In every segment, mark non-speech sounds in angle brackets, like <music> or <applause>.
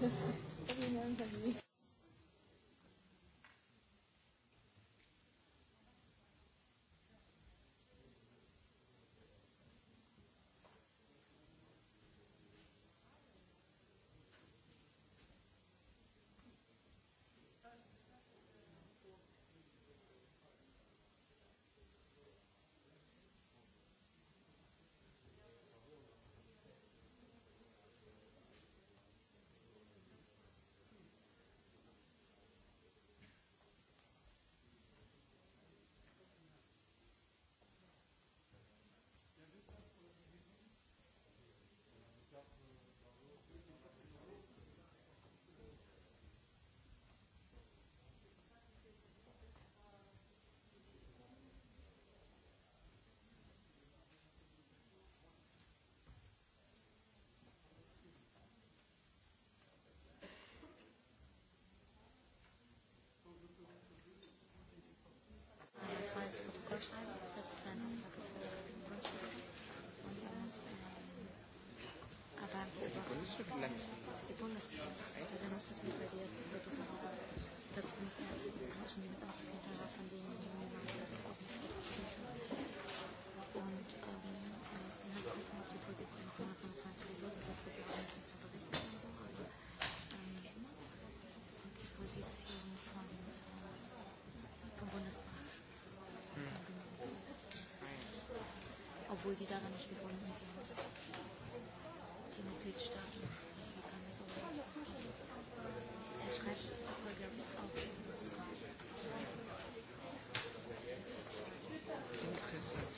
Thank obwohl die daran nicht gebunden sind. Die Mitgliedstaaten. Also wie kann das sowas? Er schreibt aber, glaube ich, auch in Interessant.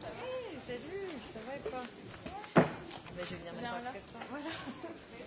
Hey, salut, ça va et toi Mais je viens me sortir. Voilà.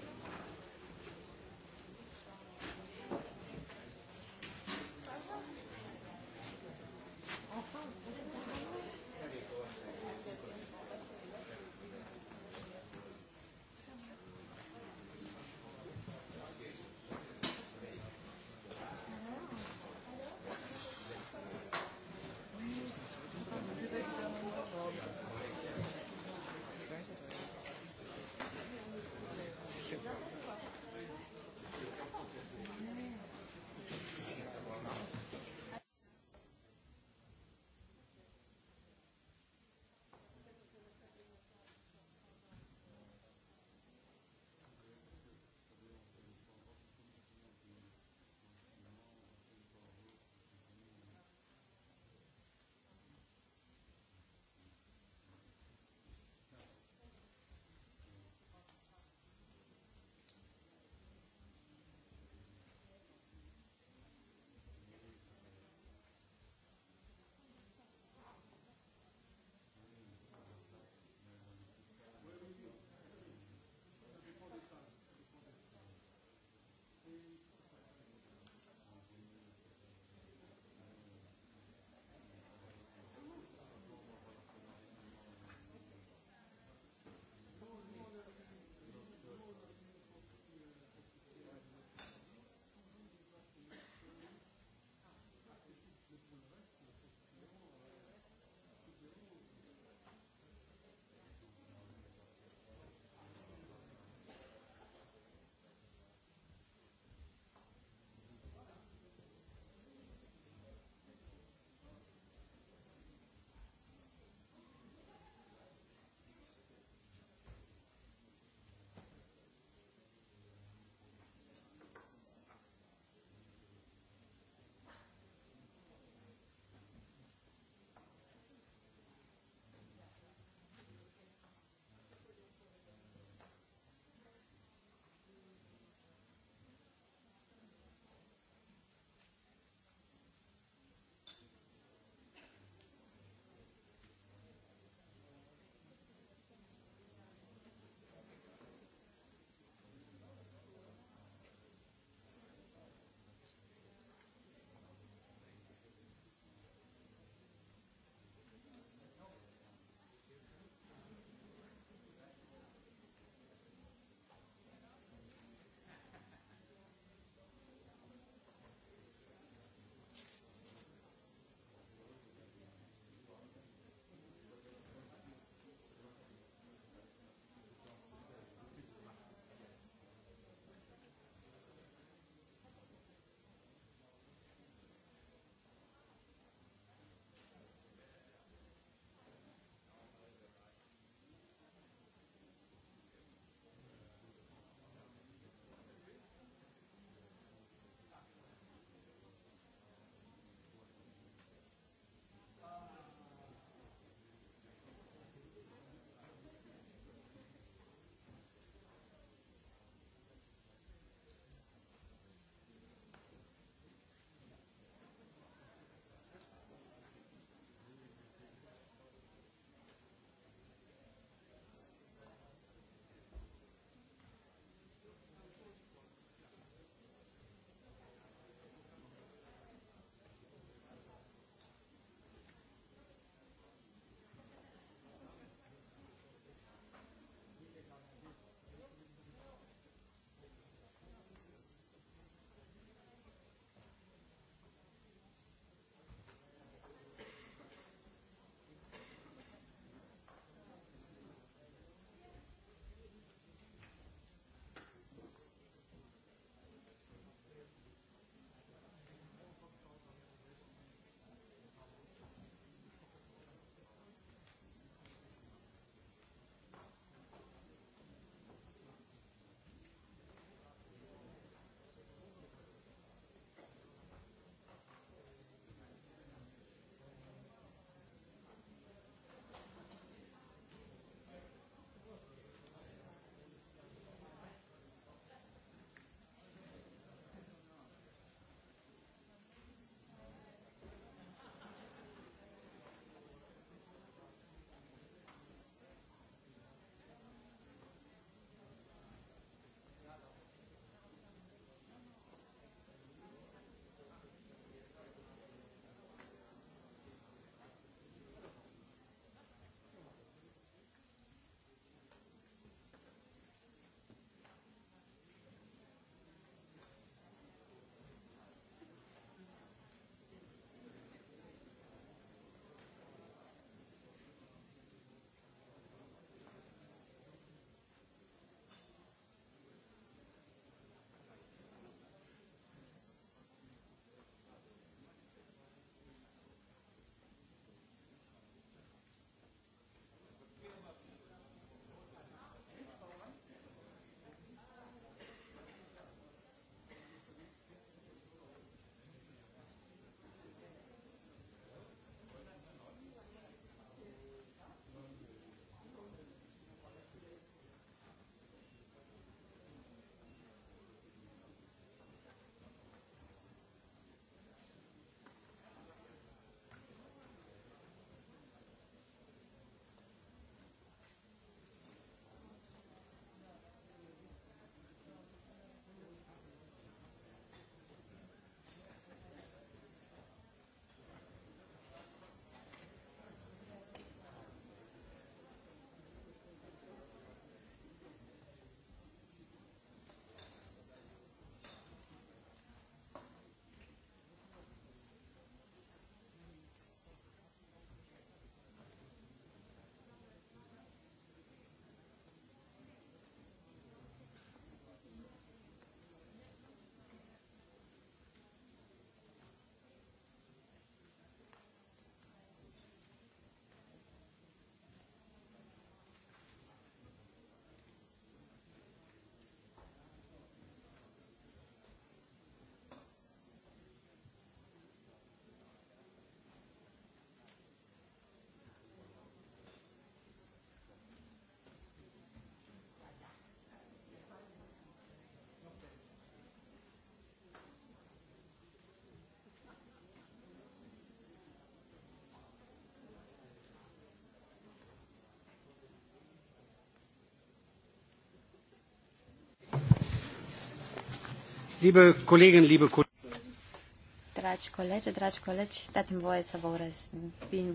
Dragi colegi, dragi colegi, dați-mi voie să vă urez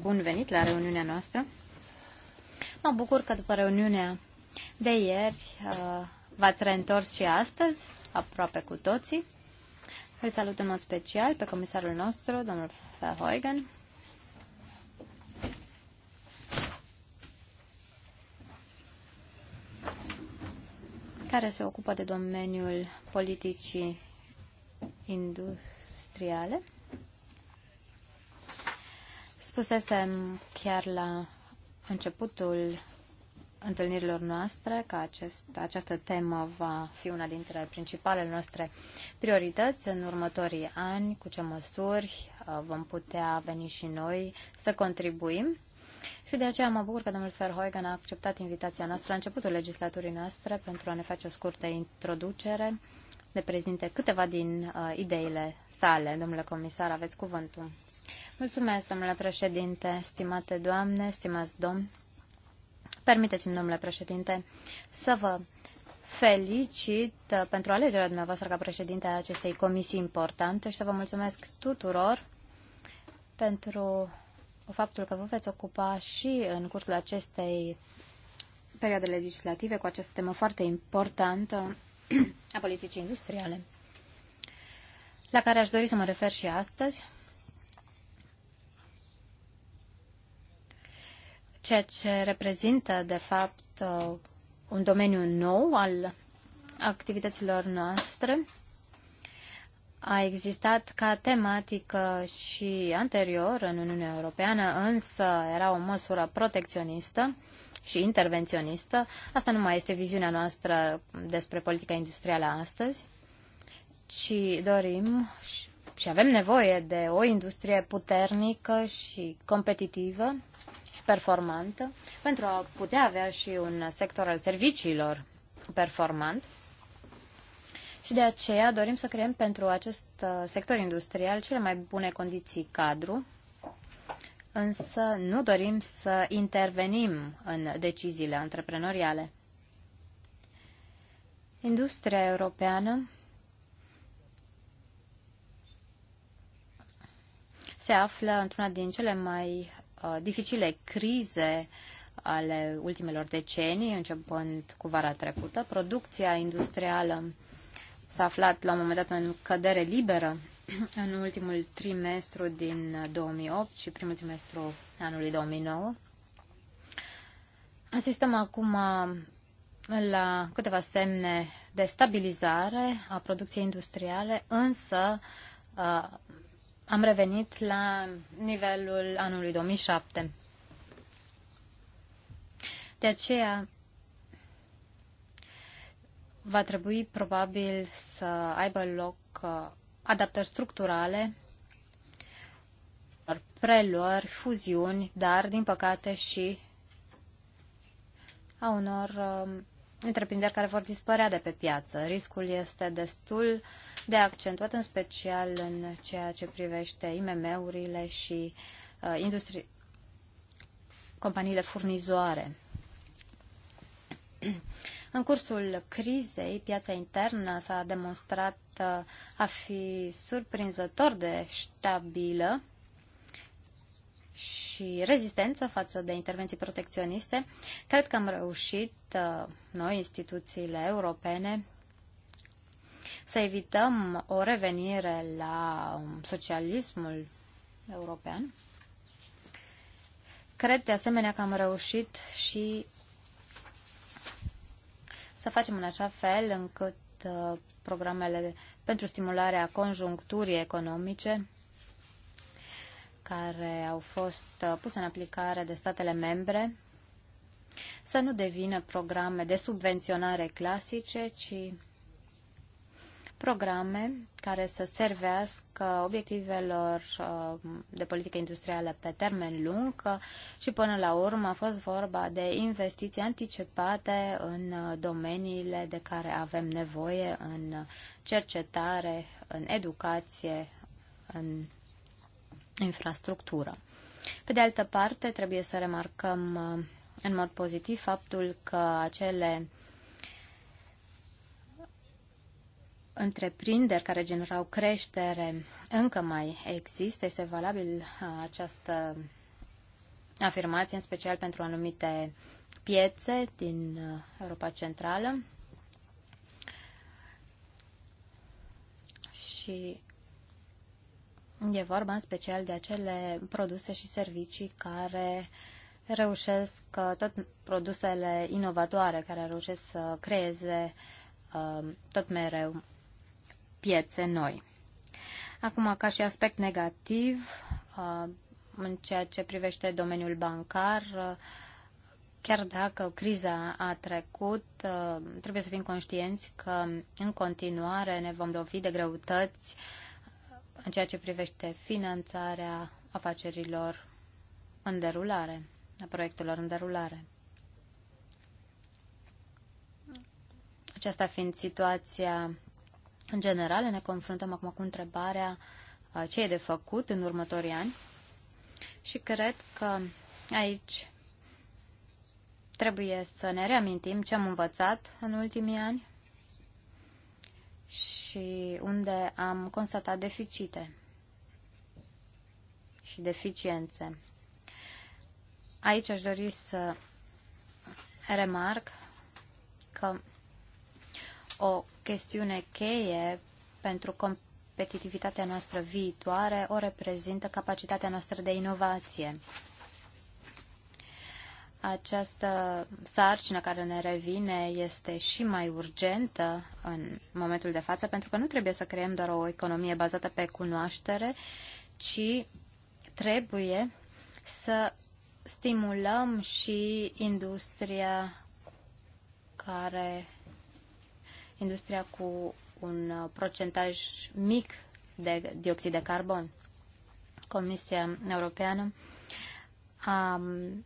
bun venit la reuniunea noastră. Mă bucur că după reuniunea de ieri uh, v-ați reîntors și astăzi, aproape cu toții. Îl salut în mod special pe comisarul nostru, domnul Verheugen, care se ocupă de domeniul politicii industriale. Spusesem chiar la începutul întâlnirilor noastre că acest, această temă va fi una dintre principalele noastre priorități în următorii ani, cu ce măsuri uh, vom putea veni și noi să contribuim și de aceea mă bucur că domnul Verhoeven a acceptat invitația noastră la începutul legislaturii noastre pentru a ne face o scurtă introducere, de prezinte câteva din uh, ideile sale. Domnule comisar, aveți cuvântul. Mulțumesc, domnule președinte, stimate doamne, stimați domn. Permiteți-mi, domnule președinte, să vă felicit uh, pentru alegerea dumneavoastră ca președinte a acestei comisii importante și să vă mulțumesc tuturor pentru faptul că vă veți ocupa și în cursul acestei perioade legislative cu această temă foarte importantă a politicii industriale, la care aș dori să mă refer și astăzi. Ceea ce reprezintă, de fapt, uh, un domeniu nou al activităților noastre a existat ca tematică și anterior în Uniunea Europeană, însă era o măsură protecționistă și intervenționistă. Asta nu mai este viziunea noastră despre politica industrială astăzi, ci dorim și avem nevoie de o industrie puternică și competitivă și performantă pentru a putea avea și un sector al serviciilor performant și de aceea dorim să creăm pentru acest uh, sector industrial cele mai bune condiții cadru, însă nu dorim să intervenim în deciziile antreprenoriale. Industria europeană se află într-una din cele mai uh, dificile crize ale ultimelor decenii, începând cu vara trecută. Producția industrială s-a aflat la un moment dat în cădere liberă <clears throat> în ultimul trimestru din 2008 uh, și primul trimestru anului 2009. Asistăm acum uh, la câteva semne de stabilizare a producției industriale, însă uh, am revenit la nivelul anului 2007. De aceea va trebui probabil să aibă loc uh, adaptări structurale, preluări, fuziuni, dar, din păcate, și a unor um, întreprinderi care vor dispărea de pe piață. Riscul este destul de accentuat, în special în ceea ce privește IMM-urile și uh, industrie, companiile furnizoare. <clears throat> În cursul crizei, piața internă s-a demonstrat uh, a fi surprinzător de stabilă și rezistență față de intervenții protecționiste. Cred că am reușit uh, noi, instituțiile europene, să evităm o revenire la um, socialismul european. Cred de asemenea că am reușit și să facem în așa fel încât uh, programele pentru stimularea conjuncturii economice care au fost uh, puse în aplicare de statele membre să nu devină programe de subvenționare clasice, ci programe care să servească obiectivelor uh, de politică industrială pe termen lung și până la urmă a fost vorba de investiții anticipate în uh, domeniile de care avem nevoie în cercetare, în educație, în infrastructură. Pe de altă parte, trebuie să remarcăm uh, în mod pozitiv faptul că acele întreprinderi care generau creștere încă mai există. Este valabil uh, această afirmație, în special pentru anumite piețe din uh, Europa Centrală. Și e vorba în special de acele produse și servicii care reușesc, uh, tot produsele inovatoare care reușesc să creeze tot mereu piețe noi. Acum, ca și aspect negativ, uh, în ceea ce privește domeniul bancar, uh, chiar dacă criza a trecut, uh, trebuie să fim conștienți că în continuare ne vom lovi de greutăți în ceea ce privește finanțarea afacerilor în derulare, a proiectelor în derulare. Aceasta fiind situația în general, ne confruntăm acum cu întrebarea uh, ce e de făcut în următorii ani și cred că aici trebuie să ne reamintim ce am învățat în ultimii ani și unde am constatat deficite și deficiențe. Aici aș dori să remarc că o chestiune cheie pentru competitivitatea noastră viitoare o reprezintă capacitatea noastră de inovație. Această sarcină care ne revine este și mai urgentă în momentul de față, pentru că nu trebuie să creăm doar o economie bazată pe cunoaștere, ci trebuie să stimulăm și industria care industria cu un uh, procentaj mic de dioxid de carbon. Comisia Europeană a um,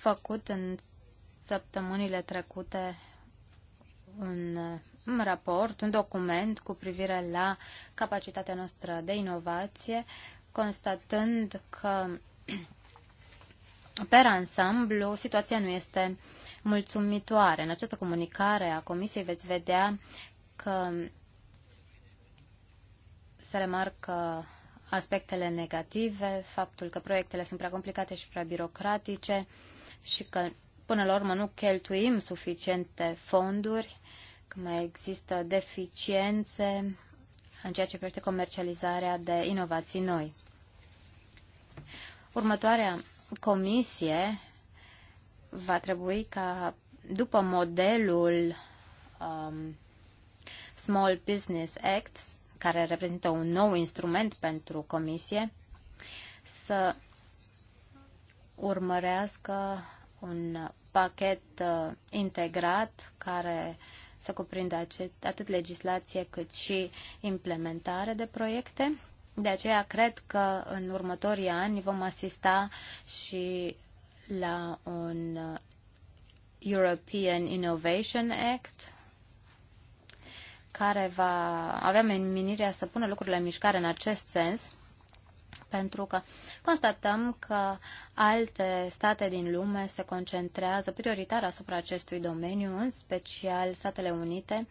făcut în săptămânile trecute un, uh, un raport, un document cu privire la capacitatea noastră de inovație, constatând că Per ansamblu, situația nu este mulțumitoare. În această comunicare a Comisiei veți vedea că se remarcă aspectele negative, faptul că proiectele sunt prea complicate și prea birocratice și că până la urmă nu cheltuim suficiente fonduri, că mai există deficiențe în ceea ce privește comercializarea de inovații noi. Următoarea comisie va trebui ca după modelul um, Small Business Act, care reprezintă un nou instrument pentru comisie, să urmărească un pachet uh, integrat care să cuprindă atât legislație cât și implementare de proiecte. De aceea cred că în următorii ani vom asista și la un European Innovation Act care va avea menirea să pună lucrurile în mișcare în acest sens pentru că constatăm că alte state din lume se concentrează prioritar asupra acestui domeniu, în special Statele Unite,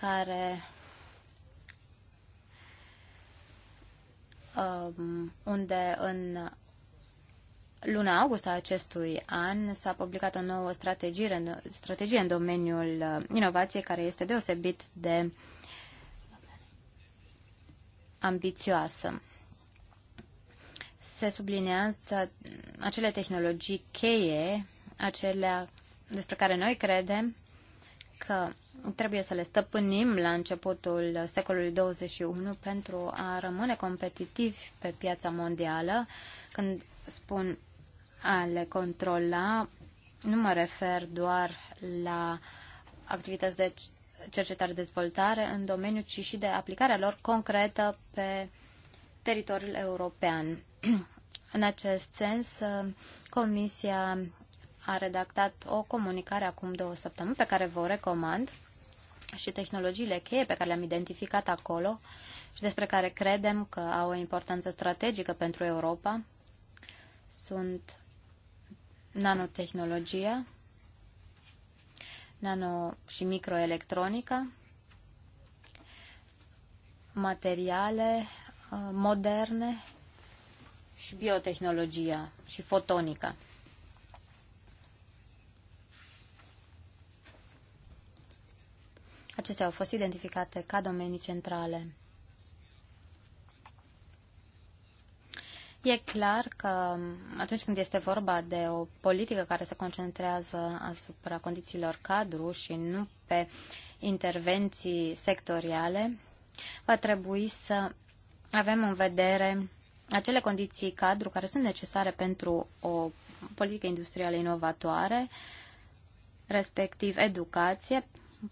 care Um, unde în luna august a acestui an s-a publicat o nouă strategie, strategie în domeniul uh, inovației care este deosebit de ambițioasă. Se sublinează acele tehnologii cheie, acelea despre care noi credem că trebuie să le stăpânim la începutul secolului 21 pentru a rămâne competitivi pe piața mondială. Când spun a le controla, nu mă refer doar la activități de cercetare-dezvoltare în domeniu, ci și de aplicarea lor concretă pe teritoriul european. <clears throat> În acest sens, Comisia a redactat o comunicare acum două săptămâni pe care vă o recomand și tehnologiile cheie pe care le-am identificat acolo și despre care credem că au o importanță strategică pentru Europa sunt nanotehnologia, nano- și microelectronica, materiale uh, moderne și biotehnologia și fotonica. Acestea au fost identificate ca domenii centrale. E clar că atunci când este vorba de o politică care se concentrează asupra condițiilor cadru și nu pe intervenții sectoriale, va trebui să avem în vedere acele condiții cadru care sunt necesare pentru o politică industrială inovatoare, respectiv educație,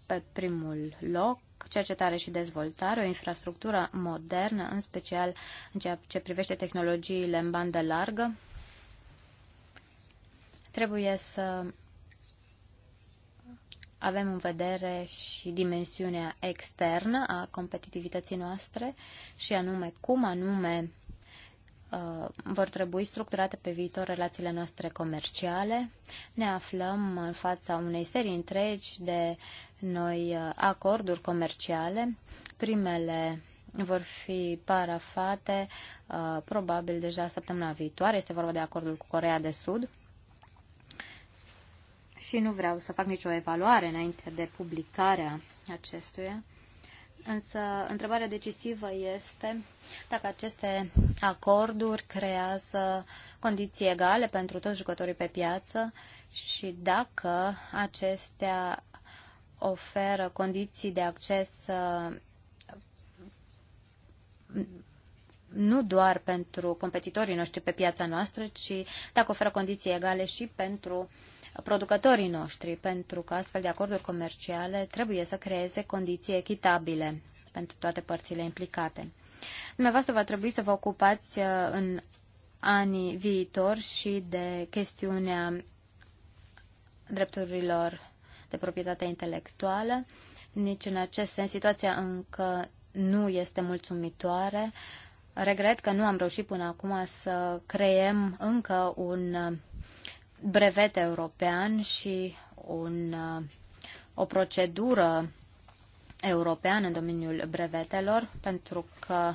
pe primul loc cercetare și dezvoltare, o infrastructură modernă, în special în ceea ce privește tehnologiile în bandă largă. Trebuie să avem în vedere și dimensiunea externă a competitivității noastre și anume cum anume Uh, vor trebui structurate pe viitor relațiile noastre comerciale. Ne aflăm în fața unei serii întregi de noi uh, acorduri comerciale. Primele vor fi parafate uh, probabil deja săptămâna viitoare. Este vorba de acordul cu Corea de Sud. Și nu vreau să fac nicio evaluare înainte de publicarea acestuia. Însă, întrebarea decisivă este dacă aceste acorduri creează condiții egale pentru toți jucătorii pe piață și dacă acestea oferă condiții de acces uh, nu doar pentru competitorii noștri pe piața noastră, ci dacă oferă condiții egale și pentru uh, producătorii noștri, pentru că astfel de acorduri comerciale trebuie să creeze condiții echitabile pentru toate părțile implicate. Dumneavoastră va trebui să vă ocupați uh, în anii viitori și de chestiunea drepturilor de proprietate intelectuală. Nici în acest sens situația încă nu este mulțumitoare. Regret că nu am reușit până acum să creem încă un uh, brevet european și un, uh, o procedură europeană în domeniul brevetelor, pentru că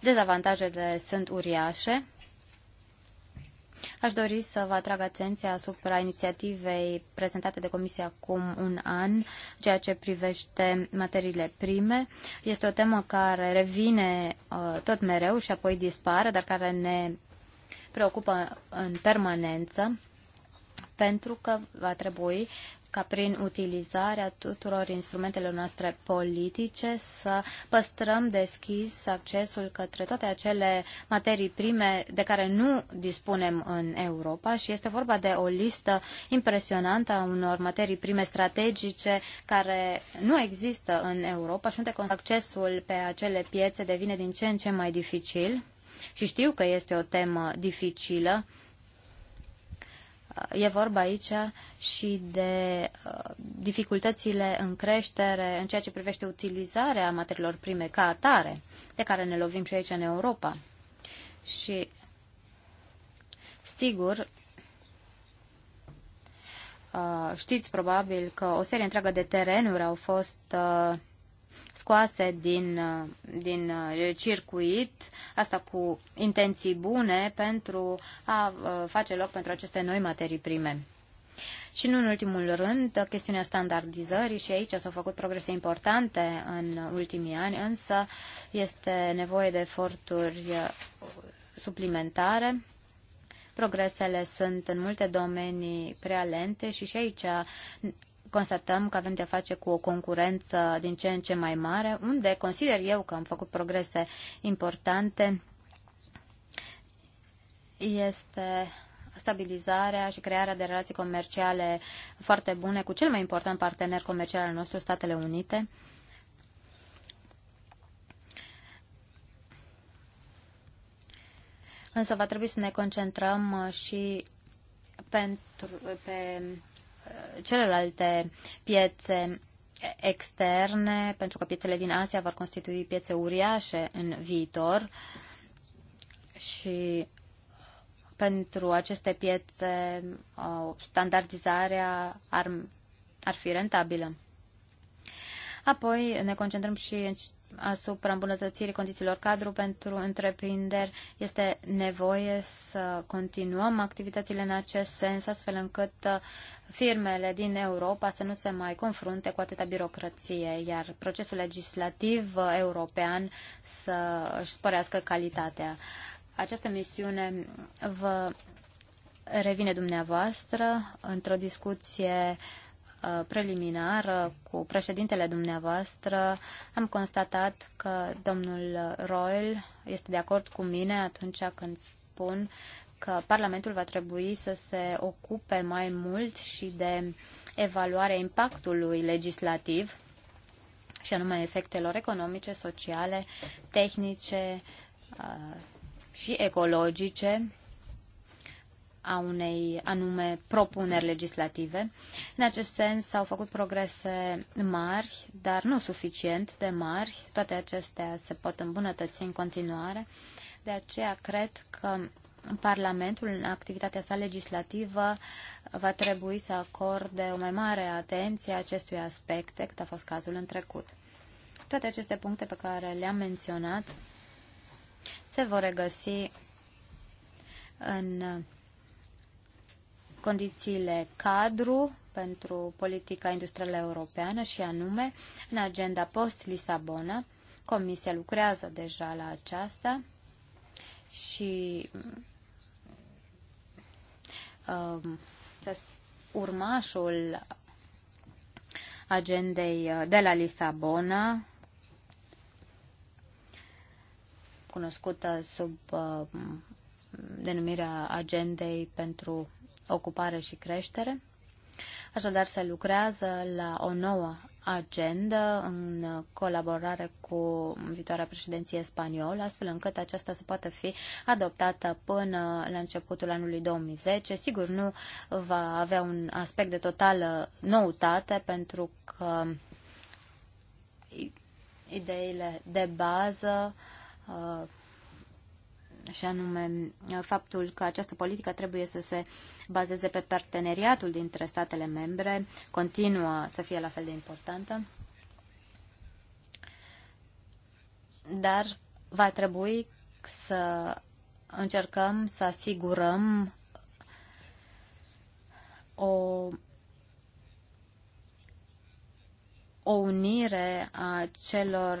dezavantajele sunt uriașe. Aș dori să vă atrag atenția asupra inițiativei prezentate de Comisie acum un an, ceea ce privește materiile prime. Este o temă care revine uh, tot mereu și apoi dispare, dar care ne preocupă în permanență pentru că va trebui ca prin utilizarea tuturor instrumentelor noastre politice să păstrăm deschis accesul către toate acele materii prime de care nu dispunem în Europa și este vorba de o listă impresionantă a unor materii prime strategice care nu există în Europa și unde accesul pe acele piețe devine din ce în ce mai dificil și știu că este o temă dificilă. E vorba aici și de uh, dificultățile în creștere în ceea ce privește utilizarea materiilor prime ca atare, de care ne lovim și aici în Europa. Și sigur, uh, știți probabil că o serie întreagă de terenuri au fost uh, scoase din, din uh, circuit, asta cu intenții bune pentru a uh, face loc pentru aceste noi materii prime. Și nu în ultimul rând, chestiunea standardizării și aici s-au făcut progrese importante în ultimii ani, însă este nevoie de eforturi uh, suplimentare. Progresele sunt în multe domenii prea lente și și aici constatăm că avem de a face cu o concurență din ce în ce mai mare, unde consider eu că am făcut progrese importante, este stabilizarea și crearea de relații comerciale foarte bune cu cel mai important partener comercial al nostru, Statele Unite. Însă va trebui să ne concentrăm și pentru, pe celelalte piețe externe, pentru că piețele din Asia vor constitui piețe uriașe în viitor și pentru aceste piețe standardizarea ar, ar fi rentabilă. Apoi ne concentrăm și asupra îmbunătățirii condițiilor cadru pentru întreprinderi. Este nevoie să continuăm activitățile în acest sens, astfel încât uh, firmele din Europa să nu se mai confrunte cu atâta birocrație, iar procesul legislativ uh, european să își sporească calitatea. Această misiune vă revine dumneavoastră într-o discuție uh, Uh, preliminar uh, cu președintele dumneavoastră, am constatat că domnul Royal este de acord cu mine atunci când spun că Parlamentul va trebui să se ocupe mai mult și de evaluarea impactului legislativ și anume efectelor economice, sociale, tehnice uh, și ecologice a unei anume propuneri legislative. În acest sens s-au făcut progrese mari, dar nu suficient de mari. Toate acestea se pot îmbunătăți în continuare. De aceea cred că Parlamentul, în activitatea sa legislativă, va trebui să acorde o mai mare atenție acestui aspect cât a fost cazul în trecut. Toate aceste puncte pe care le-am menționat se vor regăsi în condițiile cadru pentru politica industrială europeană și anume în agenda post-Lisabona. Comisia lucrează deja la aceasta și uh, urmașul agendei uh, de la Lisabona, cunoscută sub uh, denumirea agendei pentru ocupare și creștere. Așadar, se lucrează la o nouă agendă în colaborare cu viitoarea președinție spaniolă, astfel încât aceasta să poată fi adoptată până la începutul anului 2010. Sigur, nu va avea un aspect de totală noutate, pentru că ideile de bază uh, și anume faptul că această politică trebuie să se bazeze pe parteneriatul dintre statele membre, continuă să fie la fel de importantă, dar va trebui să încercăm să asigurăm o o unire a celor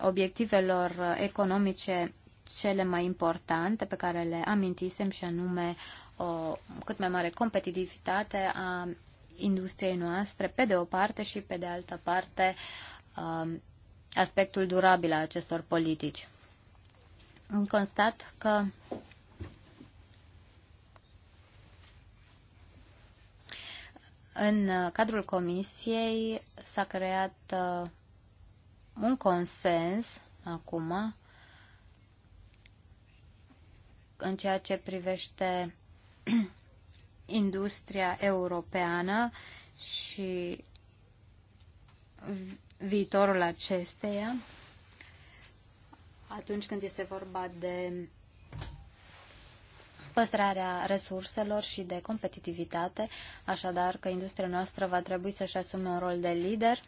obiectivelor economice cele mai importante pe care le amintisem și anume o cât mai mare competitivitate a industriei noastre, pe de o parte și pe de altă parte um, aspectul durabil a acestor politici. Îmi constat că în cadrul comisiei s-a creat uh, un consens acum în ceea ce privește <clears throat> industria europeană și viitorul acesteia atunci când este vorba de păstrarea resurselor și de competitivitate, așadar că industria noastră va trebui să-și asume un rol de lider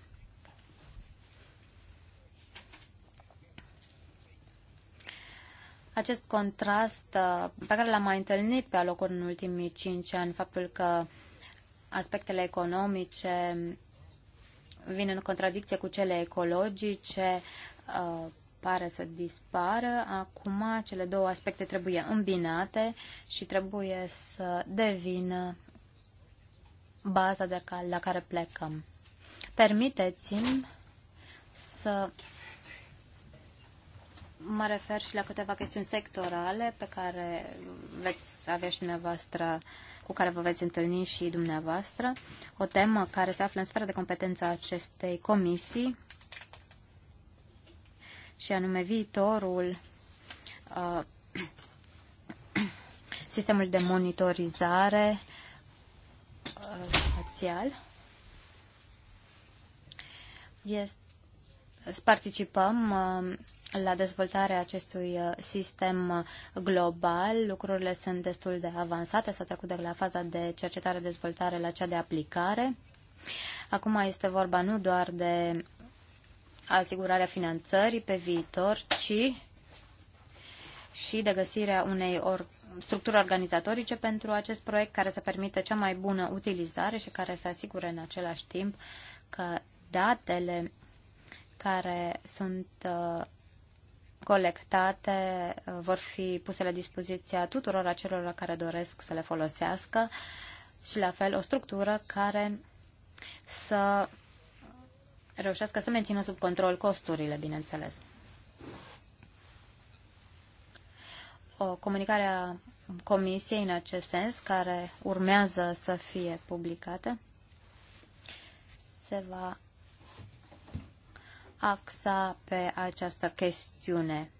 acest contrast uh, pe care l-am mai întâlnit pe alocuri în ultimii cinci ani, faptul că aspectele economice vin în contradicție cu cele ecologice, uh, pare să dispară. Acum cele două aspecte trebuie îmbinate și trebuie să devină baza de la care plecăm. Permiteți-mi să Mă refer și la câteva chestiuni sectorale pe care veți avea și dumneavoastră, cu care vă veți întâlni și dumneavoastră. O temă care se află în sfera de competență a acestei comisii și anume viitorul uh, <clears throat> sistemul de monitorizare uh, spațial. Este, participăm uh, la dezvoltarea acestui uh, sistem uh, global. Lucrurile sunt destul de avansate, s-a trecut de la faza de cercetare-dezvoltare la cea de aplicare. Acum este vorba nu doar de asigurarea finanțării pe viitor, ci și de găsirea unei or- structuri organizatorice pentru acest proiect care să permită cea mai bună utilizare și care să asigure în același timp că datele care sunt uh, colectate uh, vor fi puse la dispoziția tuturor acelor care doresc să le folosească și la fel o structură care să reușească să mențină sub control costurile, bineînțeles. O comunicare a Comisiei în acest sens, care urmează să fie publicată, se va axa pe această chestiune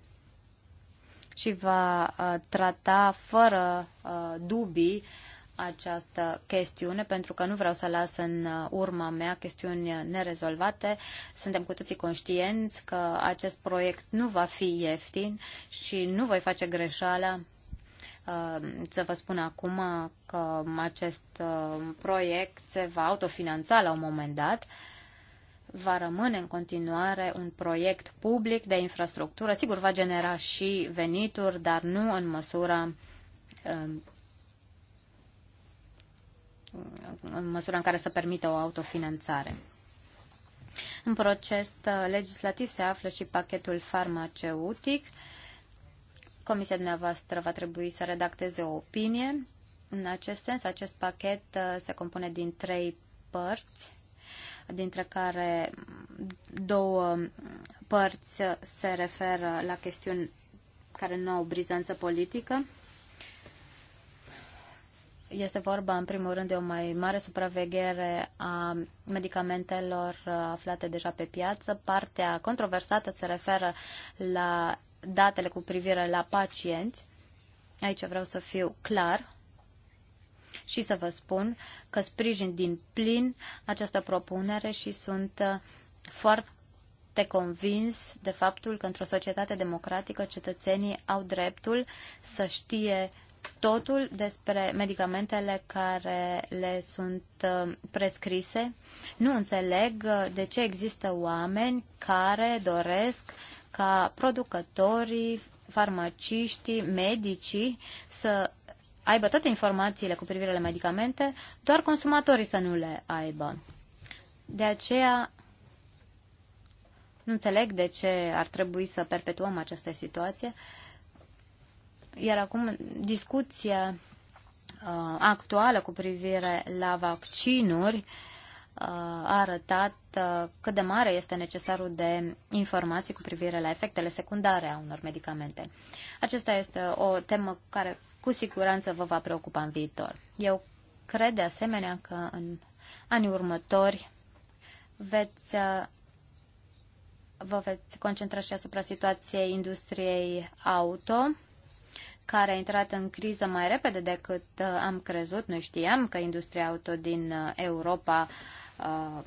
și va uh, trata fără uh, dubii această chestiune, pentru că nu vreau să las în uh, urma mea chestiuni nerezolvate. Suntem cu toții conștienți că acest proiect nu va fi ieftin și nu voi face greșeala să vă spun acum că acest proiect se va autofinanța la un moment dat va rămâne în continuare un proiect public de infrastructură. Sigur, va genera și venituri, dar nu în măsura um, în măsura în care să permită o autofinanțare. În proces uh, legislativ se află și pachetul farmaceutic. Comisia dumneavoastră va trebui să redacteze o opinie. În acest sens, acest pachet uh, se compune din trei părți dintre care două părți se referă la chestiuni care nu au brizanță politică. Este vorba, în primul rând, de o mai mare supraveghere a medicamentelor aflate deja pe piață. Partea controversată se referă la datele cu privire la pacienți. Aici vreau să fiu clar și să vă spun că sprijin din plin această propunere și sunt uh, foarte convins de faptul că într-o societate democratică cetățenii au dreptul să știe totul despre medicamentele care le sunt uh, prescrise. Nu înțeleg uh, de ce există oameni care doresc ca producătorii, farmaciștii, medicii să aibă toate informațiile cu privire la medicamente, doar consumatorii să nu le aibă. De aceea, nu înțeleg de ce ar trebui să perpetuăm această situație. Iar acum, discuția uh, actuală cu privire la vaccinuri uh, a arătat uh, cât de mare este necesarul de informații cu privire la efectele secundare a unor medicamente. Acesta este o temă care cu siguranță vă va preocupa în viitor. Eu cred de asemenea că în anii următori veți, uh, vă veți concentra și asupra situației industriei auto, care a intrat în criză mai repede decât uh, am crezut. Noi știam că industria auto din uh, Europa uh,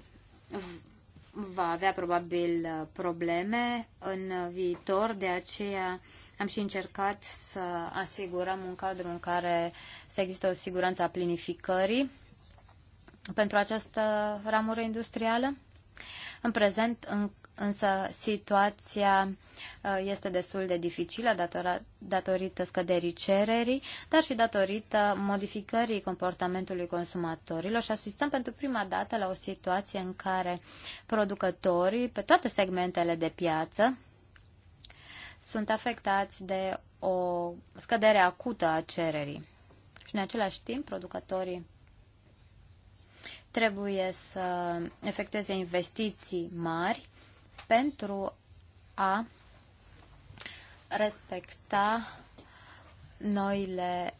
va avea probabil probleme în viitor, de aceea am și încercat să asigurăm un cadru în care să există o siguranță a planificării pentru această ramură industrială. În prezent, în însă situația uh, este destul de dificilă datorită scăderii cererii, dar și datorită modificării comportamentului consumatorilor și asistăm pentru prima dată la o situație în care producătorii pe toate segmentele de piață sunt afectați de o scădere acută a cererii. Și în același timp, producătorii trebuie să efectueze investiții mari pentru a respecta noile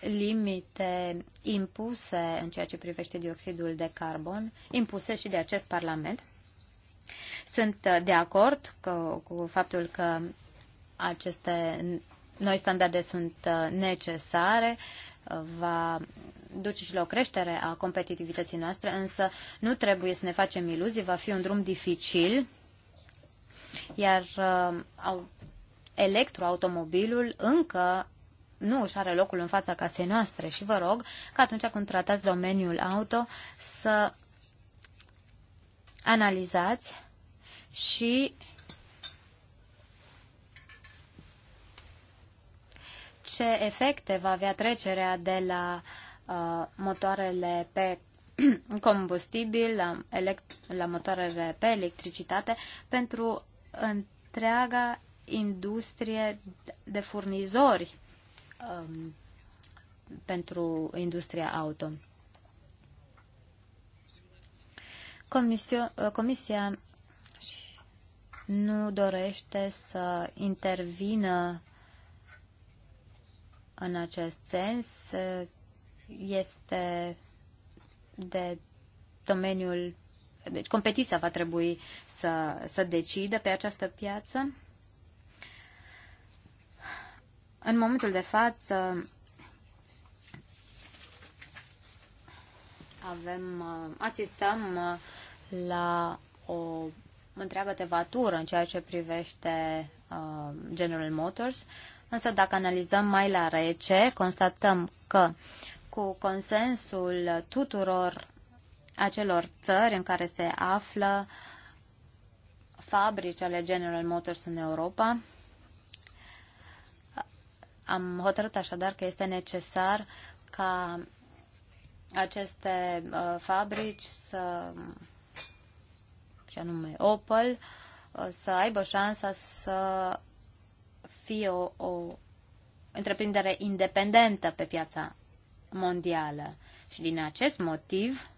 limite impuse în ceea ce privește dioxidul de carbon, impuse și de acest Parlament. Sunt de acord că, cu faptul că aceste noi standarde sunt necesare, va duce și la o creștere a competitivității noastre, însă nu trebuie să ne facem iluzii, va fi un drum dificil, iar uh, electroautomobilul încă nu își are locul în fața casei noastre și vă rog că atunci când tratați domeniul auto să analizați și ce efecte va avea trecerea de la uh, Uh, motoarele pe <clears throat> combustibil, la, elect- la motoarele pe electricitate, pentru întreaga industrie de furnizori um, pentru industria auto. Comisio, uh, comisia nu dorește să intervină în acest sens, este de domeniul, deci competiția va trebui să, să decidă pe această piață. În momentul de față avem, asistăm la o întreagă tevatură în ceea ce privește uh, General Motors, însă dacă analizăm mai la rece, constatăm că cu consensul tuturor acelor țări în care se află fabrici ale General Motors în Europa. Am hotărât așadar că este necesar ca aceste uh, fabrici să, și anume Opel, uh, să aibă șansa să fie o, o întreprindere independentă pe piața mondială. Și din acest motiv,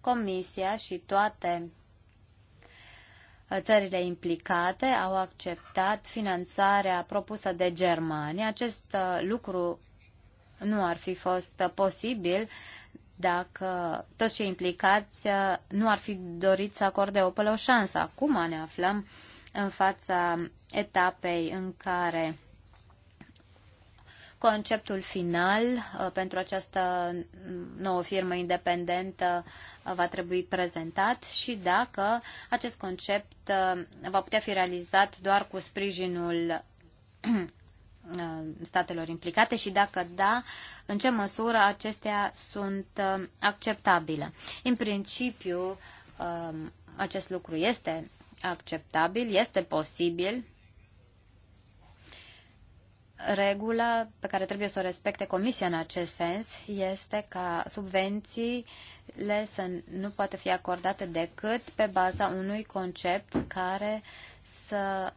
Comisia și toate uh, țările implicate au acceptat finanțarea propusă de Germania. Acest uh, lucru nu ar fi fost uh, posibil dacă toți cei implicați nu ar fi dorit să acorde Opel o șansă. Acum ne aflăm în fața etapei în care Conceptul final uh, pentru această nouă firmă independentă uh, va trebui prezentat și dacă acest concept uh, va putea fi realizat doar cu sprijinul statelor implicate și dacă da, în ce măsură acestea sunt acceptabile. În principiu, acest lucru este acceptabil, este posibil Regula pe care trebuie să o respecte Comisia în acest sens este ca subvențiile să nu poată fi acordate decât pe baza unui concept care să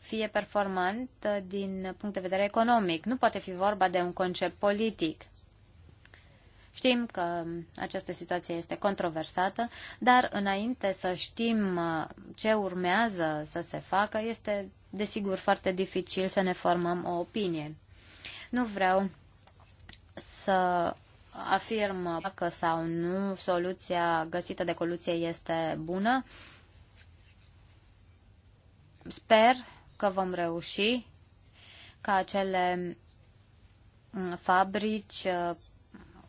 fie performant din punct de vedere economic. Nu poate fi vorba de un concept politic. Știm că această situație este controversată, dar înainte să știm ce urmează să se facă, este desigur, foarte dificil să ne formăm o opinie. Nu vreau să afirm că sau nu soluția găsită de coluție este bună. Sper că vom reuși ca acele fabrici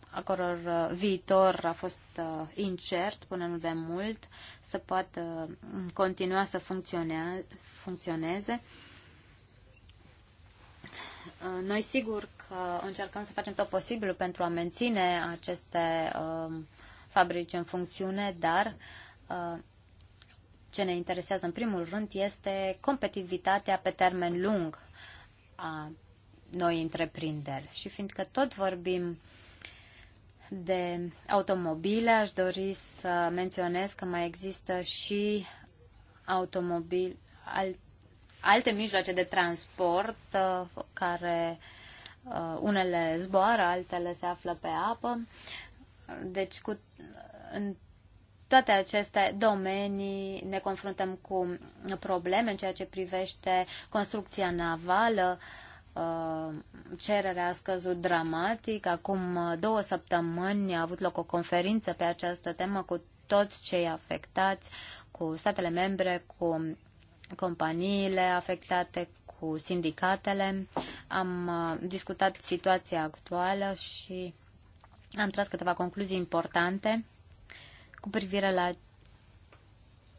a căror viitor a fost uh, incert până nu de mult să poată uh, continua să funcționeze, funcționeze. Noi sigur că încercăm să facem tot posibilul pentru a menține aceste um, fabrici în funcțiune, dar uh, ce ne interesează în primul rând este competitivitatea pe termen lung a noi întreprinderi. Și fiindcă tot vorbim de automobile, aș dori să menționez că mai există și automobil, al, alte mijloace de transport uh, care uh, unele zboară, altele se află pe apă. Deci cu, în toate aceste domenii ne confruntăm cu probleme în ceea ce privește construcția navală. Uh, cererea a scăzut dramatic. Acum două săptămâni a avut loc o conferință pe această temă cu toți cei afectați, cu statele membre, cu companiile afectate, cu sindicatele. Am uh, discutat situația actuală și am tras câteva concluzii importante cu privire la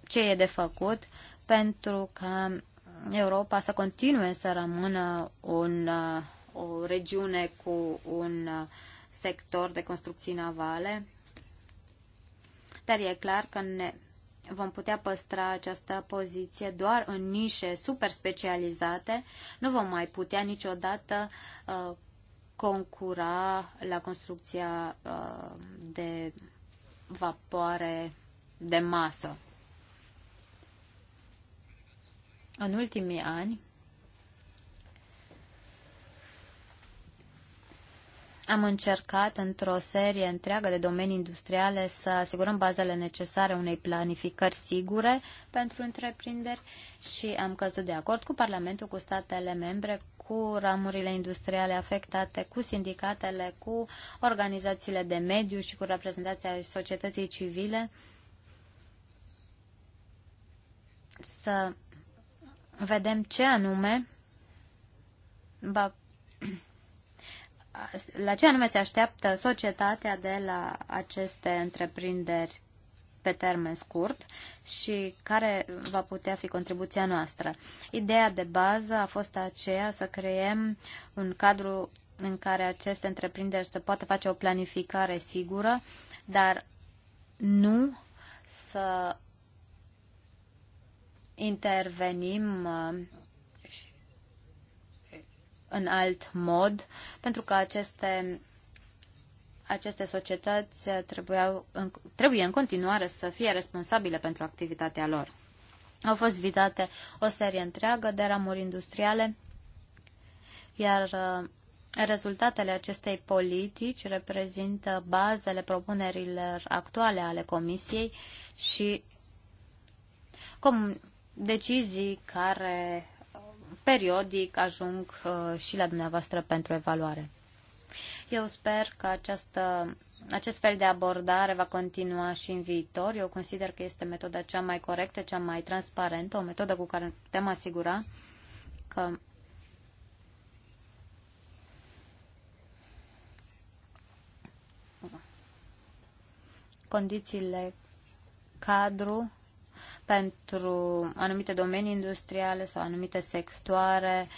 ce e de făcut pentru ca Europa să continue să rămână un, uh, o regiune cu un uh, sector de construcții navale. Dar e clar că ne vom putea păstra această poziție doar în nișe super specializate, nu vom mai putea niciodată uh, concura la construcția uh, de vapoare de masă. În ultimii ani, Am încercat într-o serie întreagă de domenii industriale să asigurăm bazele necesare unei planificări sigure pentru întreprinderi și am căzut de acord cu Parlamentul, cu statele membre, cu ramurile industriale afectate, cu sindicatele, cu organizațiile de mediu și cu reprezentația societății civile să vedem ce anume va la ce anume se așteaptă societatea de la aceste întreprinderi pe termen scurt și care va putea fi contribuția noastră. Ideea de bază a fost aceea să creăm un cadru în care aceste întreprinderi să poată face o planificare sigură, dar nu să intervenim uh, în alt mod, pentru că aceste, aceste societăți trebuiau, trebuie în continuare să fie responsabile pentru activitatea lor. Au fost vizate o serie întreagă de ramuri industriale, iar uh, rezultatele acestei politici reprezintă bazele propunerilor actuale ale Comisiei și cum decizii care periodic ajung uh, și la dumneavoastră pentru evaluare. Eu sper că această, acest fel de abordare va continua și în viitor. Eu consider că este metoda cea mai corectă, cea mai transparentă, o metodă cu care putem asigura că condițiile cadru pentru anumite domenii industriale sau anumite sectoare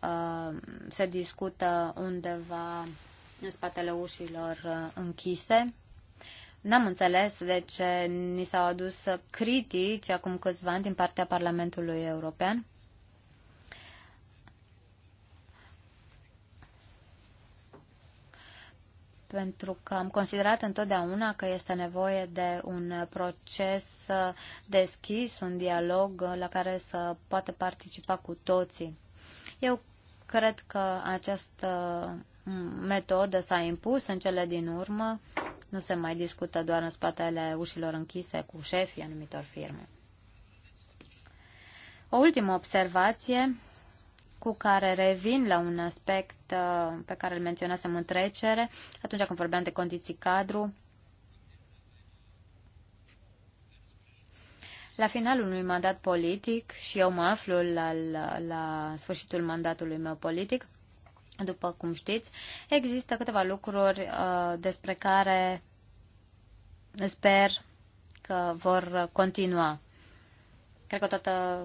uh, se discută undeva în spatele ușilor uh, închise. N-am înțeles de ce ni s-au adus critici acum câțiva ani din partea Parlamentului European. pentru că am considerat întotdeauna că este nevoie de un proces uh, deschis, un dialog uh, la care să poată participa cu toții. Eu cred că această mm, metodă s-a impus în cele din urmă, nu se mai discută doar în spatele ușilor închise cu șefii anumitor firme. O ultimă observație cu care revin la un aspect uh, pe care îl menționasem în trecere, atunci când vorbeam de condiții cadru. La finalul unui mandat politic, și eu mă aflu la, la, la sfârșitul mandatului meu politic, după cum știți, există câteva lucruri uh, despre care sper că vor continua. Cred că toată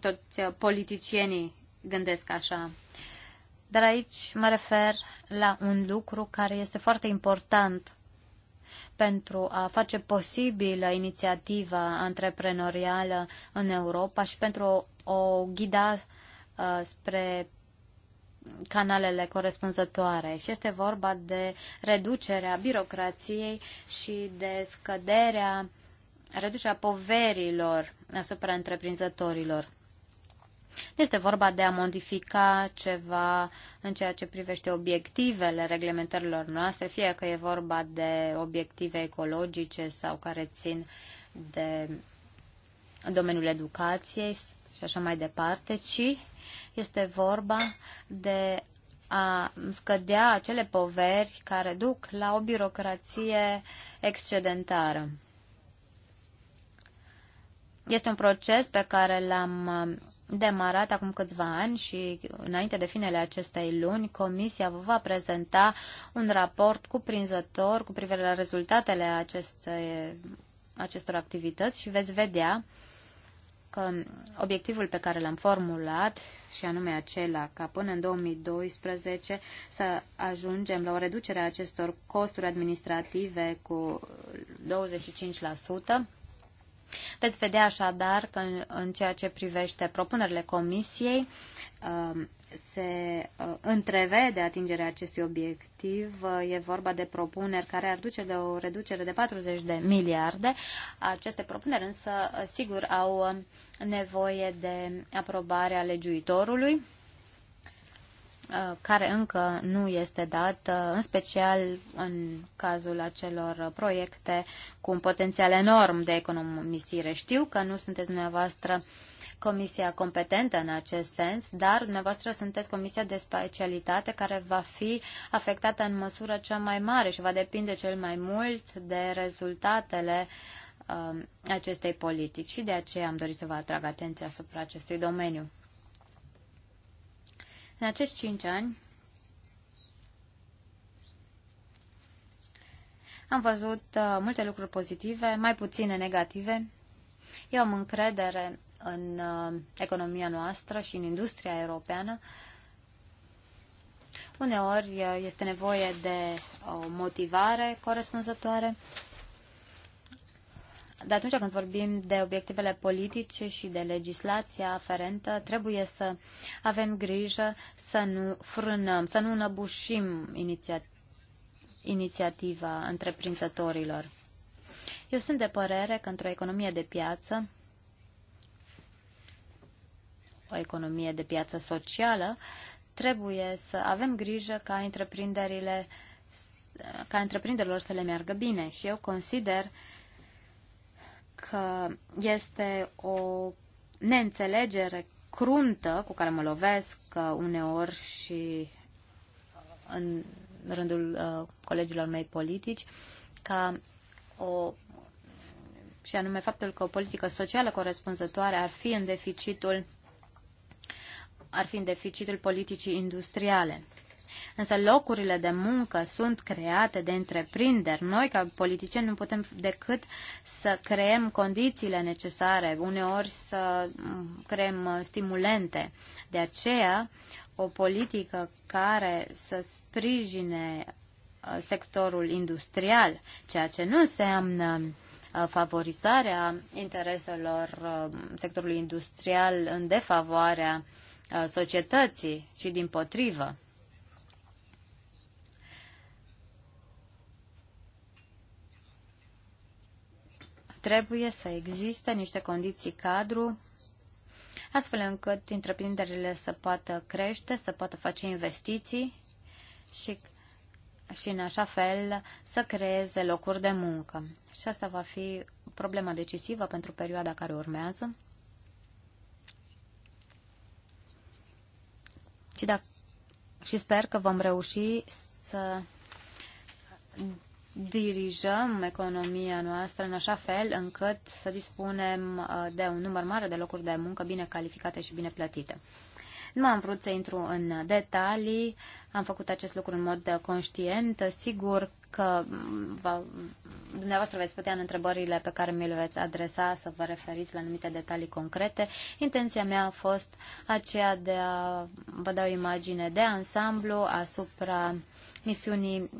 toți uh, politicienii gândesc așa. Dar aici mă refer la un lucru care este foarte important pentru a face posibilă inițiativa antreprenorială în Europa și pentru o, ghida uh, spre canalele corespunzătoare și este vorba de reducerea birocrației și de scăderea, reducerea poverilor asupra întreprinzătorilor. Nu este vorba de a modifica ceva în ceea ce privește obiectivele reglementărilor noastre, fie că e vorba de obiective ecologice sau care țin de domeniul educației și așa mai departe, ci este vorba de a scădea acele poveri care duc la o birocrație excedentară. Este un proces pe care l-am uh, demarat acum câțiva ani și înainte de finele acestei luni, Comisia vă va prezenta un raport cuprinzător cu privire la rezultatele aceste, acestor activități și veți vedea că obiectivul pe care l-am formulat, și anume acela ca până în 2012 să ajungem la o reducere a acestor costuri administrative cu 25%, Veți vedea așadar că în, în ceea ce privește propunerile comisiei um, se uh, întrevede atingerea acestui obiectiv. Uh, e vorba de propuneri care ar duce de o reducere de 40 de miliarde. Aceste propuneri însă, uh, sigur, au nevoie de aprobarea legiuitorului Uh, care încă nu este dat, uh, în special în cazul acelor proiecte cu un potențial enorm de economisire. Știu că nu sunteți dumneavoastră comisia competentă în acest sens, dar dumneavoastră sunteți comisia de specialitate care va fi afectată în măsură cea mai mare și va depinde cel mai mult de rezultatele uh, acestei politici și de aceea am dorit să vă atrag atenția asupra acestui domeniu. În acești cinci ani am văzut uh, multe lucruri pozitive, mai puține negative. Eu am încredere în uh, economia noastră și în industria europeană. Uneori uh, este nevoie de o motivare corespunzătoare, de atunci când vorbim de obiectivele politice și de legislația aferentă, trebuie să avem grijă să nu frânăm, să nu înăbușim iniția, inițiativa întreprinzătorilor. Eu sunt de părere că într-o economie de piață, o economie de piață socială, trebuie să avem grijă ca întreprinderile ca întreprinderilor să le meargă bine și eu consider că este o neînțelegere cruntă cu care mă lovesc uneori și uh, în rândul uh, colegilor mei politici ca o și anume faptul că o politică socială corespunzătoare ar fi în deficitul ar fi în deficitul politicii industriale. Însă locurile de muncă sunt create de întreprinderi. Noi, ca politicieni, nu putem decât să creăm condițiile necesare, uneori să creăm stimulente. De aceea, o politică care să sprijine uh, sectorul industrial, ceea ce nu înseamnă uh, favorizarea intereselor uh, sectorului industrial în defavoarea societății, ci din potrivă. trebuie să existe niște condiții cadru astfel încât întreprinderile să poată crește, să poată face investiții și, și în așa fel să creeze locuri de muncă. Și asta va fi problema decisivă pentru perioada care urmează. Și, dacă, și sper că vom reuși să dirijăm economia noastră în așa fel încât să dispunem uh, de un număr mare de locuri de muncă bine calificate și bine plătite. Nu am vrut să intru în detalii, am făcut acest lucru în mod uh, conștient. Sigur că mm, va, dumneavoastră veți putea în întrebările pe care mi le veți adresa să vă referiți la anumite detalii concrete. Intenția mea a fost aceea de a vă da o imagine de ansamblu asupra misiunii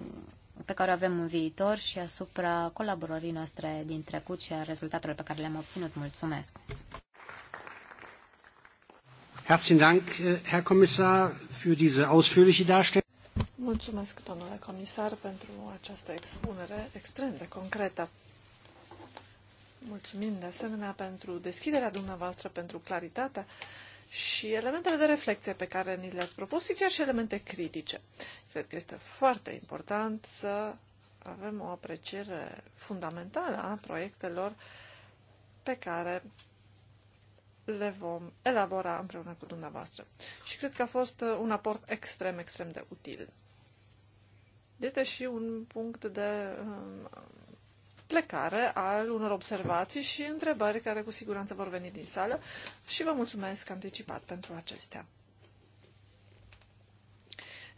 pe care o avem în viitor și asupra colaborării noastre din trecut și a rezultatelor pe care le-am obținut. Mulțumesc! Herzlichen Dank, Herr Kommissar, für diese ausführliche Darstellung. Mulțumesc, domnule comisar, pentru această expunere extrem de concretă. Mulțumim de asemenea pentru deschiderea dumneavoastră, pentru claritatea și elementele de reflexie pe care ni le-ați propus și chiar și elemente critice. Cred că este foarte important să avem o apreciere fundamentală a proiectelor pe care le vom elabora împreună cu dumneavoastră. Și cred că a fost uh, un aport extrem, extrem de util. Este și un punct de um, plecare al unor observații și întrebări care cu siguranță vor veni din sală și vă mulțumesc anticipat pentru acestea.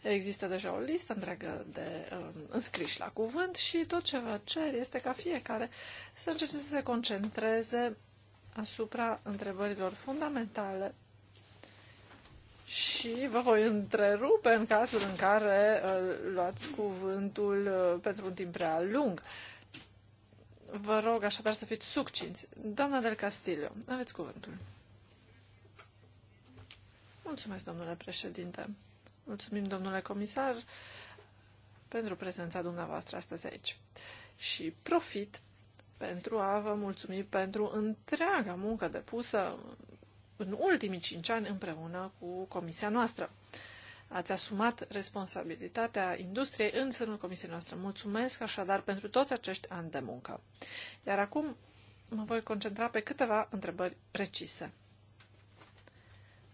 Există deja o listă întreagă de um, înscriși la cuvânt și tot ce vă cer este ca fiecare să încerce să se concentreze asupra întrebărilor fundamentale și vă voi întrerupe în cazul în care uh, luați cuvântul uh, pentru un timp prea lung. Uh, Vă rog așadar să fiți succinți. Doamna del Castillo, aveți cuvântul. Mulțumesc, domnule președinte. Mulțumim, domnule comisar, pentru prezența dumneavoastră astăzi aici. Și profit pentru a vă mulțumi pentru întreaga muncă depusă în ultimii cinci ani împreună cu comisia noastră. Ați asumat responsabilitatea industriei în sânul comisiei noastre. Mulțumesc așadar pentru toți acești ani de muncă. Iar acum mă voi concentra pe câteva întrebări precise.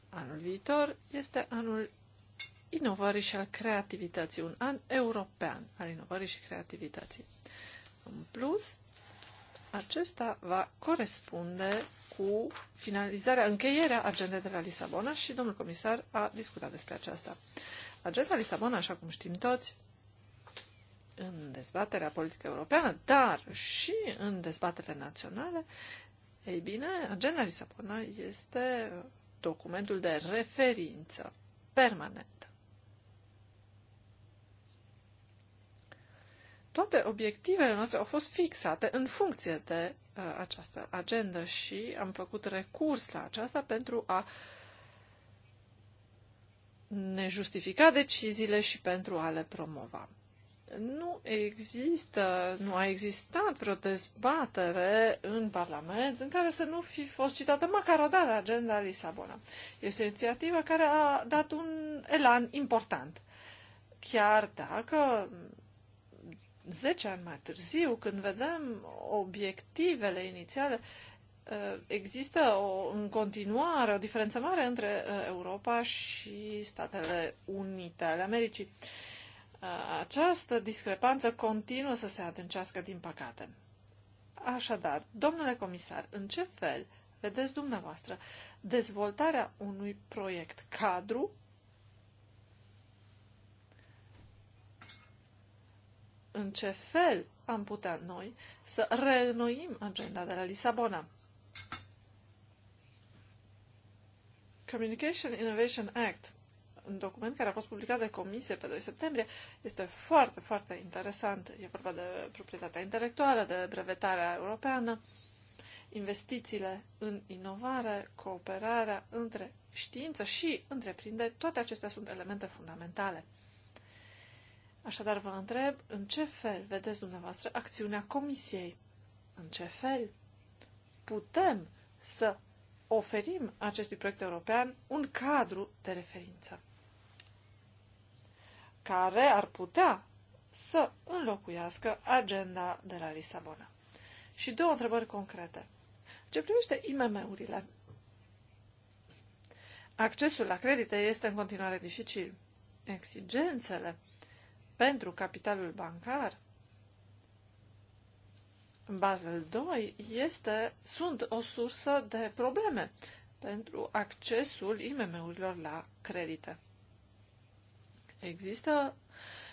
Anul viitor este anul inovării și al creativității, un an european al inovării și creativității. În plus, acesta va corespunde cu finalizarea, încheierea agendei de la Lisabona și domnul comisar a discutat despre aceasta. Agenda Lisabona, așa cum știm toți, în dezbaterea politică europeană, dar și în dezbaterea naționale, ei bine, agenda Lisabona este documentul de referință permanentă. toate obiectivele noastre au fost fixate în funcție de uh, această agendă și am făcut recurs la aceasta pentru a ne justifica deciziile și pentru a le promova. Nu există, nu a existat vreo dezbatere în Parlament în care să nu fi fost citată măcar o dată agenda Lisabona. Este o inițiativă care a dat un elan important. Chiar dacă 10 ani mai târziu, când vedem obiectivele inițiale, ă, există o, în continuare o diferență mare între ă, Europa și Statele Unite ale Americii. Ă, această discrepanță continuă să se adâncească, din păcate. Așadar, domnule comisar, în ce fel vedeți dumneavoastră dezvoltarea unui proiect cadru în ce fel am putea noi să reînnoim agenda de la Lisabona. Communication Innovation Act, un document care a fost publicat de comisie pe 2 septembrie, este foarte, foarte interesant. E vorba de proprietatea intelectuală, de brevetarea europeană, investițiile în inovare, cooperarea între știință și întreprindere. toate acestea sunt elemente fundamentale. Așadar vă întreb în ce fel vedeți dumneavoastră acțiunea Comisiei? În ce fel putem să oferim acestui proiect european un cadru de referință care ar putea să înlocuiască agenda de la Lisabona. Și două întrebări concrete. Ce privește IMM-urile? Accesul la credite este în continuare dificil. Exigențele pentru capitalul bancar, Basel II este, sunt o sursă de probleme pentru accesul IMM-urilor la credite. Există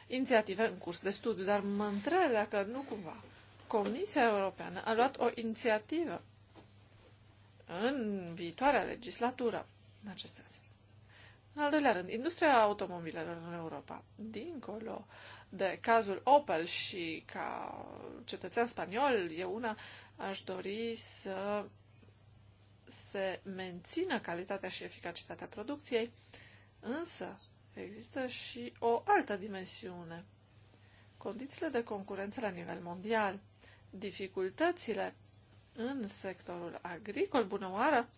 inițiative în curs de studiu, dar mă întreb dacă nu cumva Comisia Europeană a luat o inițiativă în viitoarea legislatură în acest sens. În al doilea rând, industria automobilelor în Europa, dincolo de cazul Opel și ca cetățean spaniol, eu una aș dori să se mențină calitatea și eficacitatea producției, însă există și o altă dimensiune. Condițiile de concurență la nivel mondial, dificultățile în sectorul agricol, bunăoară,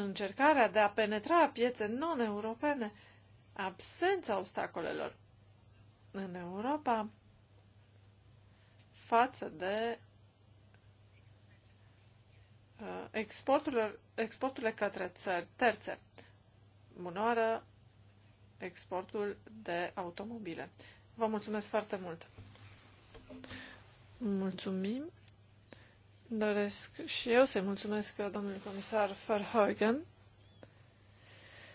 încercarea de a penetra piețe non-europene, absența obstacolelor în Europa față de uh, exporturile, exporturile către țări terțe. Bunoară exportul de automobile. Vă mulțumesc foarte mult! Mulțumim! Doresc și eu să-i mulțumesc domnului comisar Verheugen.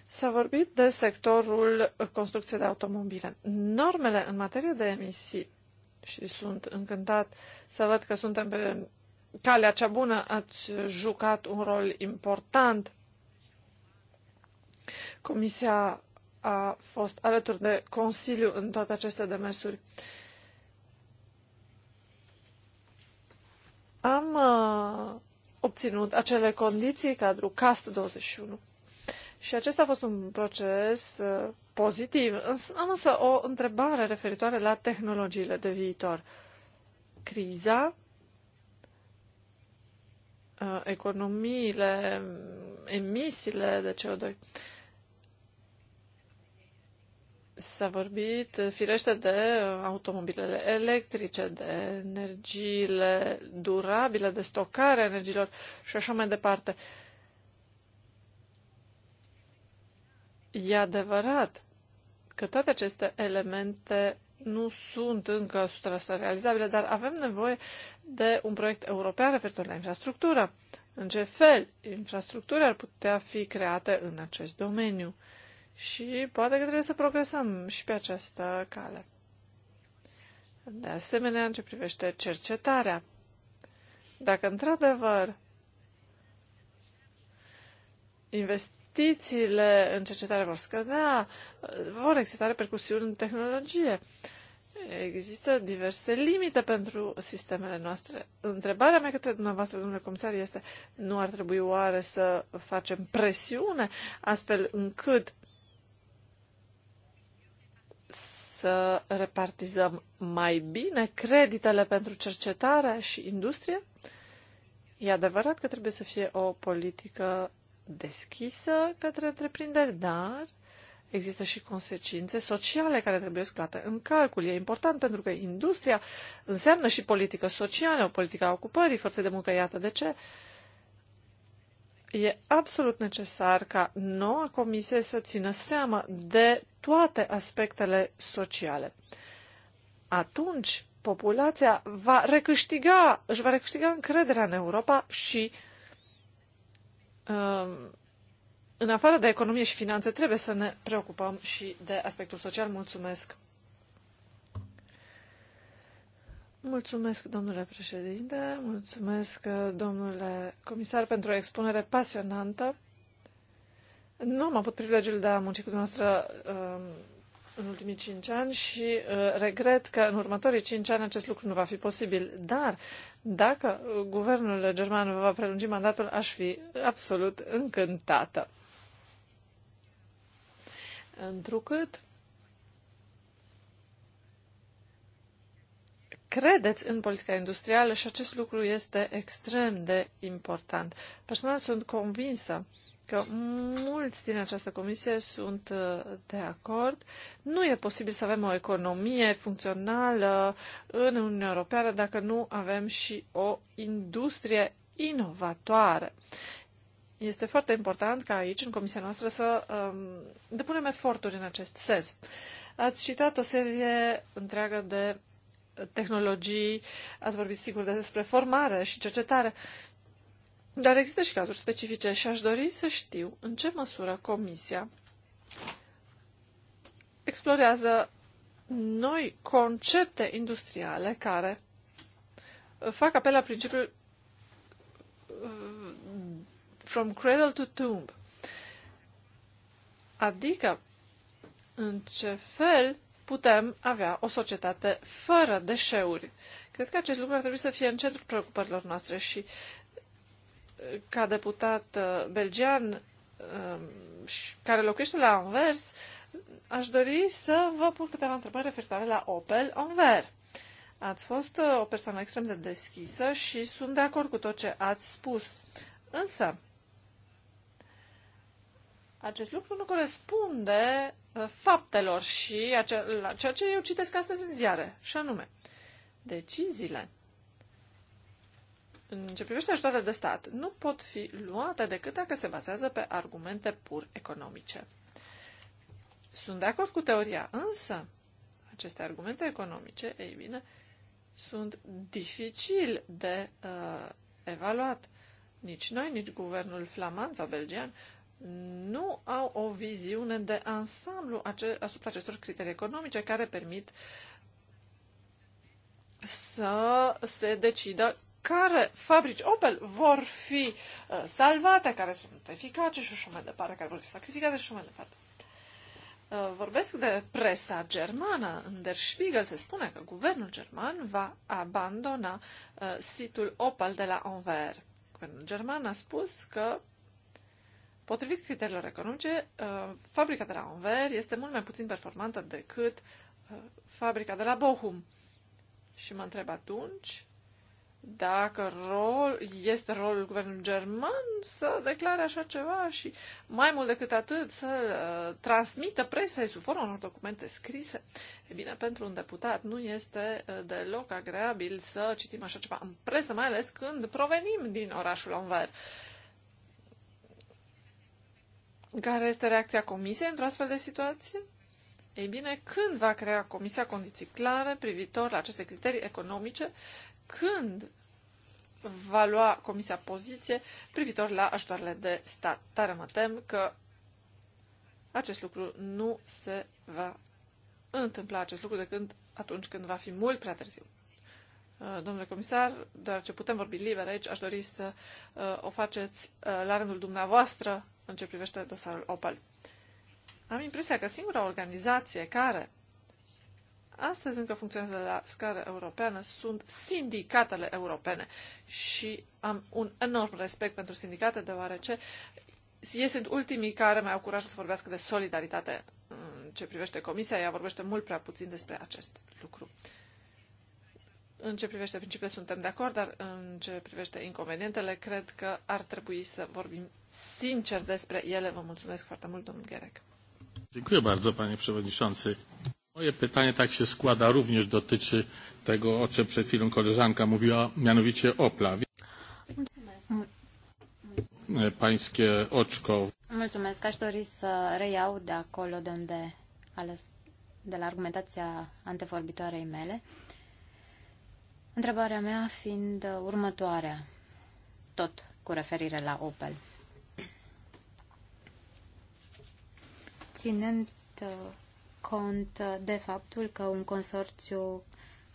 S-a vorbit de sectorul construcției de automobile. Normele în materie de emisii și sunt încântat să văd că suntem pe calea cea bună, ați jucat un rol important. Comisia a fost alături de Consiliu în toate aceste demersuri. Uh, am uh, obținut acele condiții cadru CAST 21. Și acesta a fost un proces uh, pozitiv. Am însă o întrebare referitoare la tehnologiile de viitor. Criza, uh, economiile, emisiile de CO2. S-a vorbit, firește, de automobilele electrice, de energiile durabile, de a energiilor și așa mai departe. E adevărat că toate aceste elemente nu sunt încă 100% realizabile, dar avem nevoie de un proiect european referitor la infrastructură. În ce fel infrastructura ar putea fi creată în acest domeniu? și poate că trebuie să progresăm și pe această cale. De asemenea, în ce privește cercetarea, dacă într-adevăr investițiile în cercetare vor scădea, vor exista repercusiuni în tehnologie. Există diverse limite pentru sistemele noastre. Întrebarea mea către dumneavoastră, domnule comisar, este nu ar trebui oare să facem presiune astfel încât să repartizăm mai bine creditele pentru cercetare și industrie? E adevărat că trebuie să fie o politică deschisă către întreprinderi, dar există și consecințe sociale care trebuie luate în calcul. E important pentru că industria înseamnă și politică socială, o politică a ocupării, forțe de muncă, iată de ce. Uh, E absolut necesar ca noua comisie să țină seama de toate aspectele sociale. Atunci, populația va recâștiga, își va recâștiga încrederea în Europa și um, în afară de economie și finanțe, trebuie să ne preocupăm și de aspectul social. Mulțumesc Mulțumesc, domnule președinte, mulțumesc, domnule comisar, pentru o expunere pasionantă. Nu am avut privilegiul de a munci cu dumneavoastră um, în ultimii cinci ani și uh, regret că în următorii cinci ani acest lucru nu va fi posibil. Dar dacă guvernul german va prelungi mandatul, aș fi absolut încântată. Întrucât credeți în politica industrială și acest lucru este extrem de important. Personal sunt convinsă că mulți din această comisie sunt uh, de acord. Nu e posibil să avem o economie funcțională în Uniunea Europeană dacă nu avem și o industrie inovatoare. Este foarte important ca aici, în comisia noastră, să um, depunem eforturi în acest sens. Ați citat o serie întreagă de tehnologii, ați vorbit sigur despre formare și cercetare, dar există și cazuri specifice și aș dori să știu în ce măsură Comisia explorează noi concepte industriale care fac apel la principiul uh, from cradle to tomb. Adică, în ce fel putem avea o societate fără deșeuri. Cred că acest lucru ar trebui să fie în centrul preocupărilor noastre și uh, ca deputat uh, belgian um, care locuiește la Anvers, aș dori să vă pun câteva întrebări referitoare la Opel Anvers. Ați fost uh, o persoană extrem de deschisă și sunt de acord cu tot ce ați spus. Însă, acest lucru nu corespunde Uh, faptelor și la ceea ce eu citesc astăzi în ziare, și anume deciziile în ce privește ajutoarele de stat nu pot fi luate decât dacă se bazează pe argumente pur economice. Sunt de acord cu teoria, însă aceste argumente economice, ei bine, sunt dificil de uh, evaluat. Nici noi, nici guvernul flamand sau belgian nu au o viziune de ansamblu asupra acestor criterii economice care permit să se decidă care fabrici Opel vor fi uh, salvate, care sunt eficace și așa mai departe, care vor fi sacrificate și așa mai departe. Uh, vorbesc de presa germană. În Der Spiegel se spune că guvernul german va abandona uh, situl Opel de la Anvers. Guvernul german a spus că Potrivit criteriilor economice, uh, fabrica de la Anvers este mult mai puțin performantă decât uh, fabrica de la Bochum. Și mă întreb atunci dacă rol, este rolul guvernului german să declare așa ceva și mai mult decât atât să uh, transmită presei sub formă unor documente scrise. E bine, pentru un deputat nu este uh, deloc agreabil să citim așa ceva în presă, mai ales când provenim din orașul Anvers. Uh, care este reacția Comisiei într-o astfel de situație? Ei bine, când va crea Comisia condiții clare privitor la aceste criterii economice? Când va lua Comisia poziție privitor la ajutoarele de stat? Tare mă tem că acest lucru nu se va întâmpla acest lucru decât atunci când va fi mult prea târziu. Uh, domnule comisar, doar ce putem vorbi liber aici, aș dori să uh, o faceți uh, la rândul dumneavoastră în ce privește dosarul Opel. Am impresia că singura organizație care astăzi încă funcționează la scară europeană sunt sindicatele europene și am un enorm respect pentru sindicate deoarece ei sunt ultimii care mai au curajul să vorbească de solidaritate în ce privește Comisia, ea vorbește mult prea puțin despre acest lucru. În ce privește principiile suntem de acord, dar în ce privește inconvenientele, cred că ar trebui să vorbim sincer despre ele. Vă mulțumesc foarte mult, domnul Gherec. Dziękuję bardzo, panie przewodniczący. Moje pytanie tak się składa, również dotyczy tego, o czym przed chwilą koleżanka mówiła, mianowicie OPLA. Pańskie oczko. Mulțumesc, aș dori să reiau de acolo de unde ales de la argumentația antevorbitoarei mele. Uh, Întrebarea mea fiind uh, următoarea, tot cu referire la Opel. Ținând uh, cont de faptul că un consorțiu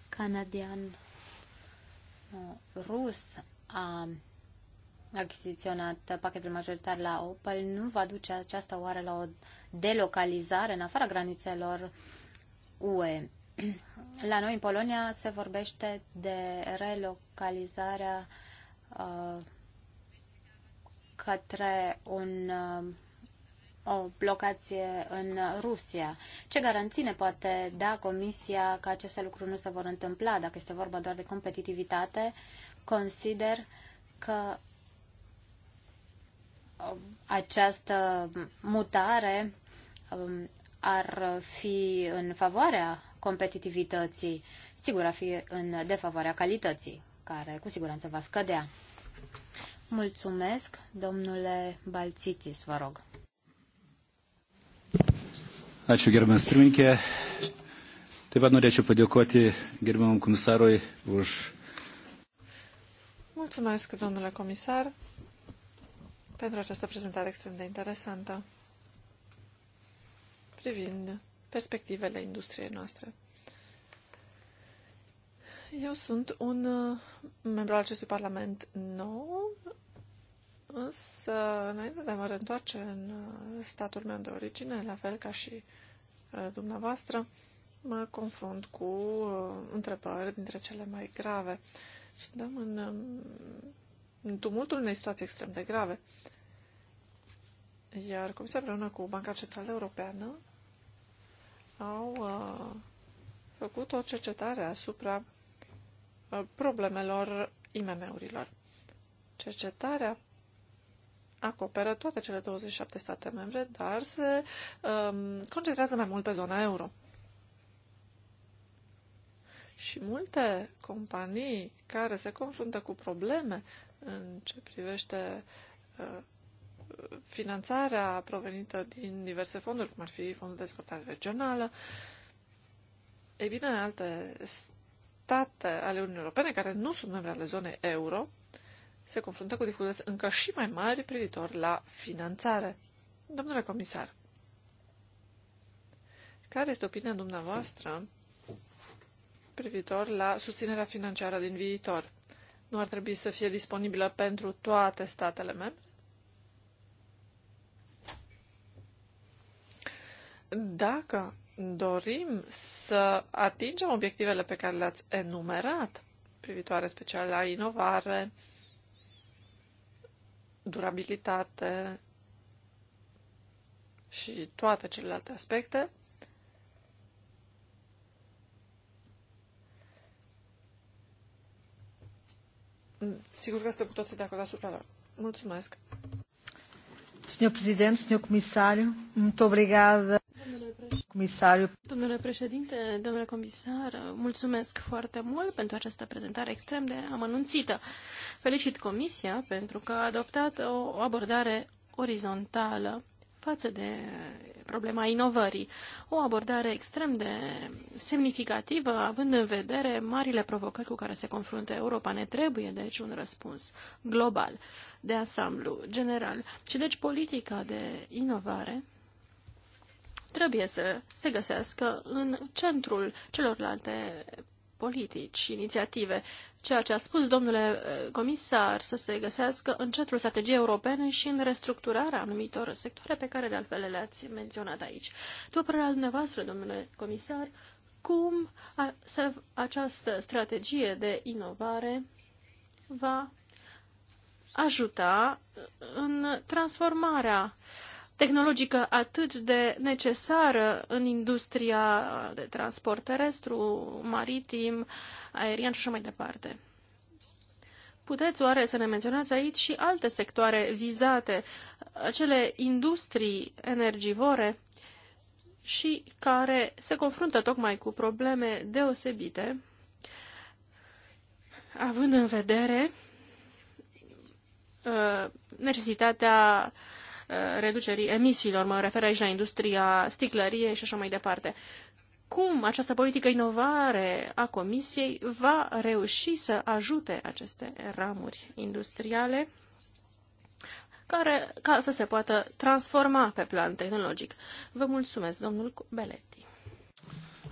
canadian-rus uh, a achiziționat pachetul majoritar la Opel, nu va duce aceasta oare la o delocalizare în afara granițelor UE? La noi, în Polonia, se vorbește de relocalizarea uh, către un, uh, o blocație în Rusia. Ce garanții ne poate da Comisia că aceste lucruri nu se vor întâmpla? Dacă este vorba doar de competitivitate, consider că uh, această mutare um, ar fi în favoarea competitivității, sigur a fi în defavoarea calității, care cu siguranță va scădea. Mulțumesc, domnule Balcitis, vă rog. Ačiū gerbiamas pirmininkė. Taip pat norėčiau padėkoti gerbiamam komisarui už. Mulțumesc, domnule comisar, pentru această prezentare extrem de interesantă privind perspectivele industriei noastre. Eu sunt un uh, membru al acestui parlament nou, însă înainte de a mă reîntoarce în uh, statul meu de origine, la fel ca și uh, dumneavoastră, mă confrunt cu întrebări dintre cele mai grave. Suntem în, um, în tumultul unei situații extrem de grave. Iar Comisia împreună cu Banca Centrală Europeană au uh, făcut o cercetare asupra uh, problemelor IMM-urilor. Cercetarea acoperă toate cele 27 state membre, dar se um, concentrează mai mult pe zona euro. Și multe companii care se confruntă cu probleme în ce privește uh, finanțarea provenită din diverse fonduri, cum ar fi Fondul de Dezvoltare Regională, ei bine, alte state ale Uniunii Europene care nu sunt membre ale zonei euro se confruntă cu dificultăți încă și mai mari privitor la finanțare. Domnule comisar, care este opinia dumneavoastră privitor la susținerea financiară din viitor? Nu ar trebui să fie disponibilă pentru toate statele membre? Dacă dorim să atingem obiectivele pe care le-ați enumerat, privitoare special la inovare, durabilitate și toate celelalte aspecte, Sigur că suntem cu toții de acord asupra lor. Mulțumesc. Senhor Presidente, Senhor Comissário, mult obrigada comisariu. Domnule președinte, domnule comisar, mulțumesc foarte mult pentru această prezentare extrem de amănunțită. Felicit Comisia pentru că a adoptat o abordare orizontală față de problema inovării. O abordare extrem de semnificativă, având în vedere marile provocări cu care se confruntă Europa. Ne trebuie, deci, un răspuns global, de ansamblu, general. Și, deci, politica de inovare trebuie să se găsească în centrul celorlalte politici și inițiative. Ceea ce a spus domnule eh, comisar să se găsească în centrul strategiei europene și în restructurarea anumitor sectoare pe care de altfel le-ați menționat aici. După părerea dumneavoastră, domnule comisar, cum această strategie de inovare va ajuta în transformarea uh, tehnologică atât de necesară în industria de transport terestru, maritim, aerian și așa mai departe. Puteți oare să ne menționați aici și alte sectoare vizate, acele industrii energivore și care se confruntă tocmai cu probleme deosebite, având în vedere uh, necesitatea uh, Eh, reducerii emisiilor. Mă refer aici la industria sticlăriei și așa mai departe. Cum această politică inovare a Comisiei va reuși să ajute aceste ramuri industriale care, ca să se poată transforma pe plan tehnologic? Vă mulțumesc, domnul Beletti.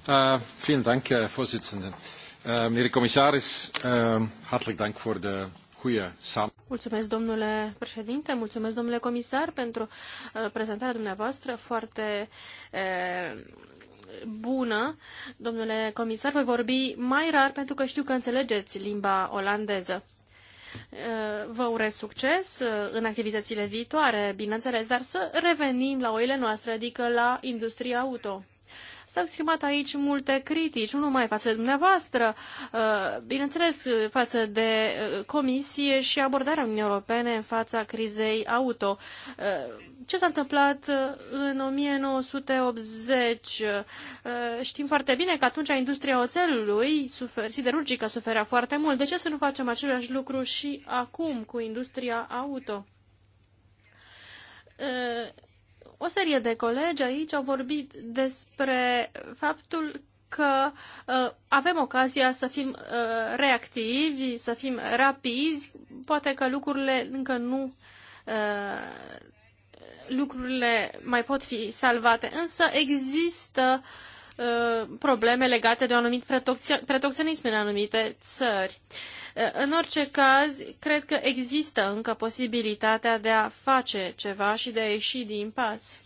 Uh, vielen Dank, uh, Vorsitzende. Uh, meneer de uh, dank Mulțumesc, domnule președinte, mulțumesc, domnule comisar, pentru uh, prezentarea dumneavoastră foarte e, uh, bună. Domnule comisar, voi vorbi mai rar pentru că știu că înțelegeți limba olandeză. Uh, vă urez succes în activitățile viitoare, bineînțeles, dar să revenim la oile noastre, adică la industria auto. S-au exprimat aici multe critici, nu numai față de dumneavoastră, uh, bineînțeles față de uh, comisie și abordarea Uniunii Europene în fața crizei auto. Uh, ce s-a întâmplat în 1980? Știm foarte bine că atunci industria oțelului siderurgică suferea foarte mult. De ce să nu facem același lucru și acum cu industria auto? O serie de colegi aici au vorbit despre faptul că uh, avem ocazia să fim uh, reactivi, să fim rapizi, poate că lucrurile încă nu uh, lucrurile mai pot fi salvate, însă există uh, Uh, probleme legate de un anumit protecționism în anumite țări. Uh, în orice caz, cred că există încă posibilitatea de a face ceva și de a ieși din pas.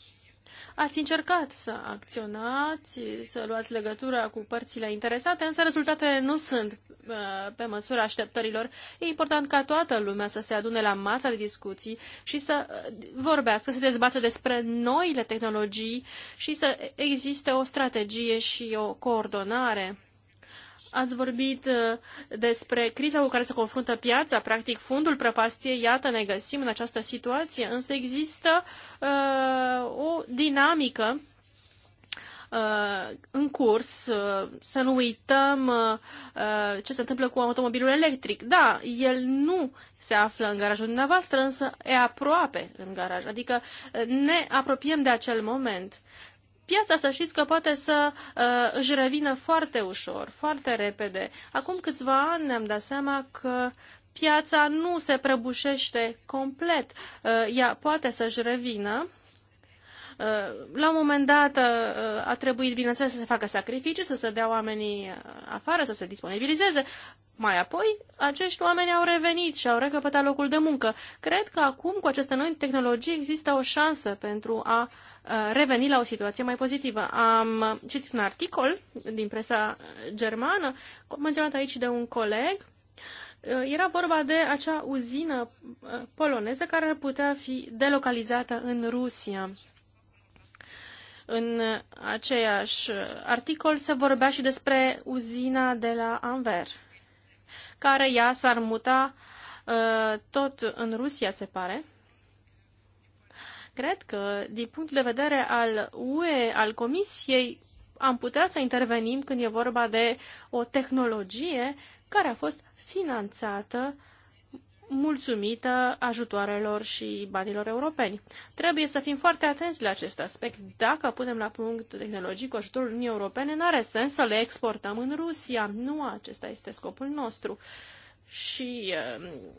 Ați încercat să acționați, să luați legătura cu părțile interesate, însă rezultatele nu sunt uh, pe măsura așteptărilor. E important ca toată lumea să se adune la masa de discuții și să uh, vorbească, să se dezbată despre noile tehnologii și să existe o strategie și o coordonare Ați vorbit uh, despre criza cu care se confruntă piața, practic fundul prăpastiei, iată, ne găsim în această situație, însă există uh, o dinamică uh, în curs, uh, să nu uităm uh, uh ce se întâmplă cu automobilul electric. Da, el nu se află în garajul dumneavoastră, însă e aproape în garaj, adică uh, ne apropiem de acel moment. Uh, Piața, să știți că poate să uh, își revină foarte ușor, foarte repede. Acum câțiva ani ne-am dat seama că piața nu se prăbușește complet. Uh, ea poate să-și revină. Uh, la un moment dat uh, a trebuit, bineînțeles, să se facă sacrificii, să se dea oamenii uh, afară, să se disponibilizeze, mai apoi, acești oameni au revenit și au recăpătat locul de muncă. Cred că acum, cu aceste noi tehnologii, există o șansă pentru a uh, reveni la o situație mai pozitivă. Am uh, citit un articol din presa germană, menționat aici de un coleg, uh, era vorba de acea uzină poloneză care ar putea fi delocalizată în Rusia. În aceeași articol se vorbea și despre uzina de la Anver care ea s-ar muta uh, tot în Rusia, se pare. Cred că, din punctul de vedere al UE, al Comisiei, am putea să intervenim când e vorba de o tehnologie care a fost finanțată uh, mulțumită ajutoarelor și banilor europeni. Trebuie să fim foarte atenți la acest aspect. Dacă punem la punct tehnologii cu ajutorul Uniunii Europene, nu are sens să le exportăm în Rusia. Nu acesta este scopul nostru. Și um,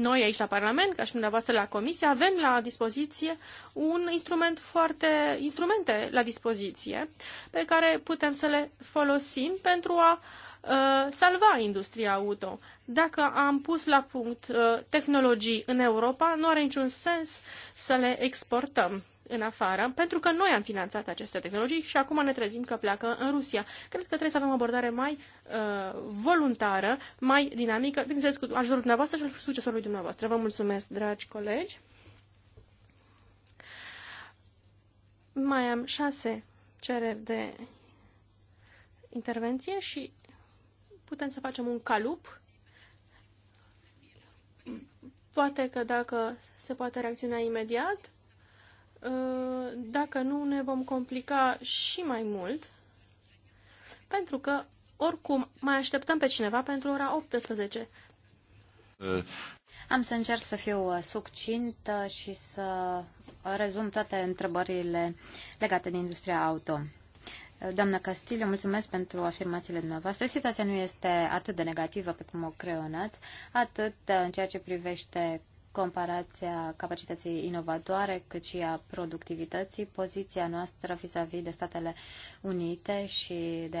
noi aici la Parlament, ca și dumneavoastră la Comisie, avem la dispoziție un instrument foarte, instrumente la dispoziție pe care putem să le folosim pentru a uh, Uh, salva industria auto. Dacă am pus la punct uh, tehnologii în Europa, nu are niciun sens să le exportăm în afară, pentru că noi am finanțat aceste tehnologii și acum ne trezim că pleacă în Rusia. Cred că trebuie să avem o abordare mai uh, voluntară, mai dinamică, bineînțeles cu ajutorul dumneavoastră și al succesorului dumneavoastră. Vă mulțumesc, dragi colegi. Mai am șase cereri de intervenție și putem să facem un calup. Poate că dacă se poate reacționa imediat, uh, dacă nu ne vom complica și mai mult, pentru că oricum mai așteptăm pe cineva pentru ora 18. Am să încerc să fiu uh, succintă uh, și să rezum toate întrebările legate de industria auto. Doamna Castile, mulțumesc pentru afirmațiile dumneavoastră. Situația nu este atât de negativă pe cum o creonați, atât în ceea ce privește comparația capacității inovatoare, cât și a productivității, poziția noastră vis-a-vis -vis de Statele Unite și de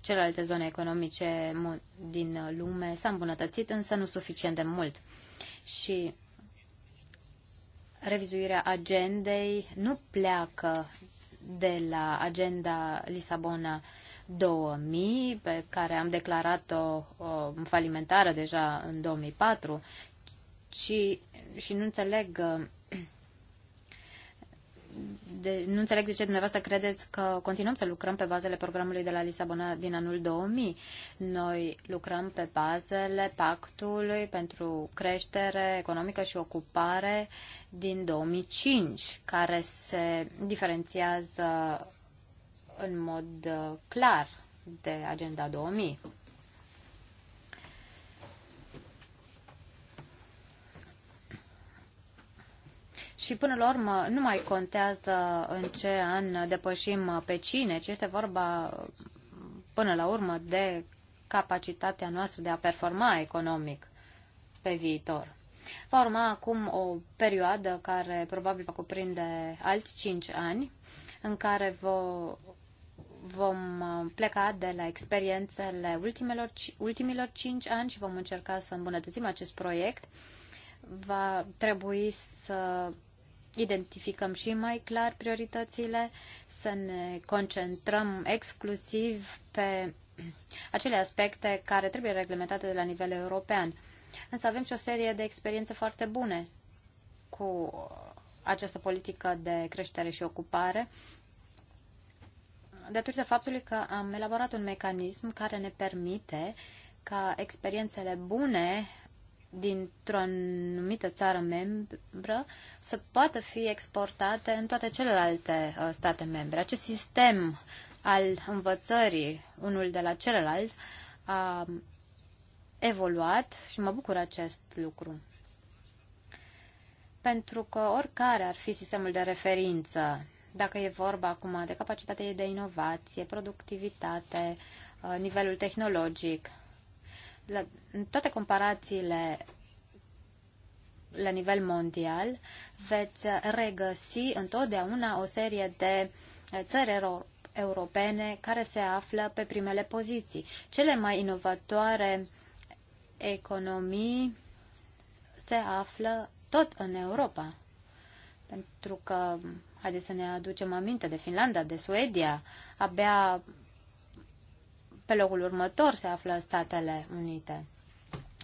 celelalte zone economice din lume s-a îmbunătățit, însă nu suficient de mult. Și revizuirea agendei nu pleacă de la agenda Lisabona 2000, pe care am declarat-o falimentară deja în 2004, ci, și nu înțeleg de, nu înțeleg de ce dumneavoastră credeți că continuăm să lucrăm pe bazele programului de la Lisabona din anul 2000. Noi lucrăm pe bazele pactului pentru creștere economică și ocupare din 2005, care se diferențiază în mod uh, clar de Agenda 2000. Și până la urmă nu mai contează în ce an depășim pe cine, ci este vorba până la urmă de capacitatea noastră de a performa economic pe viitor. Va urma acum o perioadă care probabil va cuprinde alți 5 ani, în care vo, vom pleca de la experiențele ultimelor, ultimilor 5 ani și vom încerca să îmbunătățim acest proiect. Va trebui să identificăm și mai clar prioritățile, să ne concentrăm exclusiv pe acele aspecte care trebuie reglementate de la nivel european. Însă avem și o serie de experiențe foarte bune cu această politică de creștere și ocupare, datorită faptului că am elaborat un mecanism care ne permite ca experiențele bune dintr-o anumită țară membră să poată fi exportate în toate celelalte uh, state membre. Acest sistem al învățării unul de la celălalt a evoluat și mă bucur acest lucru. Pentru că oricare ar fi sistemul de referință, dacă e vorba acum de capacitatea de inovație, productivitate, uh, nivelul tehnologic, la, în toate comparațiile la nivel mondial, veți regăsi întotdeauna o serie de eh, țări europene care se află pe primele poziții. Cele mai inovatoare economii se află tot în Europa. Pentru că, haideți să ne aducem aminte de Finlanda, de Suedia, abia pe locul următor se află Statele Unite.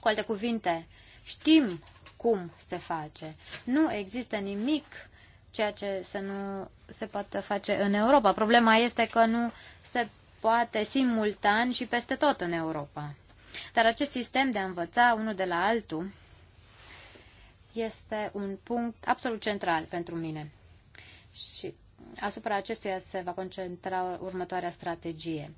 Cu alte cuvinte, știm cum se face. Nu există nimic ceea ce să nu se poate face în Europa. Problema este că nu se poate simultan și peste tot în Europa. Dar acest sistem de a învăța unul de la altul este un punct absolut central pentru mine. Și Asupra acestuia se va concentra următoarea strategie.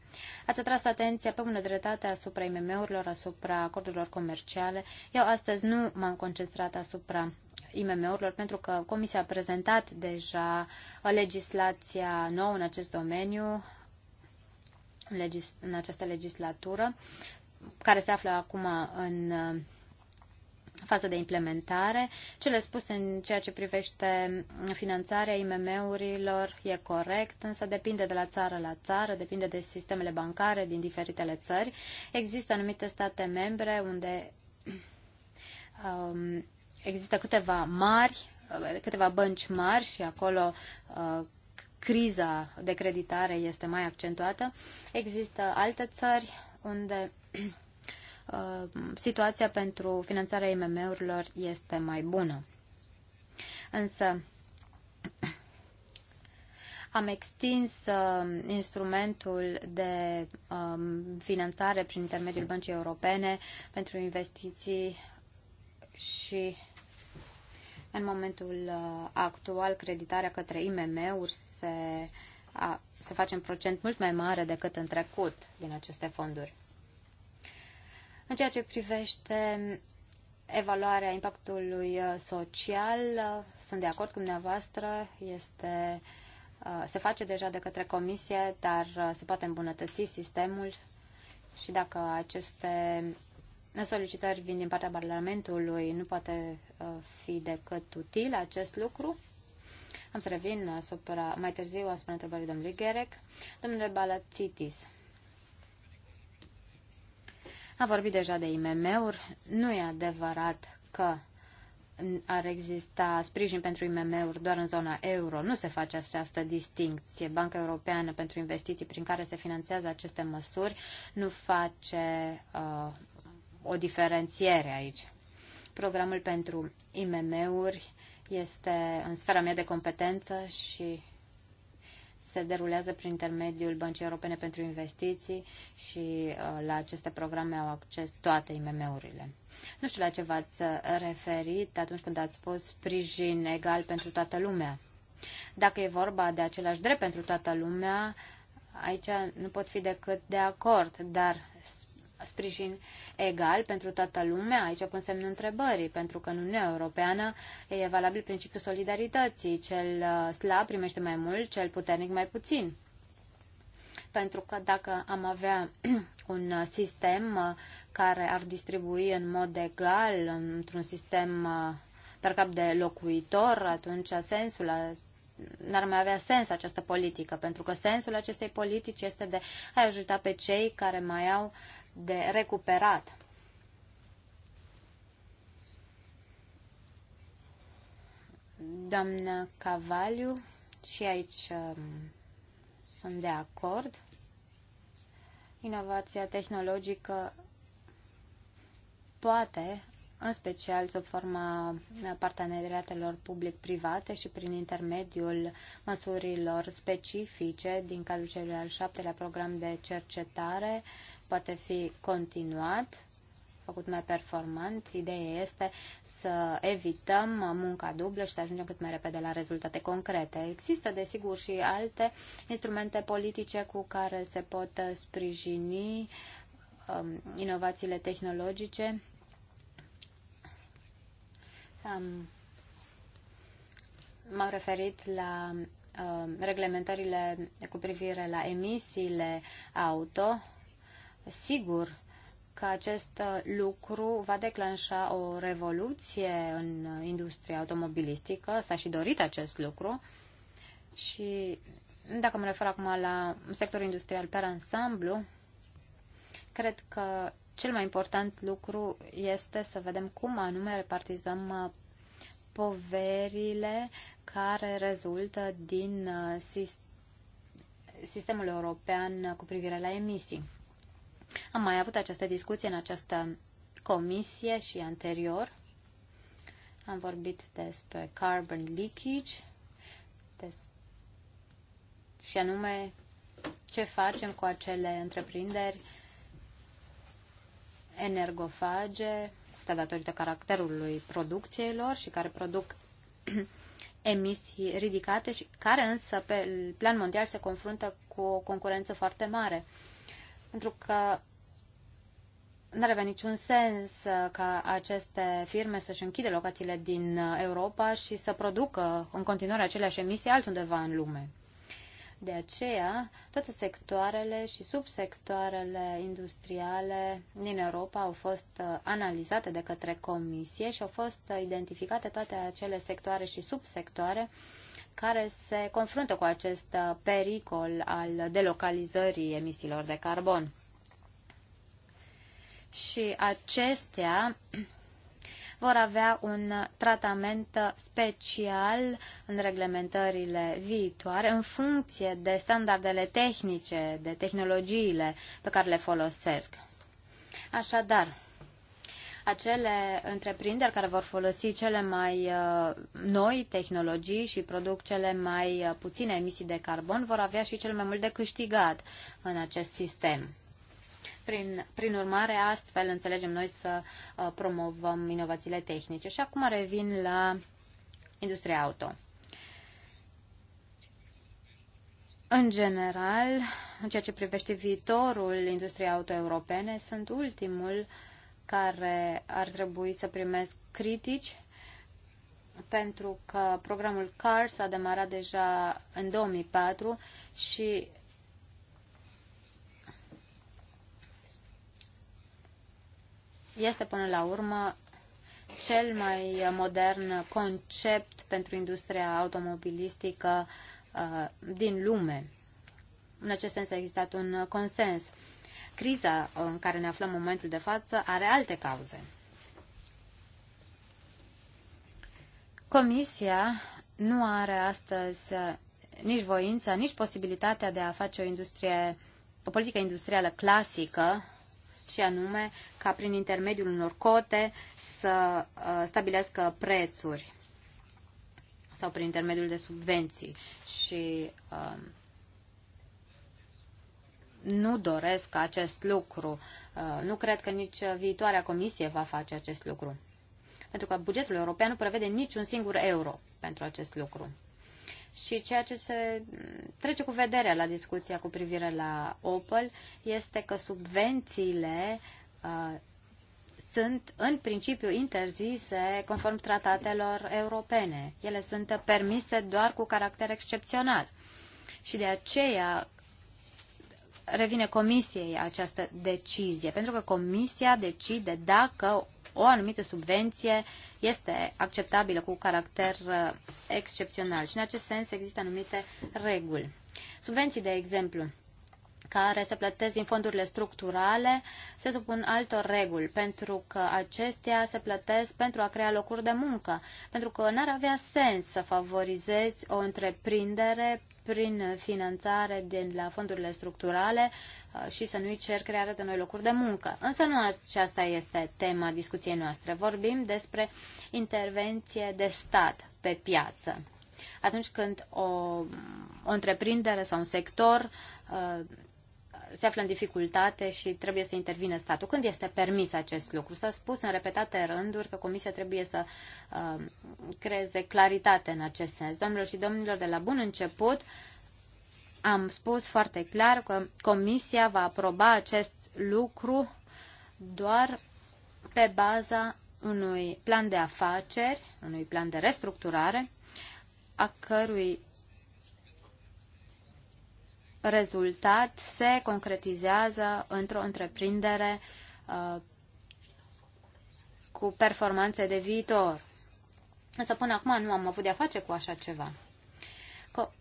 Ați atras atenția pe bună dreptate asupra IMM-urilor, asupra acordurilor comerciale. Eu astăzi nu m-am concentrat asupra IMM-urilor, pentru că Comisia a prezentat deja legislația nouă în acest domeniu, în această legislatură, care se află acum în fază de implementare. Cele spuse în ceea ce privește finanțarea IMM-urilor e corect, însă depinde de la țară la țară, depinde de sistemele bancare din diferitele țări. Există anumite state membre unde um, există câteva mari, câteva bănci mari și acolo uh, criza de creditare este mai accentuată. Există alte țări unde Uh, situația pentru finanțarea IMM-urilor este mai bună. Însă <clears throat> am extins uh, instrumentul de uh, finanțare prin intermediul Băncii Europene pentru investiții și în momentul uh, actual creditarea către IMM-uri se, se face în procent mult mai mare decât în trecut din aceste fonduri. În ceea ce privește evaluarea impactului uh, social, uh, sunt de acord cu dumneavoastră, este, uh, se face deja de către comisie, dar se poate îmbunătăți sistemul și dacă aceste solicitări vin din partea Parlamentului, nu poate fi decât util acest lucru. Am să revin asupra, mai târziu asupra întrebării domnului Gerec. Domnule Balatitis, a vorbit deja de IMM-uri. Nu e adevărat că ar exista sprijin pentru IMM-uri doar în zona euro. Nu se face această distincție. Banca Europeană pentru Investiții, prin care se finanțează aceste măsuri, nu face uh, o diferențiere aici. Programul pentru IMM-uri este în sfera mea de competență și se derulează prin intermediul Băncii Europene pentru Investiții și uh, la aceste programe au acces toate IMM-urile. Nu știu la ce v-ați referit atunci când ați spus sprijin egal pentru toată lumea. Dacă e vorba de același drept pentru toată lumea, aici nu pot fi decât de acord, dar sprijin egal pentru toată lumea? Aici pun semnul întrebării, pentru că în Uniunea Europeană e valabil principiul solidarității. Cel uh, slab primește mai mult, cel puternic mai puțin. Pentru că dacă am avea <clears throat> un uh, sistem uh, care ar distribui în mod egal, într-un sistem per cap de locuitor, atunci sensul n-ar mai avea sens această politică, pentru că sensul acestei politici este de a ajuta pe cei care mai au uh, de recuperat. Doamna Cavaliu, și aici um, sunt de acord. Inovația tehnologică poate în special sub forma parteneriatelor public-private și prin intermediul măsurilor specifice din cadrul celui al șaptelea program de cercetare, poate fi continuat făcut mai performant. Ideea este să evităm munca dublă și să ajungem cât mai repede la rezultate concrete. Există, desigur, și alte instrumente politice cu care se pot sprijini um, inovațiile tehnologice m-am referit la um, reglementările cu privire la emisiile auto. Sigur că acest uh, lucru va declanșa o revoluție în industria automobilistică. S-a și dorit acest lucru. Și dacă mă refer acum la sectorul industrial per ansamblu, cred că cel mai important lucru este să vedem cum anume repartizăm uh, poverile care rezultă din uh, sistemul european uh, cu privire la emisii. Am mai avut această discuție în această comisie și anterior. Am vorbit despre carbon leakage des... și anume ce facem cu acele întreprinderi energofage, asta datorită caracterului producției lor și care produc <clears throat> emisii ridicate și care însă pe plan mondial se confruntă cu o concurență foarte mare. Pentru că nu avea niciun sens ca aceste firme să-și închide locațiile din Europa și să producă în continuare aceleași emisii altundeva în lume. De aceea, toate sectoarele și subsectoarele industriale din Europa au fost uh, analizate de către Comisie și au fost uh, identificate toate acele sectoare și subsectoare care se confruntă cu acest uh, pericol al delocalizării emisiilor de carbon. Și acestea vor avea un tratament special în reglementările viitoare în funcție de standardele tehnice, de tehnologiile pe care le folosesc. Așadar, acele întreprinderi care vor folosi cele mai uh, noi tehnologii și produc cele mai uh, puține emisii de carbon vor avea și cel mai mult de câștigat în acest sistem. Prin, prin urmare, astfel înțelegem noi să uh, promovăm inovațiile tehnice. Și acum revin la industria auto. În general, în ceea ce privește viitorul industriei auto europene, sunt ultimul care ar trebui să primesc critici pentru că programul CARS a demarat deja în 2004 și este până la urmă cel mai modern concept pentru industria automobilistică uh, din lume. În acest sens a existat un consens. Criza în care ne aflăm în momentul de față are alte cauze. Comisia nu are astăzi uh, nici voința, nici posibilitatea de a face o industrie, o politică industrială clasică și anume ca prin intermediul unor cote să uh, stabilească prețuri sau prin intermediul de subvenții și um, nu doresc acest lucru. Uh, nu cred că nici viitoarea comisie va face acest lucru. Pentru că bugetul european nu prevede niciun singur euro pentru acest lucru și ceea ce se trece cu vederea la discuția cu privire la Opel este că subvențiile uh, sunt în principiu interzise conform tratatelor europene. Ele sunt permise doar cu caracter excepțional. Și de aceea revine comisiei această decizie, pentru că comisia decide dacă o anumită subvenție este acceptabilă cu caracter uh, excepțional și în acest sens există anumite reguli. Subvenții, de exemplu, care se plătesc din fondurile structurale se supun altor reguli, pentru că acestea se plătesc pentru a crea locuri de muncă, pentru că n-ar avea sens să favorizezi o întreprindere prin finanțare din la fondurile structurale uh, și să nu-i cer crearea de noi locuri de muncă. Însă nu aceasta este tema discuției noastre. Vorbim despre intervenție de stat pe piață. Atunci când o, o întreprindere sau un sector uh, se află în dificultate și trebuie să intervine statul. Când este permis acest lucru? S-a spus în repetate rânduri că Comisia trebuie să uh, creeze claritate în acest sens. Domnilor și domnilor, de la bun început am spus foarte clar că Comisia va aproba acest lucru doar pe baza unui plan de afaceri, unui plan de restructurare, a cărui rezultat se concretizează într-o întreprindere uh, cu performanțe de viitor. Însă până acum nu am avut de-a face cu așa ceva.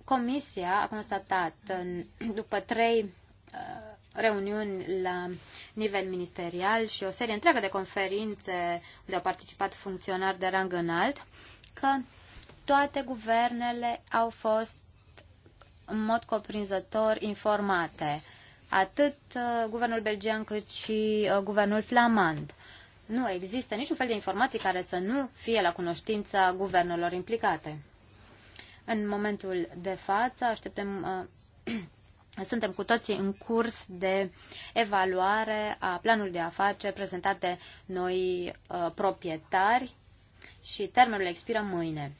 Comisia a constatat după trei uh, reuniuni la nivel ministerial și o serie întreagă de conferințe unde au participat funcționari de rang înalt că toate guvernele au fost în mod coprinzător informate, atât uh, guvernul belgian cât și uh, guvernul flamand. Nu există niciun fel de informații care să nu fie la cunoștința guvernelor implicate. În momentul de față așteptăm, uh, <clears throat> suntem cu toții în curs de evaluare a planului de afaceri prezentate noi uh, proprietari și termenul expiră mâine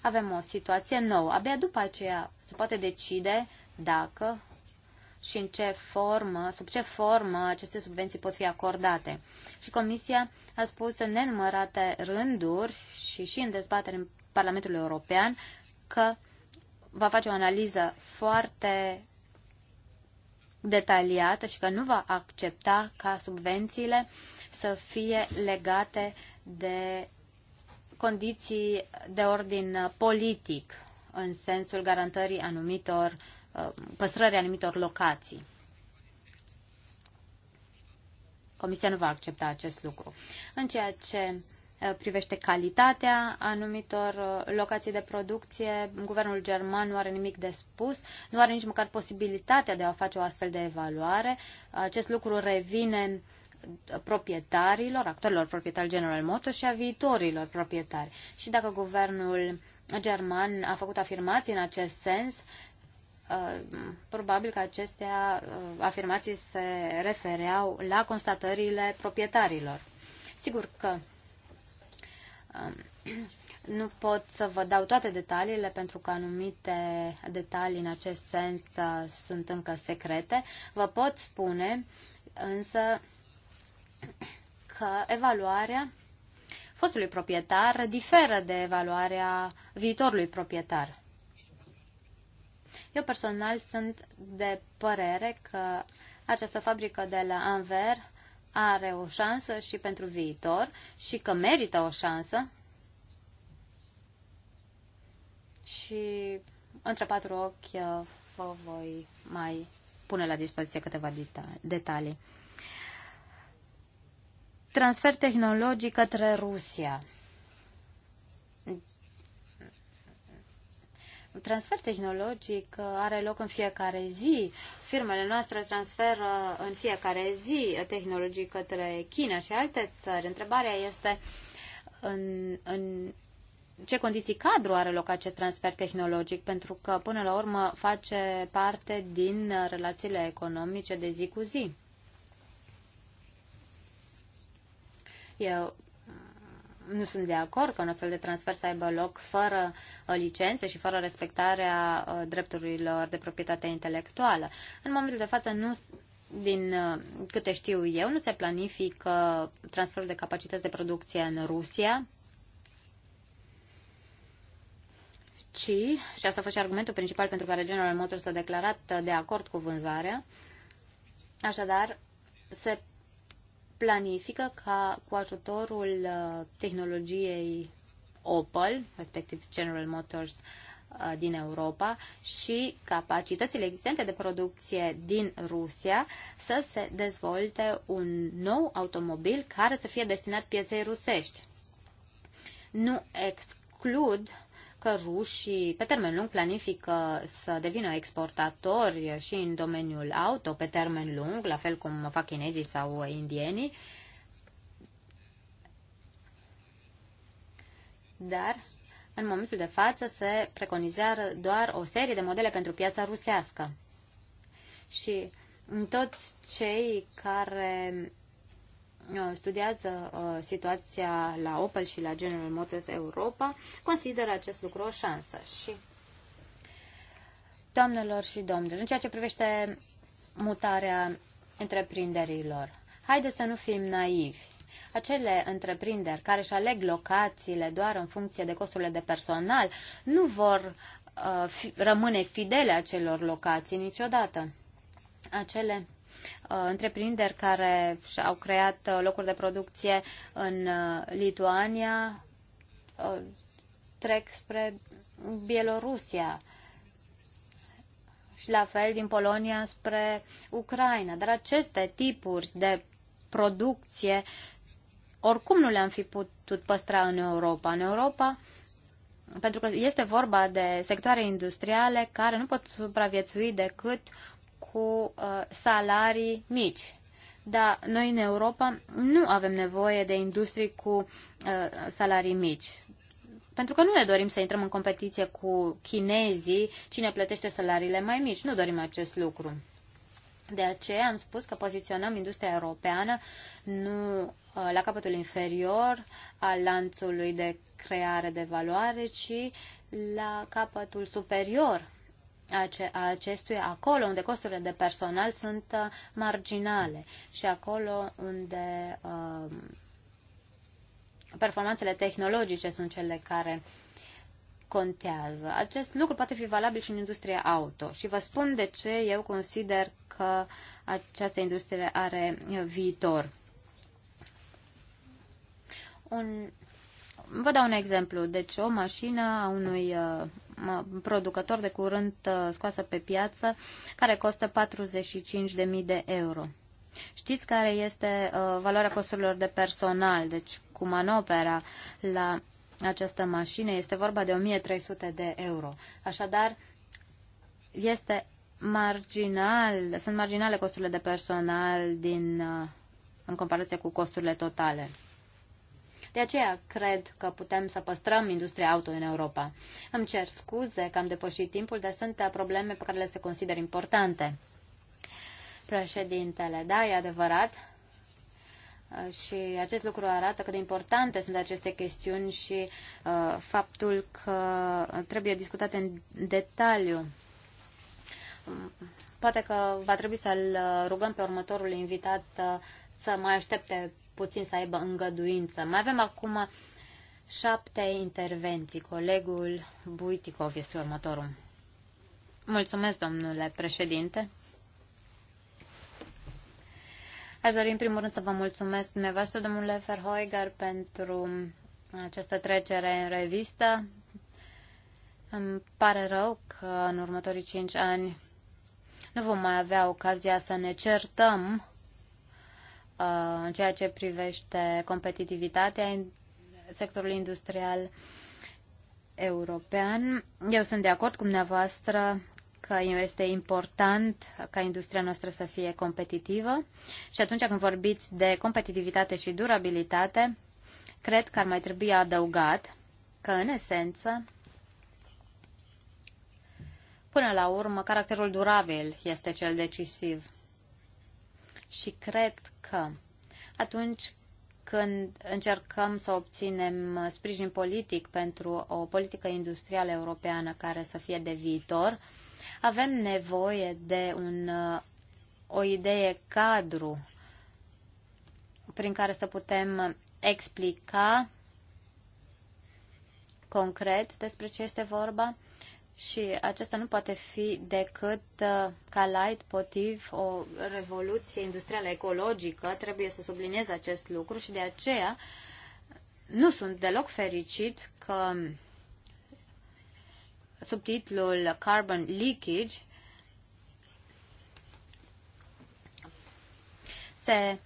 avem o situație nouă. Abia după aceea se poate decide dacă și în ce formă, sub ce formă aceste subvenții pot fi acordate. Și Comisia a spus în nenumărate rânduri și și în dezbatere în Parlamentul European că va face o analiză foarte detaliată și că nu va accepta ca subvențiile să fie legate de condiții de ordin politic în sensul garantării anumitor, uh, păstrării anumitor locații. Comisia nu va accepta acest lucru. În ceea ce uh, privește calitatea anumitor uh, locații de producție, guvernul german nu are nimic de spus, nu are nici măcar posibilitatea de a face o astfel de evaluare. Acest lucru revine proprietarilor, actorilor proprietari General Motors și a viitorilor proprietari. Și dacă guvernul german a făcut afirmații în acest sens, uh, probabil că acestea uh, afirmații se refereau la constatările proprietarilor. Sigur că um, <clears throat> nu pot să vă dau toate detaliile pentru că anumite detalii în acest sens uh, sunt încă secrete. Vă pot spune însă că evaluarea fostului proprietar diferă de evaluarea viitorului proprietar. Eu personal sunt de părere că această fabrică de la Anver are o șansă și pentru viitor și că merită o șansă și între patru ochi uh, vă voi mai pune la dispoziție câteva detalii transfer tehnologic către Rusia. Transfer tehnologic uh, are loc în fiecare zi. Firmele noastre transferă în fiecare zi tehnologii către China și alte țări. Întrebarea este în, în ce condiții cadru are loc acest transfer tehnologic, pentru că până la urmă face parte din relațiile economice de zi cu zi. Eu uh, nu sunt de acord că un astfel de transfer să aibă loc fără uh, licențe și fără respectarea uh, drepturilor de proprietate intelectuală. În momentul de față, nu, din câte știu eu, nu se planifică transferul de capacități de producție în Rusia, ci, și asta a fost și argumentul principal pentru care General Motors a declarat de acord cu vânzarea, așadar, se planifică ca cu ajutorul uh, tehnologiei Opel, respectiv General Motors uh, din Europa și capacitățile existente de producție din Rusia să se dezvolte un nou automobil care să fie destinat pieței rusești. Nu exclud că rușii, pe termen lung, planifică să devină exportatori și în domeniul auto, pe termen lung, la fel cum fac chinezii sau indienii. Dar, în momentul de față, se preconizează doar o serie de modele pentru piața rusească. Și toți cei care Uh, studiază uh, situația la Opel și la General Motors Europa, consideră acest lucru o șansă. Și, doamnelor și domnilor, în ceea ce privește mutarea întreprinderilor, haideți să nu fim naivi. Acele întreprinderi care își aleg locațiile doar în funcție de costurile de personal nu vor uh, fi, rămâne fidele acelor locații niciodată. Acele Uh, întreprinderi care au creat uh, locuri de producție în uh, Lituania trec spre Bielorusia și la fel din Polonia spre Ucraina. Dar aceste tipuri de producție oricum nu le-am fi putut păstra în Europa. În Europa, pentru că este vorba de sectoare industriale care nu pot supraviețui decât cu uh, salarii mici. Dar noi în Europa nu avem nevoie de industrii cu uh, salarii mici. Pentru că nu ne dorim să intrăm în competiție cu chinezii, cine plătește salariile mai mici. Nu dorim acest lucru. De aceea am spus că poziționăm industria europeană nu uh, la capătul inferior al lanțului de creare de valoare, ci la capătul superior a acestuia acolo unde costurile de personal sunt uh, marginale și acolo unde uh, performanțele tehnologice sunt cele care contează. Acest lucru poate fi valabil și în industria auto și vă spun de ce eu consider că această industrie are viitor. Un... Vă dau un exemplu. Deci o mașină a unui uh, producător de curând uh, scoasă pe piață, care costă 45.000 de euro. Știți care este uh, valoarea costurilor de personal, deci cu manopera la această mașină, este vorba de 1300 de euro. Așadar, este marginal, sunt marginale costurile de personal din, uh, în comparație cu costurile totale. De aceea cred că putem să păstrăm industria auto în Europa. Îmi cer scuze că am depășit timpul, dar sunt probleme pe care le se consider importante. Președintele, da, e adevărat. Și acest lucru arată cât de importante sunt aceste chestiuni și uh, faptul că trebuie discutate în detaliu. Poate că va trebui să-l uh, rugăm pe următorul invitat uh, să mai aștepte puțin să aibă îngăduință. Mai avem acum șapte intervenții. Colegul Buiticov este următorul. Mulțumesc, domnule președinte. Aș dori în primul rând să vă mulțumesc dumneavoastră, domnule Ferhoiger, pentru această trecere în revistă. Îmi pare rău că în următorii cinci ani nu vom mai avea ocazia să ne certăm Uh, în ceea ce privește competitivitatea sectorului industrial european. Eu sunt de acord cu dumneavoastră că este important ca industria noastră să fie competitivă și atunci când vorbiți de competitivitate și durabilitate, cred că ar mai trebui adăugat că, în esență, până la urmă, caracterul durabil este cel decisiv și cred că atunci când încercăm să obținem sprijin politic pentru o politică industrială europeană care să fie de viitor, avem nevoie de un, o idee cadru prin care să putem explica concret despre ce este vorba și acesta nu poate fi decât uh, ca light potiv, o revoluție industrială ecologică. Trebuie să subliniez acest lucru și de aceea nu sunt deloc fericit că subtitlul Carbon Leakage se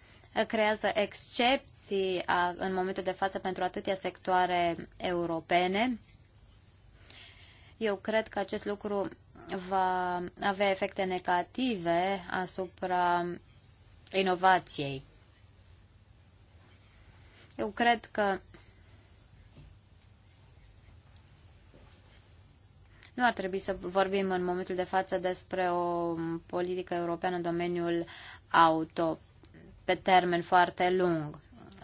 creează excepții în momentul de față pentru atâtea sectoare europene eu cred că acest lucru va avea efecte negative asupra inovației. Eu cred că nu ar trebui să vorbim în momentul de față despre o politică europeană în domeniul auto pe termen foarte lung.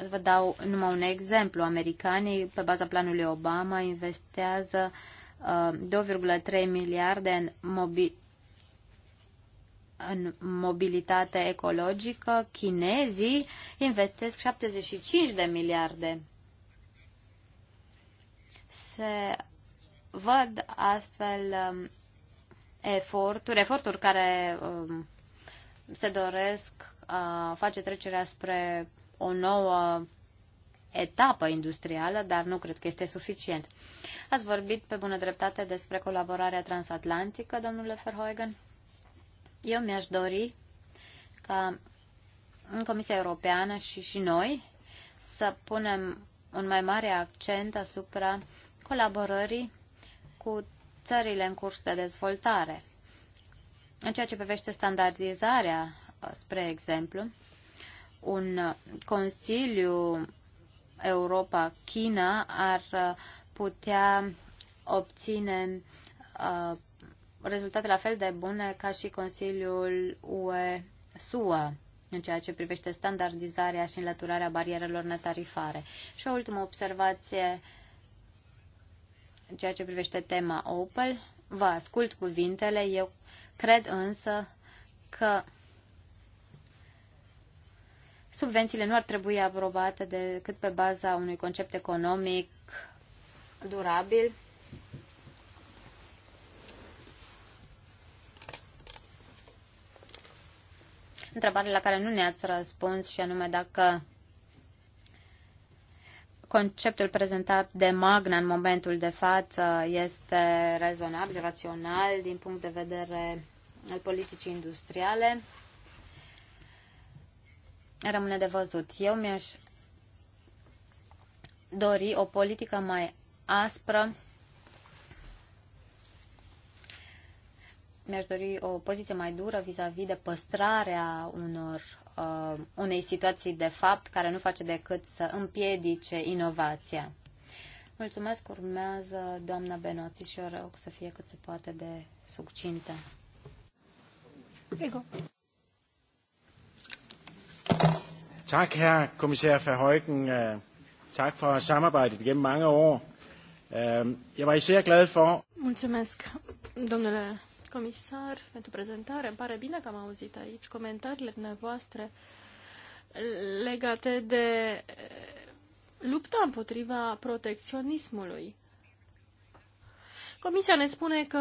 Vă dau numai un exemplu. Americanii, pe baza planului Obama, investează uh, 2,3 uh, miliarde în, mobi- în mobilitate ecologică, chinezii investesc 75 de miliarde. Se văd astfel um, eforturi, eforturi care um, se doresc a uh, face trecerea spre o nouă etapă industrială, dar nu cred că este suficient. Ați vorbit pe bună dreptate despre colaborarea transatlantică, domnule Verhoeven. Eu mi-aș dori ca în Comisia Europeană și și noi să punem un mai mare accent asupra colaborării cu țările în curs de dezvoltare. În ceea ce privește standardizarea, spre exemplu, un consiliu Europa-China ar uh, putea obține uh, rezultate la fel de bune ca și Consiliul UE-SUA în ceea ce privește standardizarea și înlăturarea barierelor netarifare. Și o ultimă observație în ceea ce privește tema Opel. Vă ascult cuvintele, eu cred însă că subvențiile nu ar trebui aprobate decât pe baza unui concept economic durabil. Întrebare la care nu ne-ați răspuns și anume dacă conceptul prezentat de Magna în momentul de față este rezonabil, rațional din punct de vedere al politicii industriale rămâne de văzut. Eu mi-aș dori o politică mai aspră, mi-aș dori o poziție mai dură vis-a-vis -vis de păstrarea unor, uh, unei situații de fapt care nu face decât să împiedice inovația. Mulțumesc, urmează doamna Benoții și eu rog să fie cât se poate de succintă. Ego. Tak, herr kommissær Verheugen. Øh, tak for samarbejdet gennem mange år. Øh, jeg var især glad for... Mulțumesc, domnule comisar, pentru prezentare. Îmi pare bine că am auzit aici comentariile dumneavoastră legate de eh, lupta împotriva protecționismului. Comisia ne spune că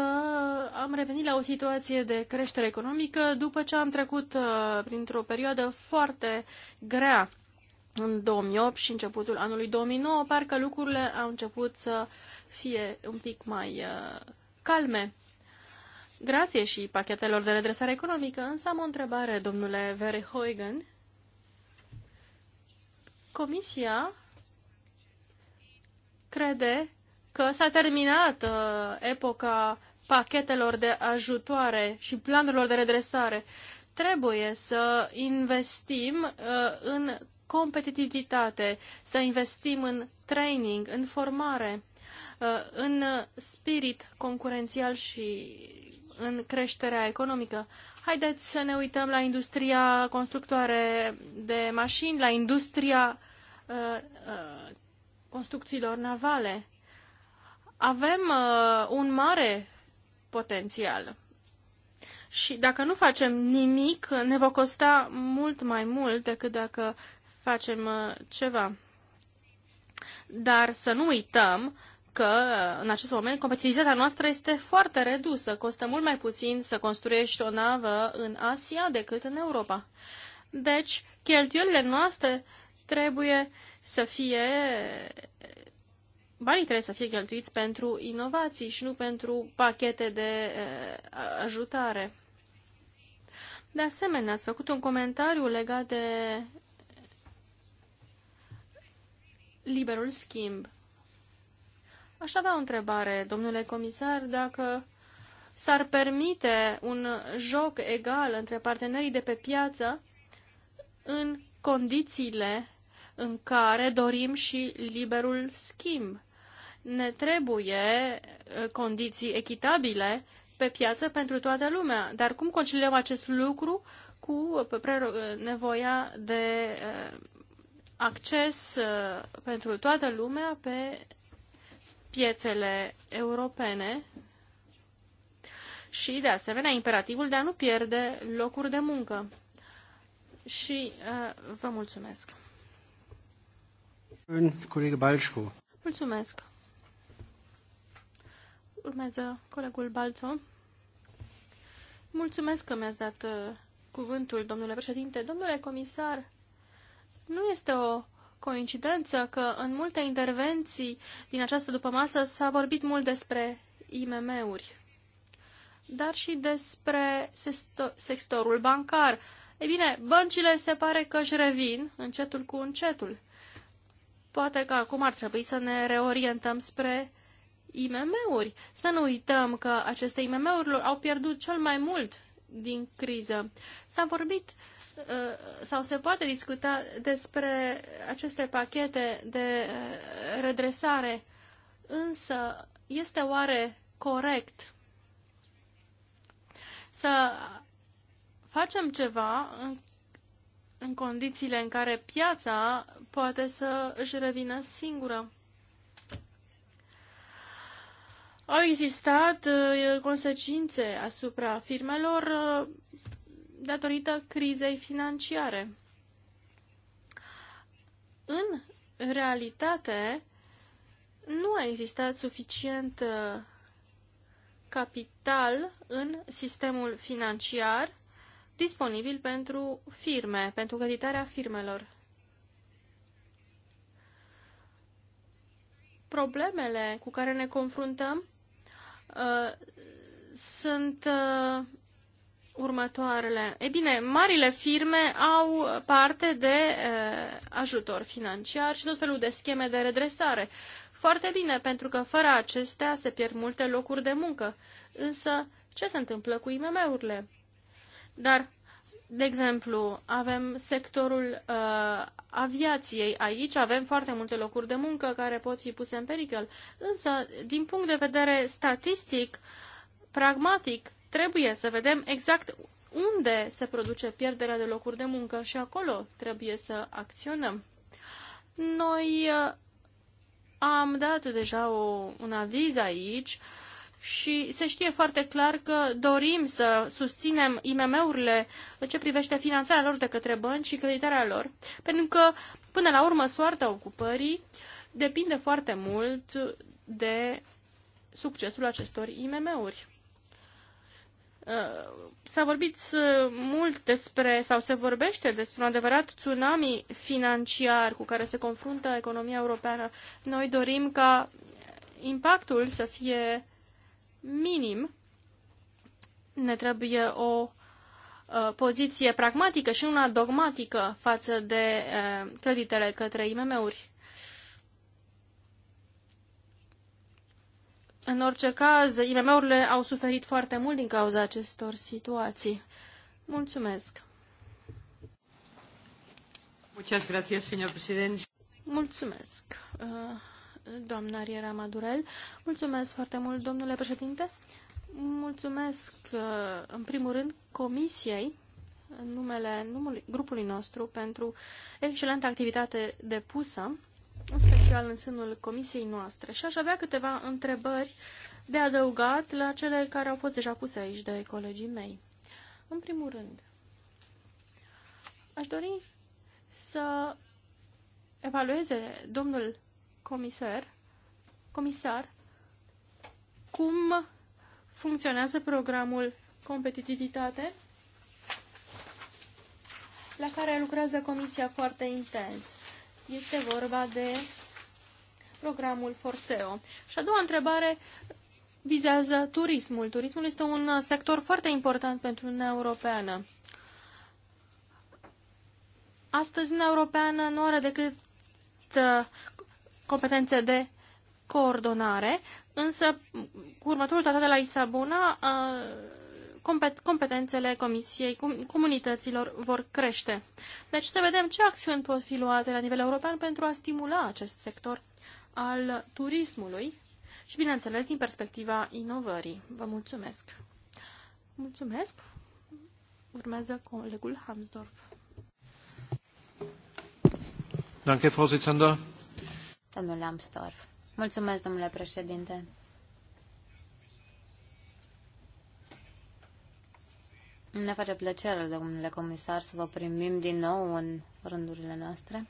am revenit la o situație de creștere economică după ce am trecut uh, printr-o perioadă foarte grea în 2008 și începutul anului 2009. Parcă lucrurile au început să fie un pic mai uh, calme. Grație și pachetelor de redresare economică, însă am o întrebare, domnule Verheugen. Comisia crede că s-a terminat uh, epoca pachetelor de ajutoare și planurilor de redresare. Trebuie să investim uh, în competitivitate, să investim în training, în formare, uh, în spirit concurențial și în creșterea economică. Haideți să ne uităm la industria constructoare de mașini, la industria uh, uh construcțiilor navale avem uh, un mare potențial. Și dacă nu facem nimic, ne va costa mult mai mult decât dacă facem uh, ceva. Dar să nu uităm că uh, în acest moment competitivitatea noastră este foarte redusă. Costă mult mai puțin să construiești o navă în Asia decât în Europa. Deci, cheltuielile noastre trebuie să fie banii trebuie să fie cheltuiți pentru inovații și nu pentru pachete de ajutare. De asemenea, ați făcut un comentariu legat de liberul schimb. Aș avea o întrebare, domnule comisar, dacă s-ar permite un joc egal între partenerii de pe piață în condițiile în care dorim și liberul schimb. Ne trebuie uh, condiții echitabile pe piață pentru toată lumea. Dar cum conciliem acest lucru cu uh, uh, nevoia de acces pentru toată lumea pe piețele europene și, de asemenea, imperativul de a nu pierde locuri de muncă. Și vă mulțumesc. Mulțumesc. Urmează colegul Balțo. Mulțumesc că mi-ați dat uh, cuvântul, domnule președinte. Domnule comisar, nu este o coincidență că în multe intervenții din această dupămasă s-a vorbit mult despre IMM-uri, dar și despre sectorul bancar. Ei bine, băncile se pare că își revin încetul cu încetul. Poate că acum ar trebui să ne reorientăm spre IMM-uri. Să nu uităm că aceste IMM-uri au pierdut cel mai mult din criză. S-a vorbit uh, sau se poate discuta despre aceste pachete de uh, redresare, însă este oare corect să facem ceva în, în condițiile în care piața poate să își revină singură? Au existat uh, consecințe asupra firmelor uh, datorită crizei financiare. În realitate, nu a existat suficient uh, capital în sistemul financiar disponibil pentru firme, pentru creditarea firmelor. Problemele cu care ne confruntăm Uh, sunt uh, următoarele. E bine, marile firme au parte de uh, ajutor financiar și tot felul de scheme de redresare. Foarte bine, pentru că fără acestea se pierd multe locuri de muncă. Însă, ce se întâmplă cu IMM-urile? Dar de exemplu, avem sectorul uh, aviației. Aici avem foarte multe locuri de muncă care pot fi puse în pericol. Însă, din punct de vedere statistic, pragmatic, trebuie să vedem exact unde se produce pierderea de locuri de muncă și acolo trebuie să acționăm. Noi uh, am dat deja o, un aviz aici uh, și se știe foarte clar că dorim să susținem IMM-urile în ce privește finanțarea lor de către bănci și creditarea lor, pentru că, până la urmă, soarta ocupării depinde foarte mult de succesul acestor IMM-uri. Uh, s-a vorbit uh, mult despre, sau se vorbește despre un adevărat tsunami financiar cu care se confruntă economia europeană. Noi dorim ca impactul să fie minim ne trebuie o uh, poziție pragmatică și una dogmatică față de uh, creditele către IMM-uri. În orice caz, IMM-urile au suferit foarte mult din cauza acestor situații. Mulțumesc! Mulțumesc, uh, doamna Riera Madurel. Mulțumesc foarte mult, domnule președinte. Mulțumesc, uh, în primul rând, Comisiei, în numele grupului nostru, pentru excelentă activitate depusă, în special în sânul Comisiei noastre. Și aș avea câteva întrebări de adăugat la cele care au fost deja puse aici de colegii mei. În primul rând, aș dori să evalueze domnul comisar, comisar cum funcționează programul competitivitate la care lucrează comisia foarte intens. Este vorba de programul Forseo. Și a doua întrebare vizează turismul. Turismul este un sector foarte important pentru Uniunea Europeană. Astăzi Uniunea Europeană nu are decât uh, competențe de coordonare, însă cu următorul tratat de la Lisabona competențele Comisiei Comunităților vor crește. Deci să vedem ce acțiuni pot fi luate la nivel european pentru a stimula acest sector al turismului și, bineînțeles, din perspectiva inovării. Vă mulțumesc! Mulțumesc! Urmează colegul Hamsdorf. Danke, Frau Sitzender. Domnule Amstorf. Mulțumesc, domnule președinte. Ne face plăcere, domnule comisar, să vă primim din nou în rândurile noastre.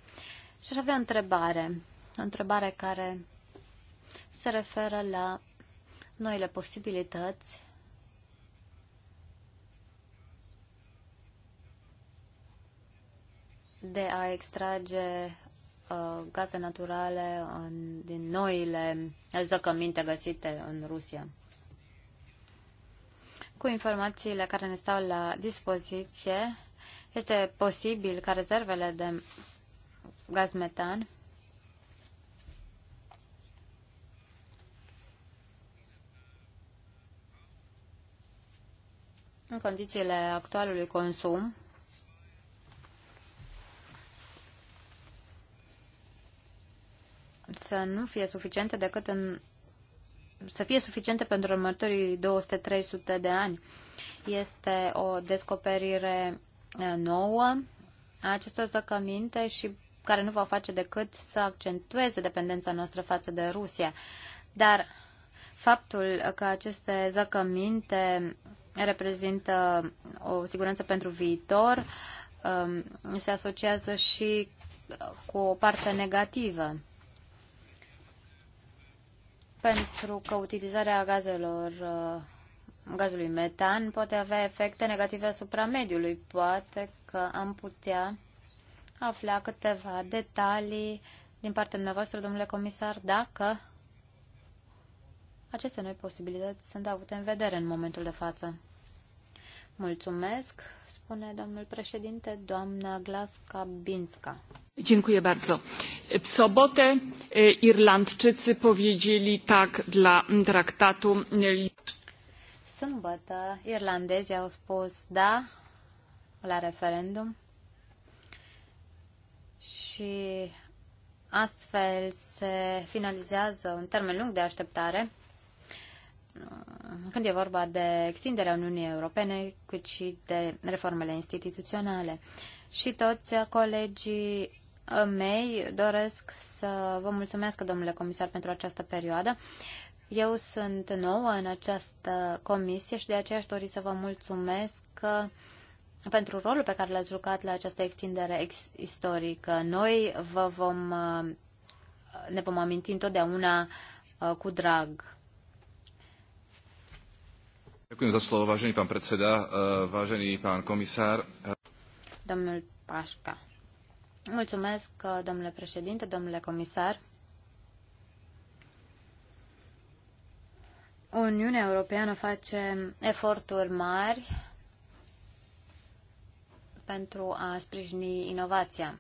Și aș avea o întrebare, o întrebare care se referă la noile posibilități de a extrage Uh, gaze naturale în, din noile zăcăminte găsite în Rusia. Cu informațiile care ne stau la dispoziție, este posibil ca rezervele de gaz metan în condițiile actualului consum să nu fie suficiente decât în să fie suficiente pentru următorii 200-300 de ani. Este o descoperire nouă a acestor zăcăminte și care nu va face decât să accentueze dependența noastră față de Rusia. Dar faptul că aceste zăcăminte reprezintă o siguranță pentru viitor se asociază și cu o parte negativă pentru că utilizarea gazelor, uh, gazului metan poate avea efecte negative asupra mediului. Poate că am putea afla câteva detalii din partea dumneavoastră, domnule comisar, dacă aceste noi posibilități sunt avute în vedere în momentul de față. Mulțumesc, spune domnul președinte, doamna Glaska Binska. Dziękuję bardzo. W sobotę Irlandczycy powiedzieli tak dla traktatu. Sâmbătă, irlandezii au spus da la referendum și astfel se finalizează un termen lung de așteptare când e vorba de extinderea Uniunii Europene, cât și de reformele instituționale. Și toți colegii mei doresc să vă mulțumesc, domnule comisar, pentru această perioadă. Eu sunt nouă în această comisie și de aceea aș dori să vă mulțumesc pentru rolul pe care l-ați jucat la această extindere ex istorică. Noi vă vom, ne vom aminti întotdeauna uh, cu drag Ďakujem za slovo, vážený pán predseda, vážený pán comisar. Domnul Pașca. Mulțumesc, domnule președinte, domnule comisar. Uniunea Europeană face eforturi mari pentru a sprijini inovația.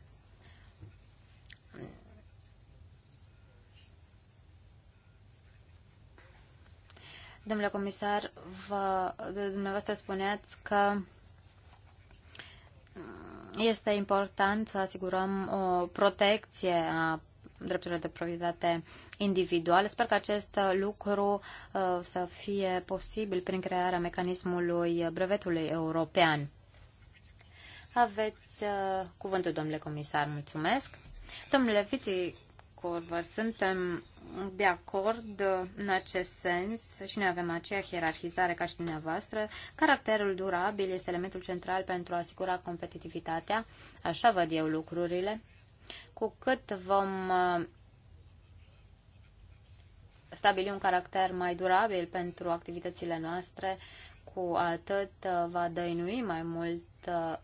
Domnule comisar, vă, dumneavoastră spuneați că este important să asigurăm o protecție a drepturilor de proprietate individuală. Sper că acest lucru uh, să fie posibil prin crearea mecanismului brevetului european. Aveți uh, cuvântul, domnule comisar. Mulțumesc. Domnule Viții, Corver. Suntem de acord în acest sens și noi avem aceea hierarhizare ca și dumneavoastră. Caracterul durabil este elementul central pentru a asigura competitivitatea. Așa văd eu lucrurile. Cu cât vom uh, stabili un caracter mai durabil pentru activitățile noastre, cu atât uh, va dăinui mai mult uh,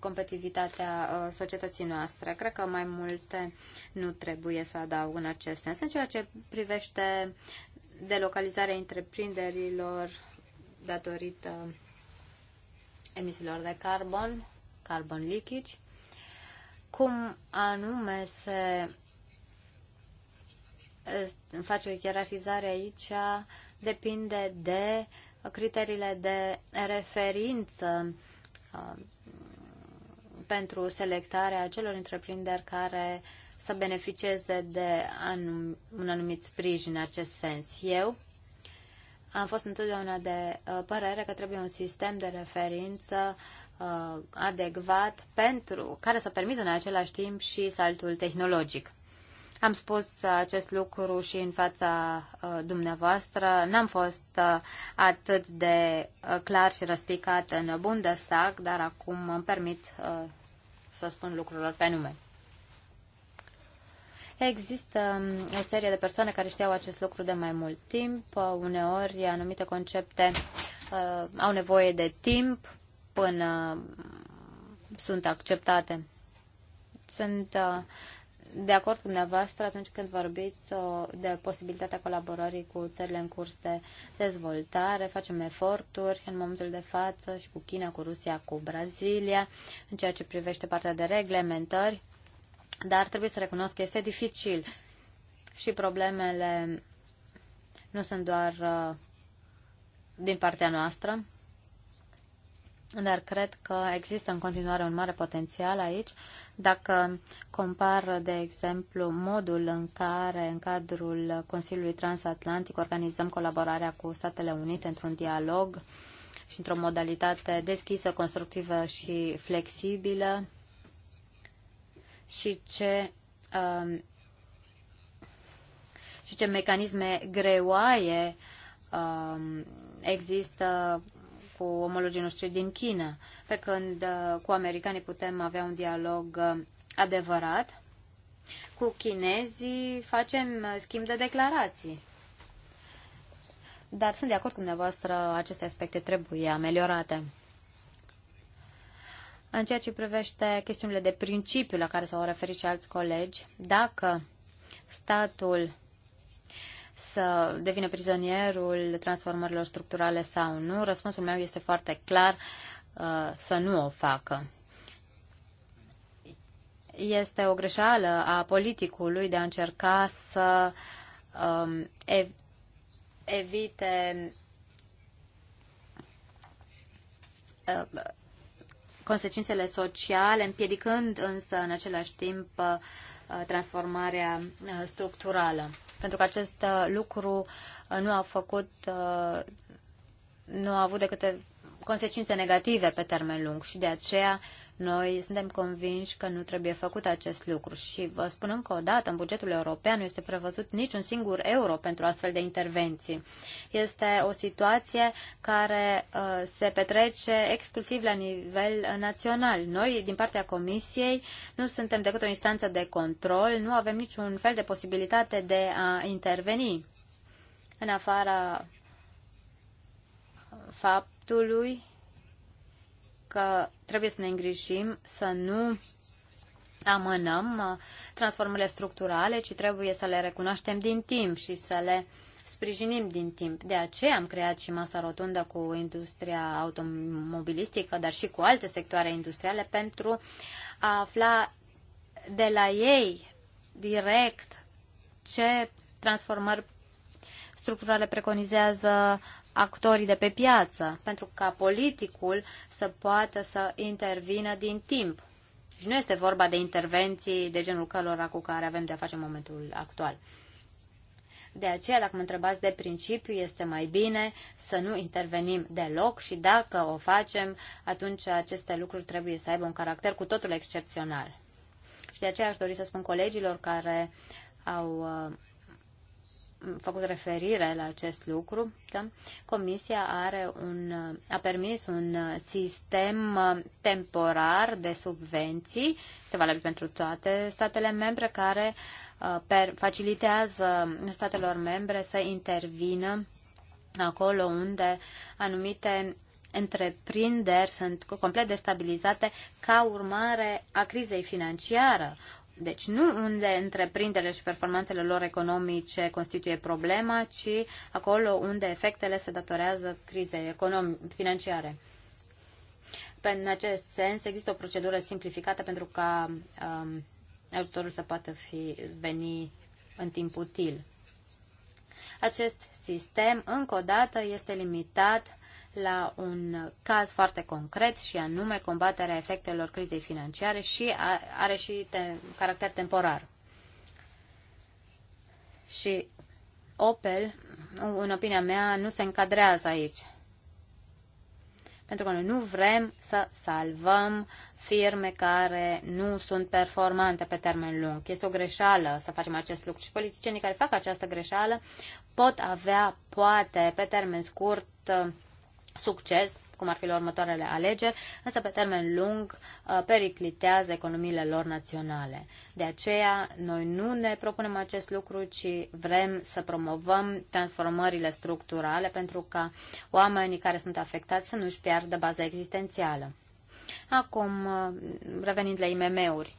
competitivitatea uh, societății noastre. Cred că mai multe nu trebuie să adaug în acest sens. În ceea ce privește delocalizarea întreprinderilor datorită emisiilor de carbon, carbon leakage, cum anume se face o ierarhizare aici depinde de criteriile de referință uh, pentru selectarea celor întreprinderi care să beneficieze de anum, un anumit sprijin în acest sens. Eu am fost întotdeauna de uh, părere că trebuie un sistem de referință uh, adecvat pentru care să permită în același timp și saltul tehnologic. Am spus acest lucru și în fața uh, dumneavoastră. N-am fost uh, atât de uh, clar și răspicat în Bundestag, dar acum îmi permit să spun lucrurilor pe nume. Există um, o serie de persoane care știau acest lucru de mai mult timp. Uneori anumite concepte au nevoie de timp până um, sunt acceptate. Sunt uh, de acord cu dumneavoastră atunci când vorbiți de posibilitatea colaborării cu țările în curs de dezvoltare. Facem eforturi în momentul de față și cu China, cu Rusia, cu Brazilia, în ceea ce privește partea de reglementări, dar trebuie să recunosc că este dificil și problemele nu sunt doar uh, din partea noastră, dar cred că există în continuare un mare potențial aici. Dacă compar, de exemplu, modul în care, în cadrul Consiliului Transatlantic, organizăm colaborarea cu Statele Unite într-un dialog și într-o modalitate deschisă, constructivă și flexibilă, și ce uh, și ce mecanisme greoaie uh, există cu omologii noștri din China, pe când uh, cu americanii putem avea un dialog uh, adevărat. Cu chinezii facem uh, schimb de declarații. Dar sunt de acord cu dumneavoastră, aceste aspecte trebuie ameliorate. În ceea ce privește chestiunile de principiu la care s-au referit și alți colegi, dacă statul să devină prizonierul transformărilor structurale sau nu? Răspunsul meu este foarte clar uh, să nu o facă. Este o greșeală a politicului de a încerca să um, evite uh, consecințele sociale, împiedicând însă în același timp uh, transformarea structurală pentru că acest uh, lucru uh, nu a făcut, uh, nu a avut decât consecințe negative pe termen lung și de aceea noi suntem convinși că nu trebuie făcut acest lucru și vă spun încă o dată, în bugetul european nu este prevăzut niciun singur euro pentru astfel de intervenții. Este o situație care uh, se petrece exclusiv la nivel național. Noi, din partea Comisiei, nu suntem decât o instanță de control, nu avem niciun fel de posibilitate de a interveni în afara faptului că trebuie să ne îngrijim să nu amânăm uh, transformările structurale, ci trebuie să le recunoaștem din timp și să le sprijinim din timp. De aceea am creat și masa rotundă cu industria automobilistică, dar și cu alte sectoare industriale, pentru a afla de la ei direct ce transformări structurale preconizează actorii de pe piață, pentru ca politicul să poată să intervină din timp. Și nu este vorba de intervenții de genul călora cu care avem de a face în momentul actual. De aceea, dacă mă întrebați de principiu, este mai bine să nu intervenim deloc și dacă o facem, atunci aceste lucruri trebuie să aibă un caracter cu totul excepțional. Și de aceea aș dori să spun colegilor care au uh, făcut referire la acest lucru, că da? Comisia are un, a permis un sistem temporar de subvenții, este valabil pentru toate statele membre, care uh, per, facilitează statelor membre să intervină acolo unde anumite întreprinderi sunt complet destabilizate ca urmare a crizei financiară. Deci nu unde întreprinderile și performanțele lor economice constituie problema, ci acolo unde efectele se datorează crizei financiare. În acest sens, există o procedură simplificată pentru ca um, ajutorul să poată fi, veni în timp util. Acest sistem, încă o dată, este limitat la un caz foarte concret și anume combaterea efectelor crizei financiare și are și te- caracter temporar. Și Opel, în opinia mea, nu se încadrează aici. Pentru că noi nu vrem să salvăm firme care nu sunt performante pe termen lung. Este o greșeală să facem acest lucru și politicienii care fac această greșeală pot avea, poate, pe termen scurt, succes, cum ar fi la următoarele alegeri, însă pe termen lung uh, periclitează economiile lor naționale. De aceea, noi nu ne propunem acest lucru, ci vrem să promovăm transformările structurale pentru ca oamenii care sunt afectați să nu-și piardă baza existențială. Acum, uh, revenind la IMM-uri,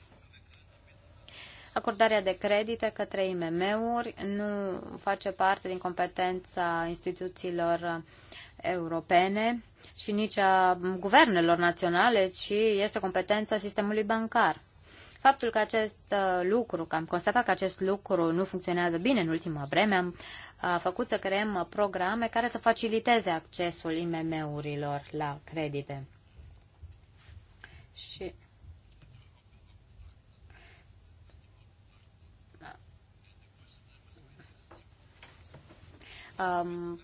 Acordarea de credite către IMM-uri nu face parte din competența instituțiilor europene și nici a guvernelor naționale, ci este competența sistemului bancar. Faptul că acest uh, lucru, că am constatat că acest lucru nu funcționează bine în ultima vreme, am a făcut să creăm programe care să faciliteze accesul IMM-urilor la credite. Și um,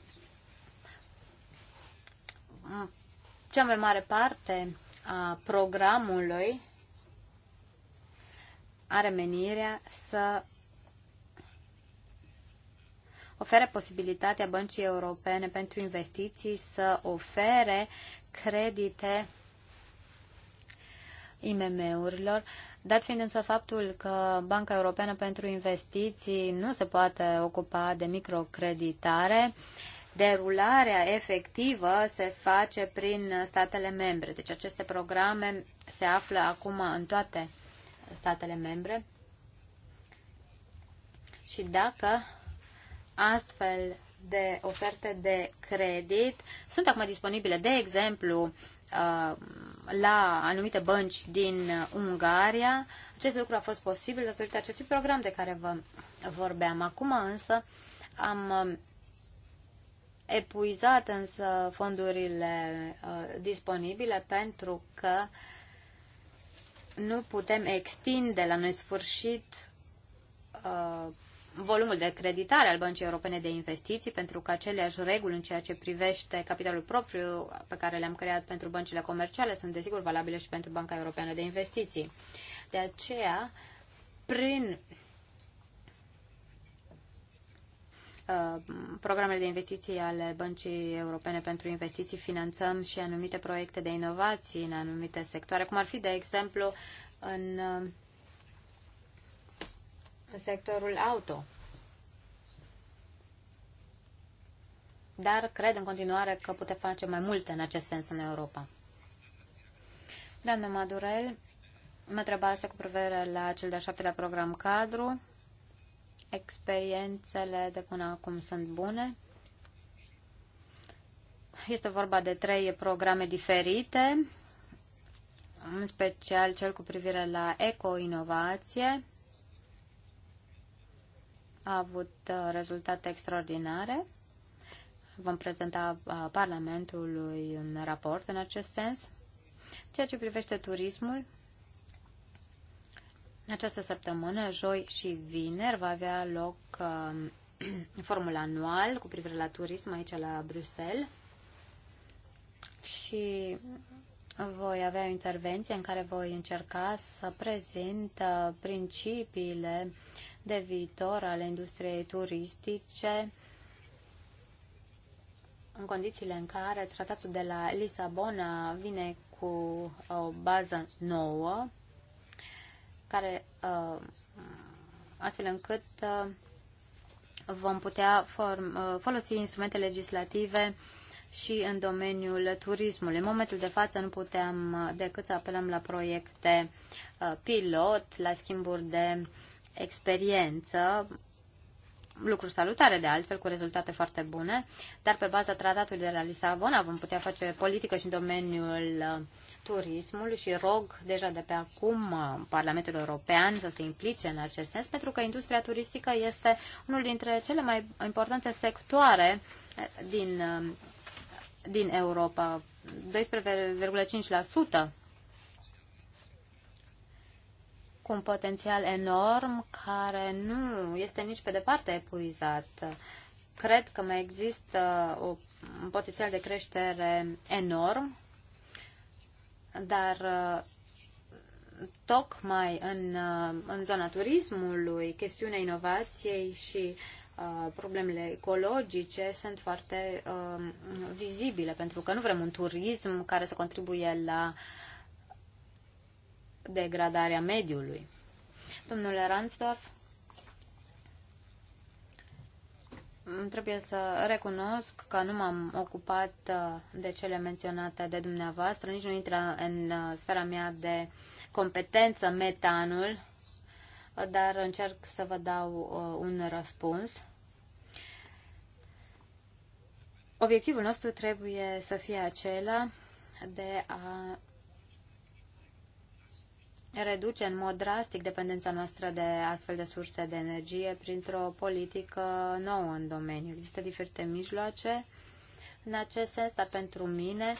cea mai mare parte a programului are menirea să ofere posibilitatea băncii europene pentru investiții să ofere credite IMM-urilor, dat fiind însă faptul că Banca Europeană pentru Investiții nu se poate ocupa de microcreditare, derularea efectivă se face prin statele membre. Deci aceste programe se află acum în toate statele membre. Și dacă astfel de oferte de credit sunt acum disponibile, de exemplu, uh, la anumite bănci din Ungaria. Acest lucru a fost posibil datorită acestui program de care vă vorbeam. Acum însă am um, epuizat însă fondurile uh, disponibile pentru că nu putem extinde la nesfârșit uh, volumul de creditare al Băncii Europene de Investiții, pentru că aceleași reguli în ceea ce privește capitalul propriu pe care le-am creat pentru băncile comerciale sunt desigur valabile și pentru Banca Europeană de Investiții. De aceea, prin uh, programele de investiții ale Băncii Europene pentru Investiții finanțăm și anumite proiecte de inovații în anumite sectoare, cum ar fi, de exemplu, în uh, în sectorul auto. Dar cred în continuare că putem face mai multe în acest sens în Europa. Doamna Madurel, mă întrebase cu privire la cel de-al șaptelea program cadru. Experiențele de până acum sunt bune. Este vorba de trei programe diferite, în special cel cu privire la eco-inovație, a avut uh, rezultate extraordinare. Vom prezenta uh, Parlamentului un raport în acest sens. Ceea ce privește turismul, această săptămână, joi și vineri, va avea loc um, <clears throat> formula anual cu privire la turism aici la Bruxelles și voi avea o intervenție în care voi încerca să prezint uh, principiile de viitor ale industriei turistice în condițiile în care tratatul de la Lisabona vine cu o bază nouă care uh, astfel încât uh, vom putea uh, folosi instrumente legislative și în domeniul turismului. În momentul de față nu puteam decât să apelăm la proiecte pilot, la schimburi de experiență, lucru salutare de altfel, cu rezultate foarte bune, dar pe baza tratatului de la Lisabona vom putea face politică și în domeniul uh, turismului și rog deja de pe acum uh, Parlamentul European să se implice în acest sens, pentru că industria turistică este unul dintre cele mai importante sectoare uh, din, din Europa. 12,5% cu un potențial enorm care nu este nici pe departe epuizat. Cred că mai există o, un potențial de creștere enorm, dar uh, tocmai în, uh, în zona turismului, chestiunea inovației și uh, problemele ecologice sunt foarte uh, vizibile, pentru că nu vrem un turism care să contribuie la uh, degradarea mediului. Domnule Ransdorf, trebuie să recunosc că nu m-am ocupat uh, de cele menționate de dumneavoastră, nici nu intră în uh, sfera mea de competență metanul, dar încerc să vă dau uh, un răspuns. Obiectivul nostru trebuie să fie acela de a reduce în mod drastic dependența noastră de astfel de surse de energie printr-o politică nouă în domeniu. Există diferite mijloace în acest sens, dar pentru mine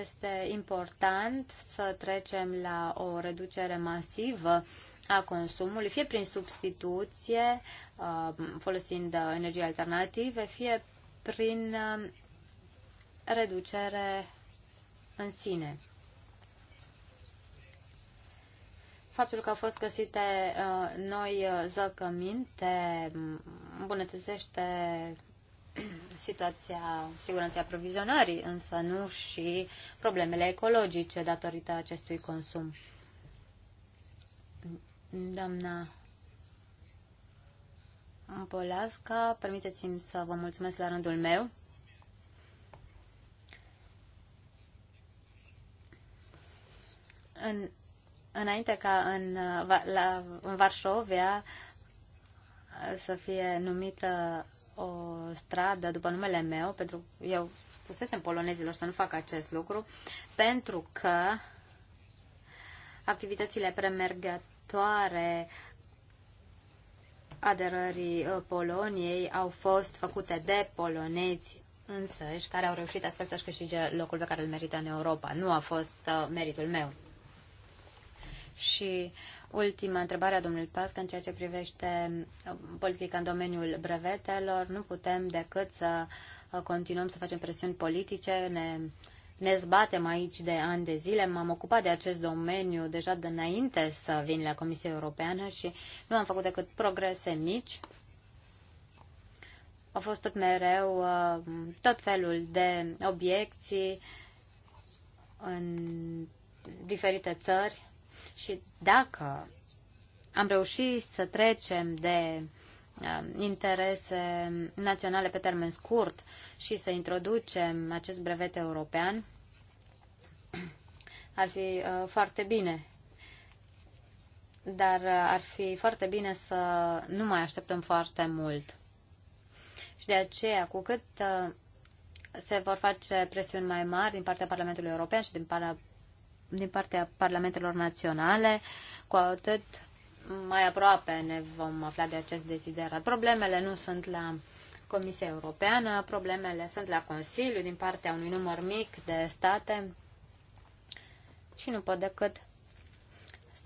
este important să trecem la o reducere masivă a consumului, fie prin substituție, uh, folosind energie alternative, fie prin uh, reducere în sine. Faptul că au fost găsite uh, noi uh, zăcăminte îmbunătățește <clears throat> situația siguranței aprovizionării, însă nu și problemele ecologice datorită acestui consum. Doamna Polasca, permiteți-mi să vă mulțumesc la rândul meu. În înainte ca în, uh, la, în Varșovia uh, să fie numită o stradă după numele meu, pentru eu spusesem polonezilor să nu facă acest lucru, pentru că activitățile premergătoare aderării uh, Poloniei au fost făcute de polonezi însăși, care au reușit astfel să-și câștige locul pe care îl merită în Europa. Nu a fost meritul meu. Și ultima întrebare a domnului Pască în ceea ce privește uh, politica în domeniul brevetelor. Nu putem decât să uh, continuăm să facem presiuni politice, ne, ne zbatem aici de ani de zile. M-am ocupat de acest domeniu deja de înainte să vin la Comisia Europeană și nu am făcut decât progrese mici. Au fost tot mereu uh, tot felul de obiecții în diferite țări și dacă am reușit să trecem de um, interese naționale pe termen scurt și să introducem acest brevet european, <clears throat> ar fi uh, foarte bine. Dar uh, ar fi foarte bine să nu mai așteptăm foarte mult. Și de aceea, cu cât uh, se vor face presiuni mai mari din partea Parlamentului European și din partea din partea parlamentelor naționale, cu atât mai aproape ne vom afla de acest deziderat. Problemele nu sunt la Comisia Europeană, problemele sunt la Consiliu din partea unui număr mic de state și nu pot decât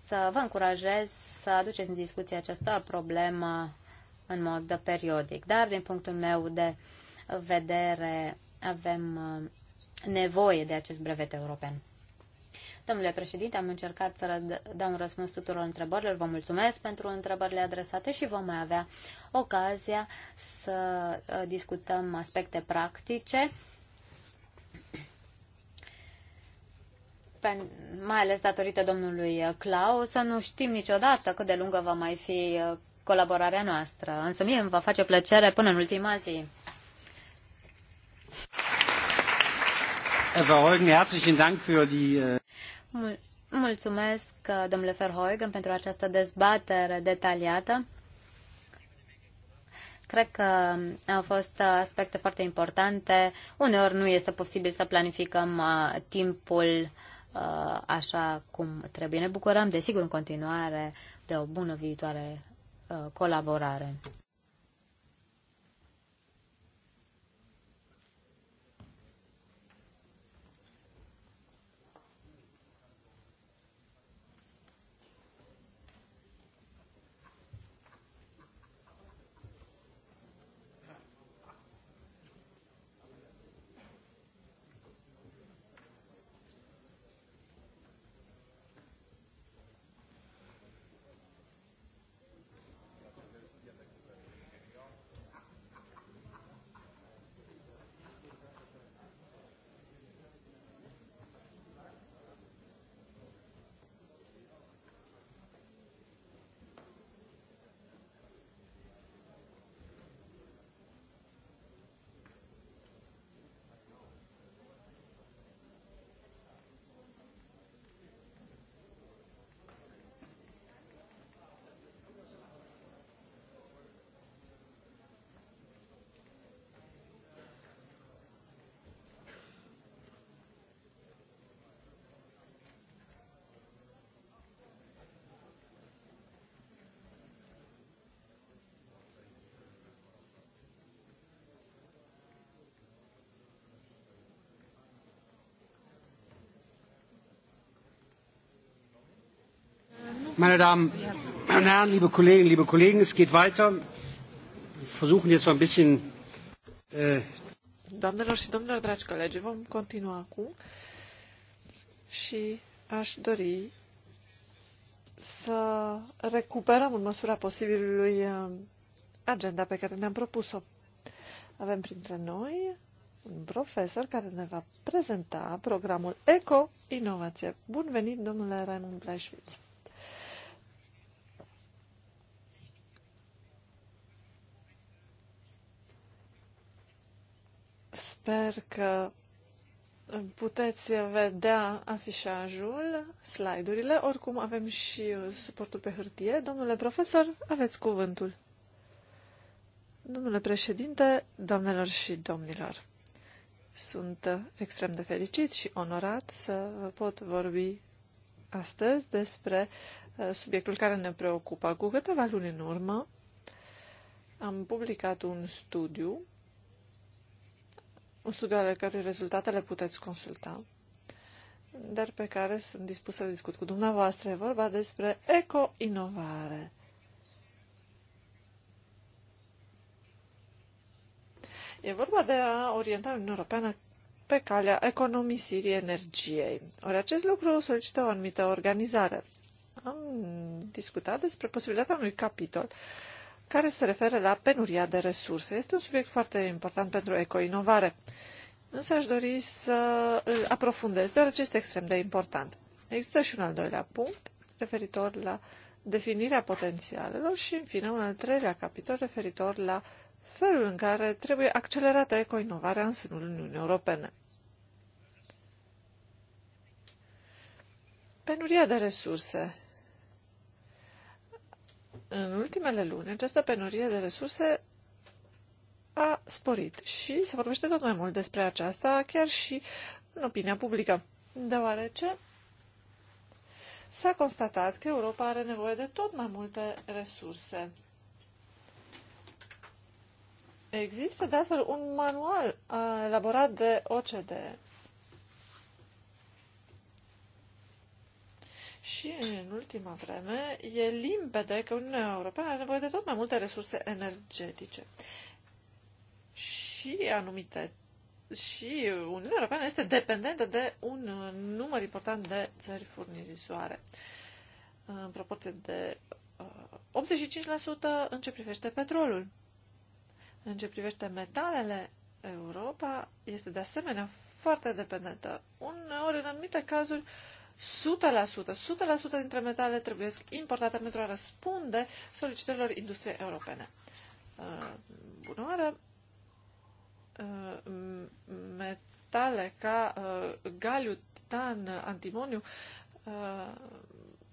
să vă încurajez să aduceți în discuție această problemă în mod periodic. Dar, din punctul meu de vedere, avem uh, nevoie de acest brevet european. Domnule președinte, am încercat să dau un răspuns tuturor întrebărilor. Vă mulțumesc pentru întrebările adresate și vom mai avea ocazia să uh, discutăm aspecte practice. pe, mai ales datorită domnului uh, Clau, să nu știm niciodată cât de lungă va mai fi uh, colaborarea noastră. Însă mie îmi va face plăcere până în ultima zi. Eva Holgen, herzlichen Dank für die mulțumesc, uh, domnule Verhoeven, pentru această dezbatere detaliată. Cred că uh, au fost uh, aspecte foarte importante. Uneori nu este posibil să planificăm timpul așa cum trebuie. Ne bucurăm, desigur, în continuare de o bună viitoare colaborare. Meine Damen und Herren, liebe Kolleginnen, liebe Kollegen, es geht weiter. Wir versuchen jetzt so ein bisschen. Äh, Doamnelor și domnilor, dragi colegi, vom continua acum și aș dori să recuperăm în măsura posibilului uh, agenda pe care ne-am propus-o. Avem printre noi un profesor care ne va prezenta programul ECO Inovație. Bun venit, domnule Raimund Bleișviț! Sper că puteți vedea afișajul, slide-urile. Oricum avem și suportul pe hârtie. Domnule profesor, aveți cuvântul. Domnule președinte, doamnelor și domnilor, sunt extrem de fericit și onorat să vă pot vorbi astăzi despre uh, subiectul care ne preocupă. Cu câteva luni în urmă am publicat un studiu un studiu ale cărui rezultate le puteți consulta, dar pe care sunt dispus să discut cu dumneavoastră. E vorba despre eco-inovare. E vorba de a orienta Uniunea Europeană pe calea economisirii energiei. Ori acest lucru solicită o anumită organizare. Am discutat despre posibilitatea unui capitol care se referă la penuria de resurse. Este un subiect foarte important pentru ecoinovare, însă aș dori să îl aprofundez, deoarece este extrem de important. Există și un al doilea punct referitor la definirea potențialelor și, în fine, un al treilea capitol referitor la felul în care trebuie accelerată ecoinovarea în sânul Uniunii Europene. Penuria de resurse în ultimele luni, această penurie de resurse a sporit și se vorbește tot mai mult despre aceasta, chiar și în opinia publică, deoarece s-a constatat că Europa are nevoie de tot mai multe resurse. Există, de altfel, un manual uh, elaborat de OCDE Și în ultima vreme e limpede că Uniunea Europeană are nevoie de tot mai multe resurse energetice. Și anumite și Uniunea Europeană este dependentă de un număr important de țări furnizoare, în proporție de 85% uh, în ce privește petrolul. În ce privește metalele, Europa este de asemenea foarte dependentă. Uneori, în anumite cazuri, uh, 100%, 100% dintre metale trebuie importate pentru a răspunde solicitărilor industriei europene. Uh, bună oară! Uh, metale ca uh, galiu, titan, antimoniu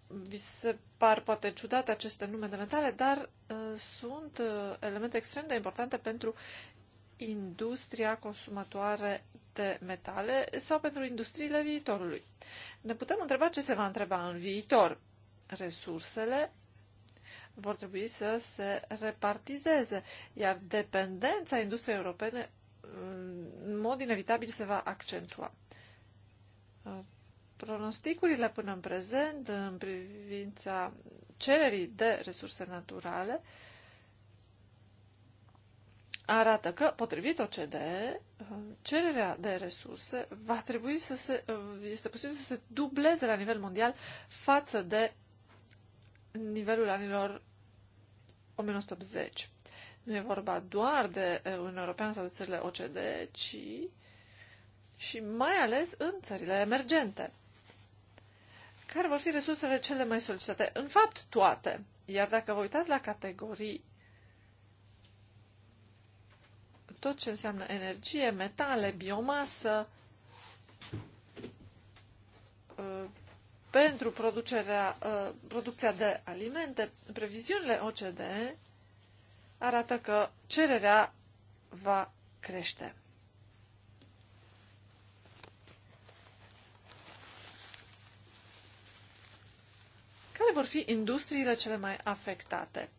vi se par poate ciudate aceste nume de metale, dar sunt elemente extrem de importante pentru industria consumatoare alte metale sau pentru industriile viitorului. Ne putem întreba ce se va întreba în viitor. Resursele vor trebui să se repartizeze, iar dependența industriei europene în mod inevitabil se va accentua. Pronosticurile până în prezent în privința cererii de resurse naturale uh, arată că, potrivit OCDE, uh, cererea de resurse va trebui să se, uh, este posibil să se dubleze la nivel mondial față de nivelul anilor 1980. Nu e vorba doar de uh, Uniunea Europeană sau de țările OCDE, ci și mai ales în țările emergente. Care vor fi resursele cele mai solicitate? În fapt, toate. Iar dacă vă uitați la categorii tot ce înseamnă energie, metale, biomasă, uh, pentru producerea, uh, producția de alimente, previziunile OCDE arată că cererea va crește. Care vor fi industriile cele mai afectate?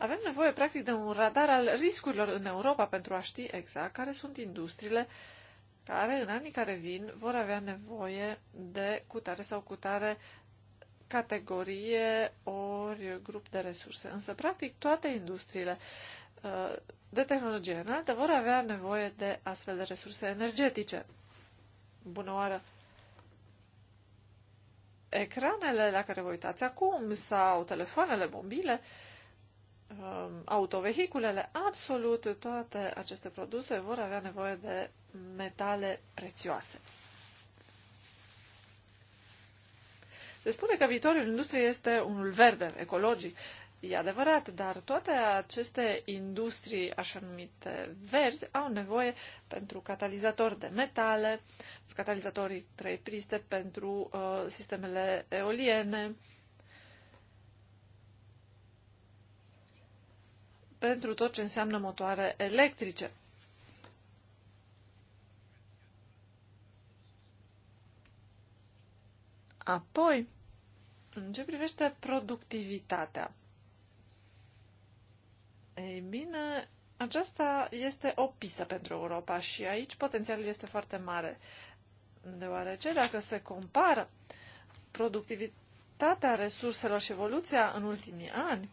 Avem nevoie, practic, de un radar al riscurilor în Europa pentru a ști exact care sunt industriile care, în anii care vin, vor avea nevoie de cutare sau cutare categorie ori grup de resurse. Însă, practic, toate industriile uh, de tehnologie înaltă vor avea nevoie de astfel de resurse energetice. Bună oară! Ecranele la care vă uitați acum sau telefoanele mobile uh, Um, autovehiculele, absolut toate aceste produse vor avea nevoie de metale prețioase. Se spune că viitorul industriei este unul verde, ecologic. E adevărat, dar toate aceste industrii așa numite verzi au nevoie pentru catalizatori de metale, catalizatorii trei priste, pentru uh, sistemele eoliene, pentru tot ce înseamnă motoare electrice. Apoi, în ce privește productivitatea, ei bine, aceasta este o pistă pentru Europa și aici potențialul este foarte mare, deoarece dacă se compară productivitatea resurselor și evoluția în ultimii ani,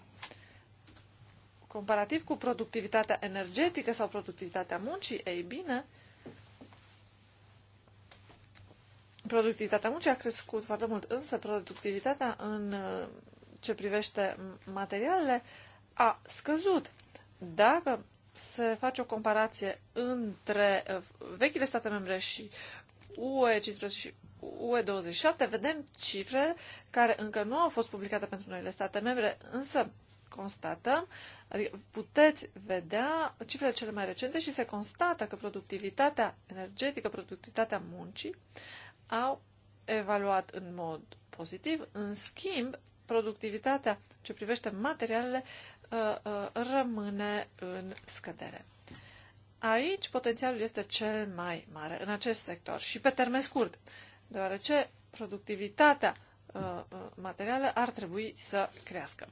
comparativ cu productivitatea energetică sau productivitatea muncii, ei bine, productivitatea muncii a crescut foarte mult, însă productivitatea în uh, ce privește materialele a scăzut. Dacă se face o comparație între uh, vechile state membre și UE 15 și UE27, vedem cifre care încă nu au fost publicate pentru noile state membre, însă constatăm Adică puteți vedea cifrele cele mai recente și se constată că productivitatea energetică, productivitatea muncii au evaluat în mod pozitiv. În schimb, productivitatea ce privește materialele uh, uh, rămâne în scădere. Aici potențialul este cel mai mare în acest sector și pe termen scurt, deoarece productivitatea uh, materială ar trebui să crească.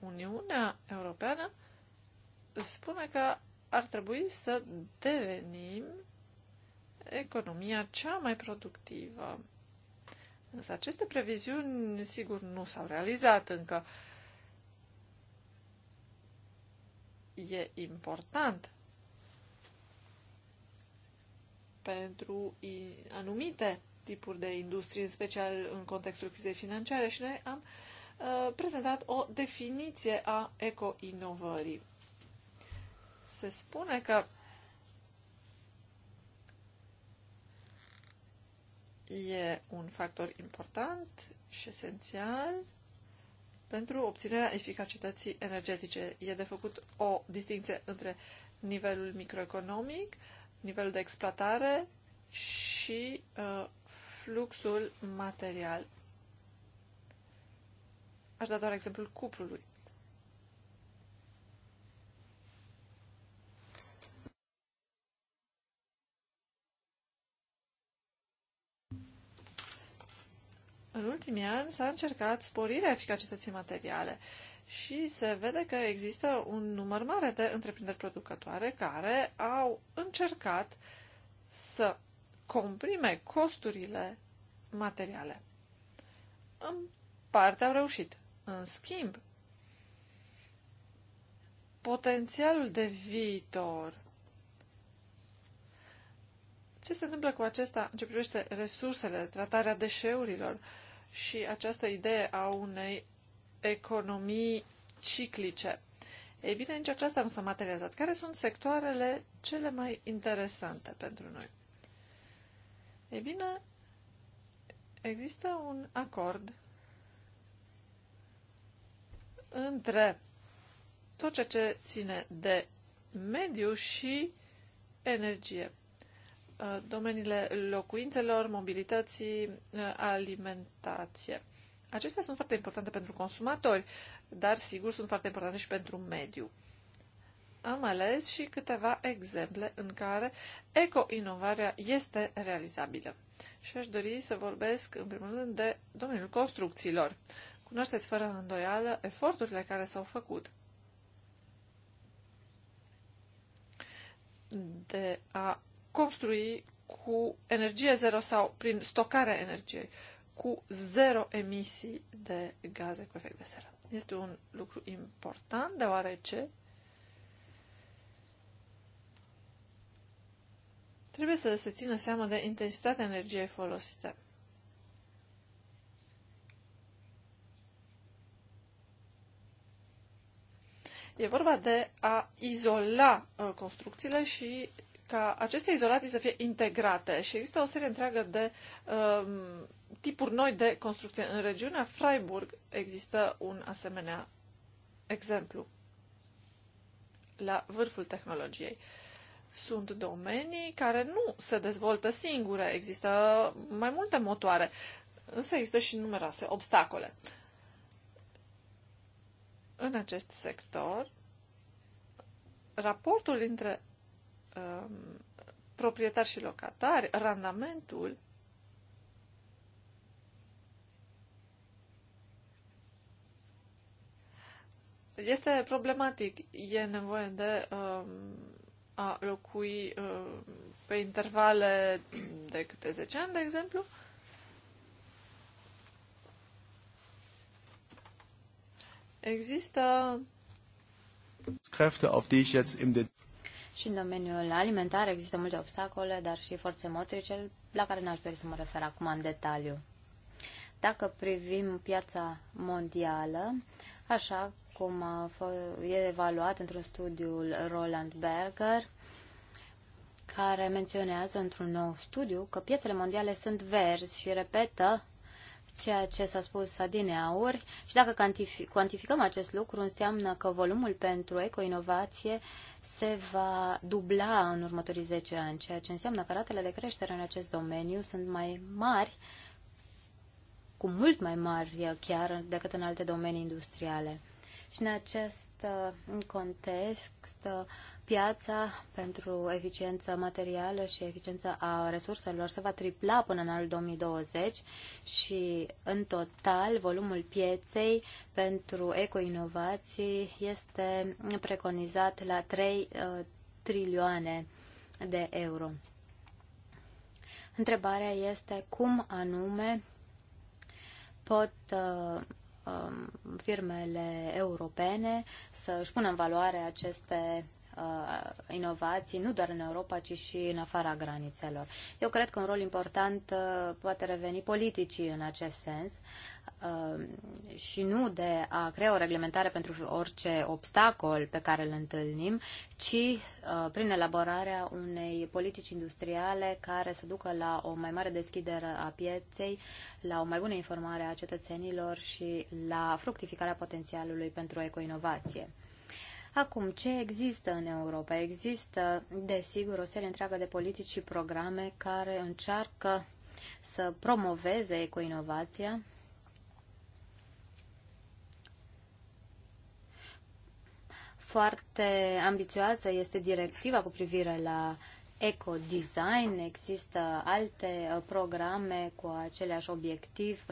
Uniunea Europeană spune că ar trebui să devenim economia cea mai productivă. Însă aceste previziuni, sigur, nu s-au realizat încă. E important pentru anumite tipuri de industrie, în special în contextul crizei financiare și noi am uh, Uh, prezentat o definiție a ecoinovării. Se spune că e un factor important și esențial pentru obținerea eficacității energetice. E de făcut o distinție între nivelul microeconomic, nivelul de exploatare și uh, fluxul material Aș da doar exemplul cuplului. În ultimii ani s-a încercat sporirea eficacității materiale și se vede că există un număr mare de întreprinderi producătoare care au încercat să comprime costurile materiale. În parte au reușit. În schimb, potențialul de viitor. Ce se întâmplă cu acesta în ce privește resursele, tratarea deșeurilor și această idee a unei economii ciclice? Ei bine, nici aceasta nu s-a materializat. Care sunt sectoarele cele mai interesante pentru noi? Ei bine, există un acord între tot ceea ce ține de mediu și energie. Uh, domeniile locuințelor, mobilității, uh, alimentație. Acestea sunt foarte importante pentru consumatori, dar sigur sunt foarte importante și pentru mediu. Am ales și câteva exemple în care eco-inovarea este realizabilă. Și aș dori să vorbesc, în primul rând, de domeniul construcțiilor. Uh, Cunoașteți fără îndoială eforturile care s-au făcut de a construi cu energie zero sau prin stocarea energiei cu zero emisii de gaze cu efect de seră. Este un lucru important deoarece trebuie să se țină seama de intensitatea energiei folosite. E vorba de a izola uh, construcțiile și ca aceste izolații să fie integrate și există o serie întreagă de um, tipuri noi de construcție. În regiunea Freiburg există un asemenea exemplu la vârful tehnologiei. Sunt domenii care nu se dezvoltă singure, există mai multe motoare, însă există și numeroase obstacole în acest sector, raportul între um, proprietari și locatari, randamentul este problematic. E nevoie de um, a locui um, pe intervale de câte 10 ani, de exemplu, Există și în domeniul alimentar există multe obstacole, dar și forțe motrice la care n-aș dori să mă refer acum în detaliu. Dacă privim piața mondială, așa cum e evaluat într-un studiu Roland Berger, care menționează într-un nou studiu că piețele mondiale sunt verzi și repetă ceea ce s-a spus adineauri și dacă cuantificăm acest lucru, înseamnă că volumul pentru ecoinovație se va dubla în următorii 10 ani, ceea ce înseamnă că ratele de creștere în acest domeniu sunt mai mari, cu mult mai mari chiar decât în alte domenii industriale și în acest uh, context uh, piața pentru eficiență materială și eficiența a resurselor se va tripla până în anul 2020 și în total volumul pieței pentru ecoinovații este preconizat la 3 uh, trilioane de euro. Întrebarea este cum anume pot Um, firmele europene să își pună în valoare aceste uh, inovații, nu doar în Europa, ci și în afara granițelor. Eu cred că un rol important uh, poate reveni politicii în acest sens uh, și nu de a crea o reglementare pentru orice obstacol pe care îl întâlnim, ci uh, prin elaborarea unei politici industriale care să ducă la o mai mare deschidere a pieței, la o mai bună informare a cetățenilor și la fructificarea potențialului pentru ecoinovație. Acum, ce există în Europa? Există, desigur, o serie întreagă de politici și programe care încearcă să promoveze ecoinovația, foarte ambițioasă este directiva cu privire la ecodesign. Există alte uh, programe cu aceleași obiectiv,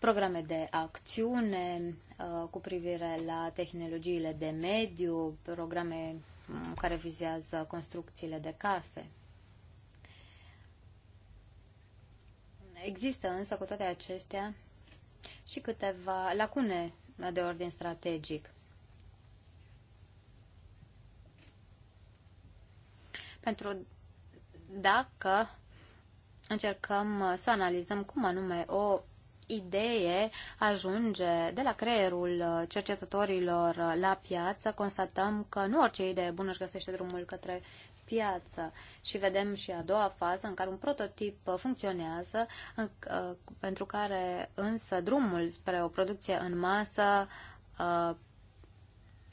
programe de acțiune uh, cu privire la tehnologiile de mediu, programe mm, care vizează construcțiile de case. Există însă cu toate acestea și câteva lacune de ordin strategic. Pentru dacă încercăm să analizăm cum anume o idee ajunge de la creierul cercetătorilor la piață, constatăm că nu orice idee bună își găsește drumul către piață și vedem și a doua fază în care un prototip funcționează, în, uh, pentru care însă drumul spre o producție în masă uh,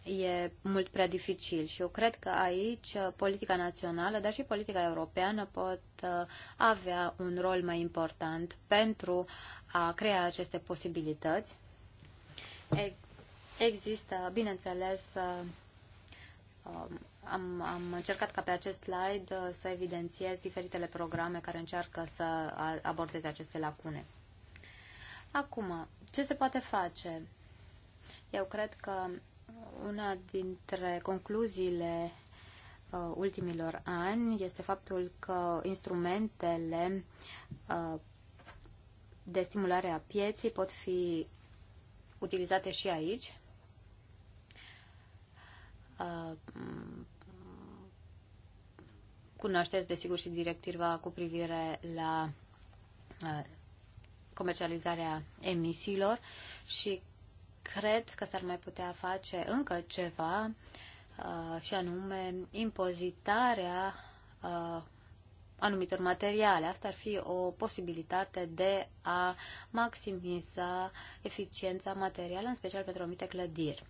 e mult prea dificil și eu cred că aici uh, politica națională, dar și politica europeană pot uh, avea un rol mai important pentru a crea aceste posibilități. Există, bineînțeles, uh, um, am, am încercat ca pe acest slide să evidențiez diferitele programe care încearcă să abordeze aceste lacune. Acum, ce se poate face? Eu cred că una dintre concluziile uh, ultimilor ani este faptul că instrumentele uh, de stimulare a pieții pot fi utilizate și aici. Uh, cunoașteți, desigur, și directiva cu privire la uh, comercializarea emisiilor și cred că s-ar mai putea face încă ceva uh, și anume impozitarea uh, anumitor materiale. Asta ar fi o posibilitate de a maximiza eficiența materială, în special pentru anumite clădiri.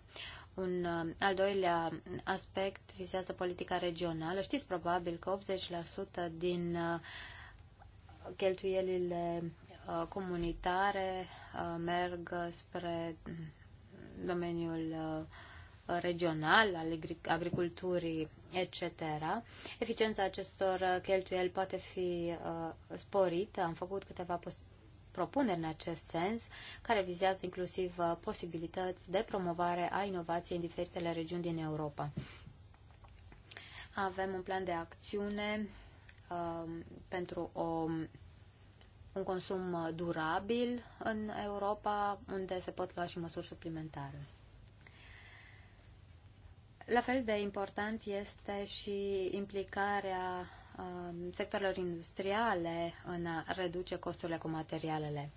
Un uh, al doilea aspect vizează politica regională. Știți probabil că 80% din cheltuielile comunitare merg spre domeniul uh, regional, al agriculturii, etc. Eficiența acestor uh, cheltuieli poate fi uh, sporită. Am făcut câteva propuneri în acest sens, care vizează inclusiv posibilități de promovare a inovației în diferitele regiuni din Europa. Avem un plan de acțiune um, pentru o un consum uh, durabil în Europa, unde se pot lua și măsuri suplimentare. La fel de important este și implicarea uh, sectorilor industriale în a reduce costurile cu materialele.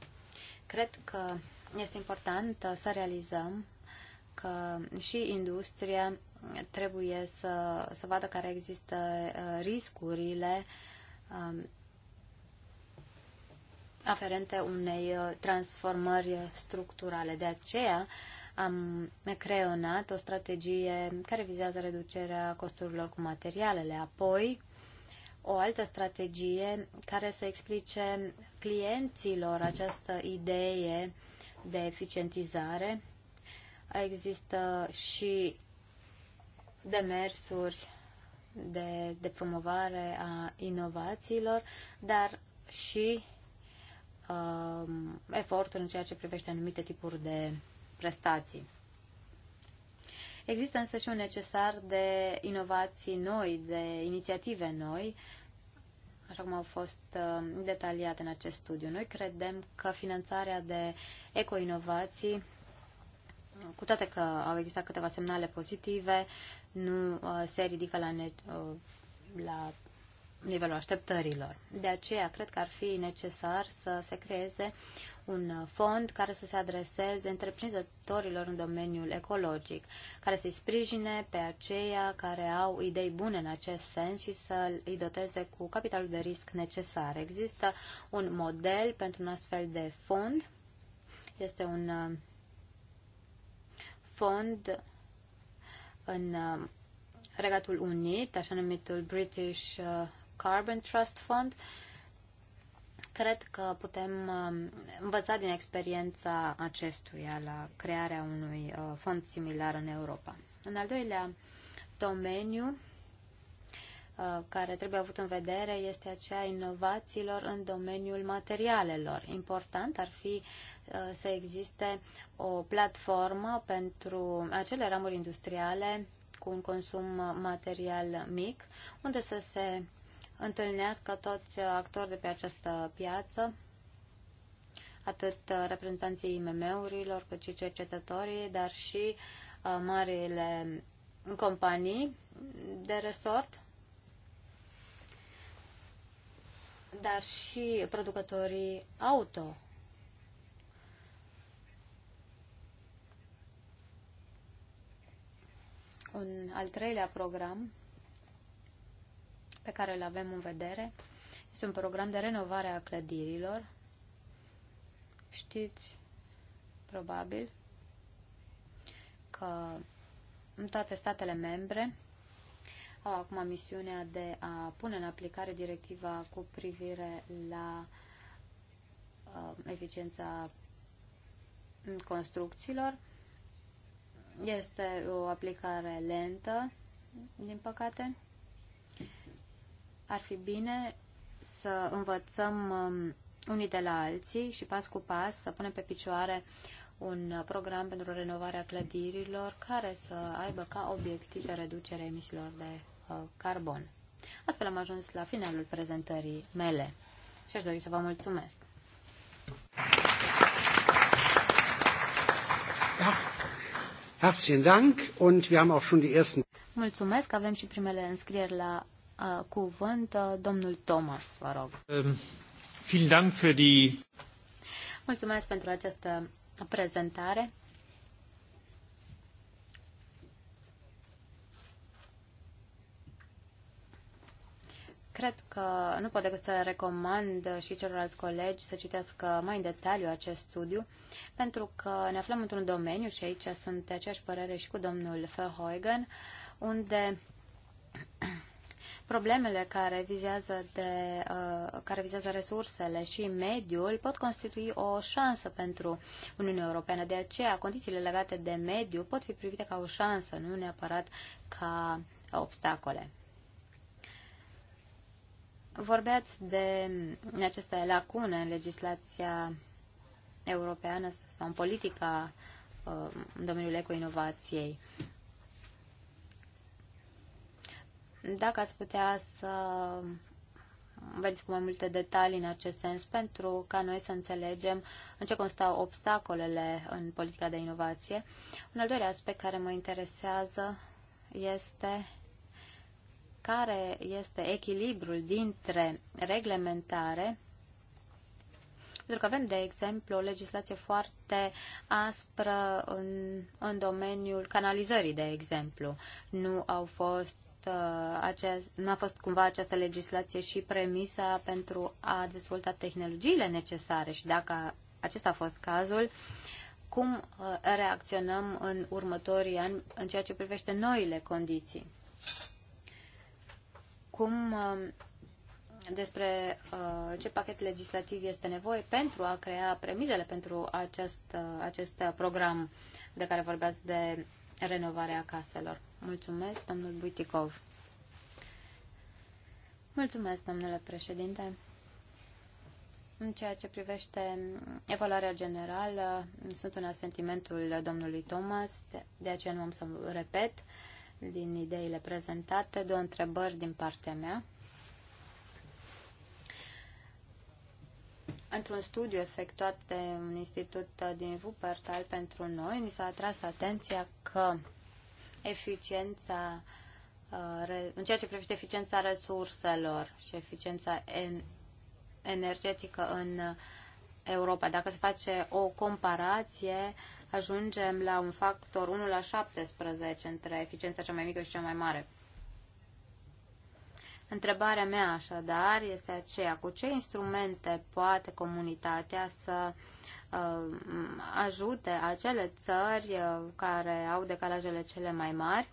Cred că este important uh, să realizăm că și industria trebuie să, să vadă care există riscurile um, aferente unei uh, transformări structurale. De aceea am creionat o strategie care vizează reducerea costurilor cu materialele, apoi o altă strategie care să explice clienților această idee de eficientizare. Există și demersuri de, de promovare a inovațiilor, dar și uh, um, eforturi în ceea ce privește anumite tipuri de prestații. Există însă și un necesar de inovații noi, de inițiative noi, așa cum au fost uh, detaliate în acest studiu. Noi credem că finanțarea de ecoinovații, cu toate că au existat câteva semnale pozitive, nu uh, se ridică la, ne- uh, la nivelul așteptărilor. De aceea, cred că ar fi necesar să se creeze un fond care să se adreseze întreprinzătorilor în domeniul ecologic, care să-i sprijine pe aceia care au idei bune în acest sens și să îi doteze cu capitalul de risc necesar. Există un model pentru un astfel de fond. Este un uh, fond în uh, Regatul Unit, așa numitul British uh, Carbon Trust Fund. Cred că putem um, învăța din experiența acestuia la crearea unui uh, fond similar în Europa. În al doilea domeniu uh, care trebuie avut în vedere este aceea inovațiilor în domeniul materialelor. Important ar fi uh, să existe o platformă pentru acele ramuri industriale cu un consum material mic, unde să se întâlnească toți actori de pe această piață, atât reprezentanții IMM-urilor, cât și cercetătorii, dar și uh, marile companii de resort, dar și producătorii auto. Un al treilea program pe care îl avem în vedere este un program de renovare a clădirilor. Știți, probabil, că în toate statele membre au acum misiunea de a pune în aplicare directiva cu privire la uh, eficiența construcțiilor. Este o aplicare lentă, din păcate ar fi bine să învățăm um, unii de la alții și pas cu pas să punem pe picioare un program pentru renovarea clădirilor care să aibă ca obiectiv de reducere emisiilor de uh, carbon. Astfel am ajuns la finalul prezentării mele și aș dori să vă mulțumesc. Herzlichen Dank und wir haben auch schon die ersten Mulțumesc, avem și primele înscrieri la Uh, cuvânt uh, domnul Thomas, vă rog. Um, die... Mulțumesc pentru această prezentare. Cred că nu pot decât să recomand și celorlalți colegi să citească mai în detaliu acest studiu, pentru că ne aflăm într-un domeniu, și aici sunt de aceeași părere și cu domnul Verheugen, unde Problemele care vizează, de, uh, care vizează resursele și mediul pot constitui o șansă pentru Uniunea Europeană. De aceea, condițiile legate de mediu pot fi privite ca o șansă, nu neapărat ca obstacole. Vorbeați de aceste lacune în legislația europeană sau în politica uh, în domeniul ecoinovației. Dacă ați putea să veniți cu mai multe detalii în acest sens pentru ca noi să înțelegem în ce constau obstacolele în politica de inovație. Un al doilea aspect care mă interesează este care este echilibrul dintre reglementare pentru că avem, de exemplu, o legislație foarte aspră în, în domeniul canalizării, de exemplu. Nu au fost Uh, acea, n-a fost cumva această legislație și premisa pentru a dezvolta tehnologiile necesare și dacă acesta a fost cazul, cum uh, reacționăm în următorii ani în ceea ce privește noile condiții? Cum uh, despre ce pachet legislativ este nevoie pentru a crea premizele pentru acest, acest program de care vorbeați de renovarea caselor. Mulțumesc, domnul Buiticov. Mulțumesc, domnule președinte. În ceea ce privește evaluarea generală, sunt în asentimentul domnului Thomas, de, de aceea nu am să repet din ideile prezentate, două întrebări din partea mea. Într-un studiu efectuat de un institut din Wuppertal pentru noi, ni s-a atras atenția că eficiența, uh, în ceea ce privește eficiența resurselor și eficiența energetică în Europa, dacă se face o comparație, ajungem la un factor 1 la 17 între eficiența cea mai mică și cea mai mare. Întrebarea mea așadar este aceea, cu ce instrumente poate comunitatea să uh, ajute acele țări uh, care au decalajele cele mai mari?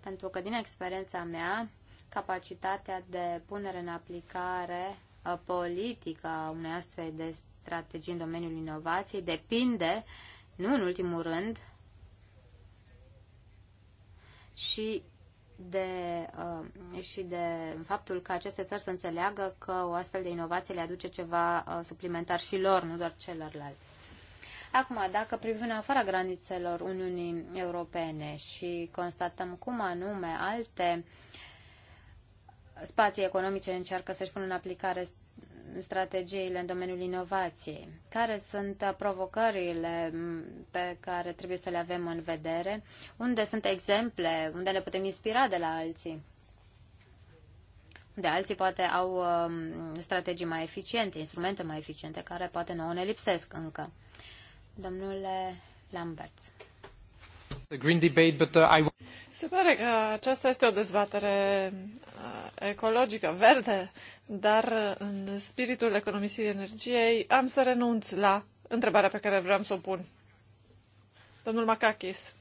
Pentru că din experiența mea, capacitatea de punere în aplicare uh, politică a unei astfel de strategii în domeniul inovației depinde, nu în ultimul rând, și de, uh, și de faptul că aceste țări să înțeleagă că o astfel de inovație le aduce ceva uh, suplimentar și lor, nu doar celorlalți. Acum, dacă privim afara granițelor Uniunii Europene și constatăm cum anume alte spații economice încearcă să-și pună în aplicare strategiile în domeniul inovației? Care sunt provocările pe care trebuie să le avem în vedere? Unde sunt exemple? Unde ne putem inspira de la alții? De alții poate au um, strategii mai eficiente, instrumente mai eficiente, care poate nouă ne lipsesc încă. Domnule Lambert. Uh, Se pare că aceasta este o dezbatere uh, ecologică, verde, dar uh, în spiritul economisirii energiei am să renunț la întrebarea pe care vreau să o pun. Domnul Macachis.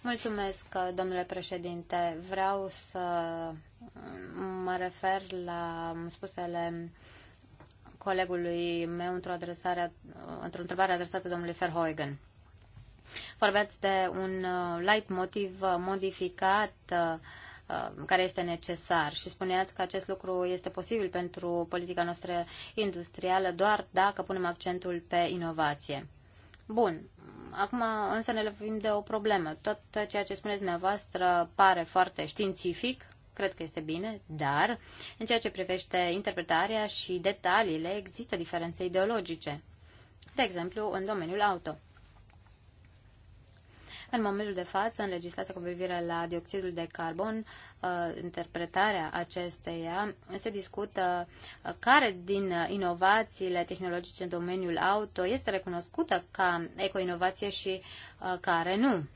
Mulțumesc, domnule președinte. Vreau să mă refer la spusele colegului meu într-o, adresare, într-o întrebare adresată domnului Verhoeven. Vorbeați de un uh, light motiv uh, modificat uh, care este necesar și spuneați că acest lucru este posibil pentru politica noastră industrială doar dacă punem accentul pe inovație. Bun. Acum însă ne lovim de o problemă. Tot ceea ce spuneți dumneavoastră pare foarte științific, cred că este bine, dar în ceea ce privește interpretarea și detaliile există diferențe ideologice. De exemplu, în domeniul auto. În momentul de față, în legislația cu privire la dioxidul de carbon, uh, interpretarea acesteia, se discută uh, care din uh, inovațiile tehnologice în domeniul auto este recunoscută ca ecoinovație și care nu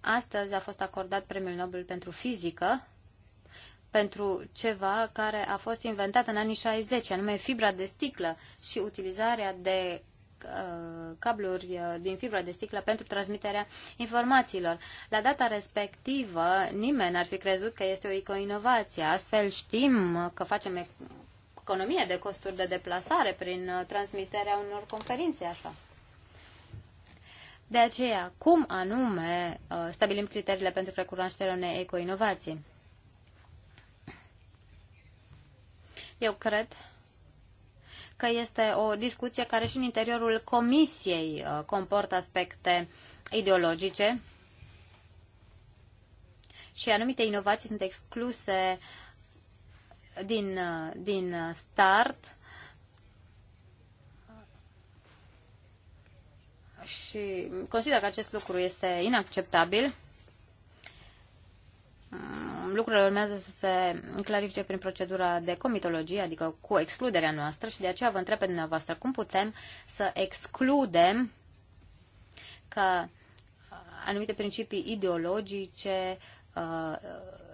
astăzi a fost acordat Premiul Nobel pentru Fizică pentru ceva care a fost inventat în anii 60, anume fibra de sticlă și utilizarea de uh, cabluri uh, din fibra de sticlă pentru transmiterea informațiilor. La data respectivă, nimeni n-ar fi crezut că este o ecoinovație, Astfel știm că facem economie de costuri de deplasare prin uh, transmiterea unor conferințe așa. De aceea, cum anume stabilim criteriile pentru recunoașterea unei ecoinovații? Eu cred că este o discuție care și în interiorul Comisiei uh, comportă aspecte ideologice și anumite inovații sunt excluse din, uh, din start și consider că acest lucru este inacceptabil lucrurile urmează să se clarifice prin procedura de comitologie, adică cu excluderea noastră și de aceea vă întreb pe dumneavoastră cum putem să excludem că anumite principii ideologice uh,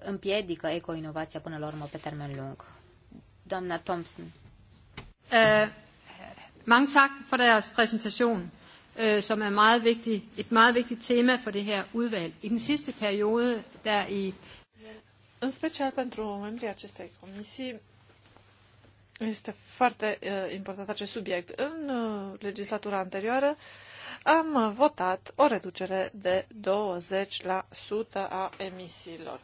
împiedică ecoinovația până la urmă pe termen lung. Doamna Thompson. Uh, mange tak for deres præsentation, uh, som er meget vigtig, et meget vigtigt tema for det her udvalg. I den sidste periode, der i în special pentru membrii acestei comisii, este foarte uh, important acest subiect. În uh, legislatura anterioară am votat o reducere de 20% a emisiilor.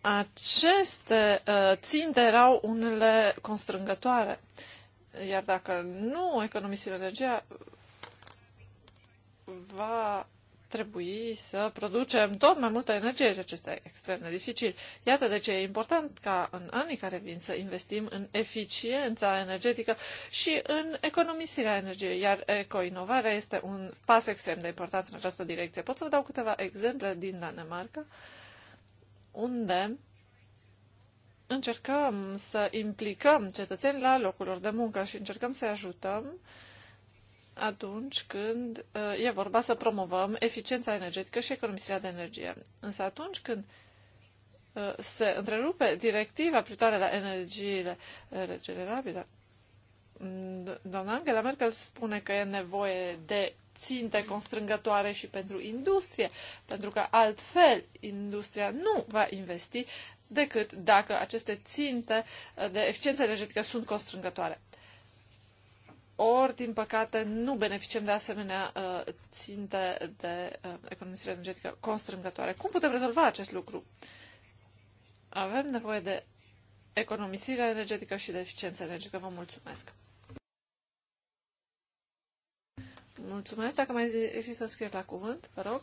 Aceste uh, ținte erau unele constrângătoare, iar dacă nu economisim energia, va trebui să producem tot mai multă energie ceea ce este extrem de dificil. Iată de ce e important ca în anii care vin să investim în eficiența energetică și în economisirea energiei, iar ecoinovarea este un pas extrem de important în această direcție. Pot să vă dau câteva exemple din Danemarca, unde încercăm să implicăm cetățenii la lor de muncă și încercăm să-i ajutăm uh, atunci când uh, e vorba să promovăm eficiența energetică și economisirea de energie. Însă atunci când uh, se întrerupe directiva privitoare la energiile uh, regenerabile, mm, doamna Angela Merkel spune că e nevoie de ținte constrângătoare și pentru industrie, pentru că altfel industria nu va investi decât dacă aceste ținte de eficiență energetică sunt constrângătoare ori, din păcate, nu beneficiem de asemenea uh, ținte de uh, economisire energetică constrângătoare. Cum putem rezolva acest lucru? Avem nevoie de economisire energetică și de eficiență energetică. Vă mulțumesc! Mulțumesc. Dacă mai există scrieri la cuvânt, vă rog.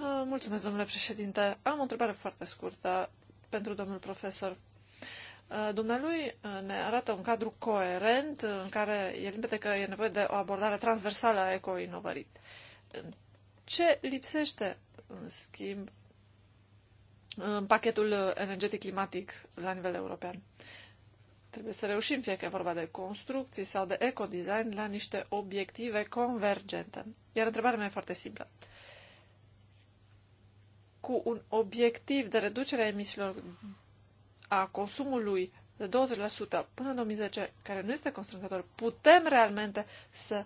Uh, mulțumesc, domnule președinte. Am o întrebare foarte scurtă pentru domnul profesor. Uh, dumnealui uh, ne arată un cadru coerent uh, în care e limpede că e nevoie de o abordare transversală a ecoinovării. Ce lipsește, în schimb, în pachetul energetic climatic la nivel european? Trebuie să reușim, fie că e vorba de construcții sau de ecodesign, la niște obiective convergente. Iar întrebarea mea e foarte simplă cu un obiectiv de reducere a emisiilor a consumului de 20% până în 2010, care nu este constrângător, putem realmente să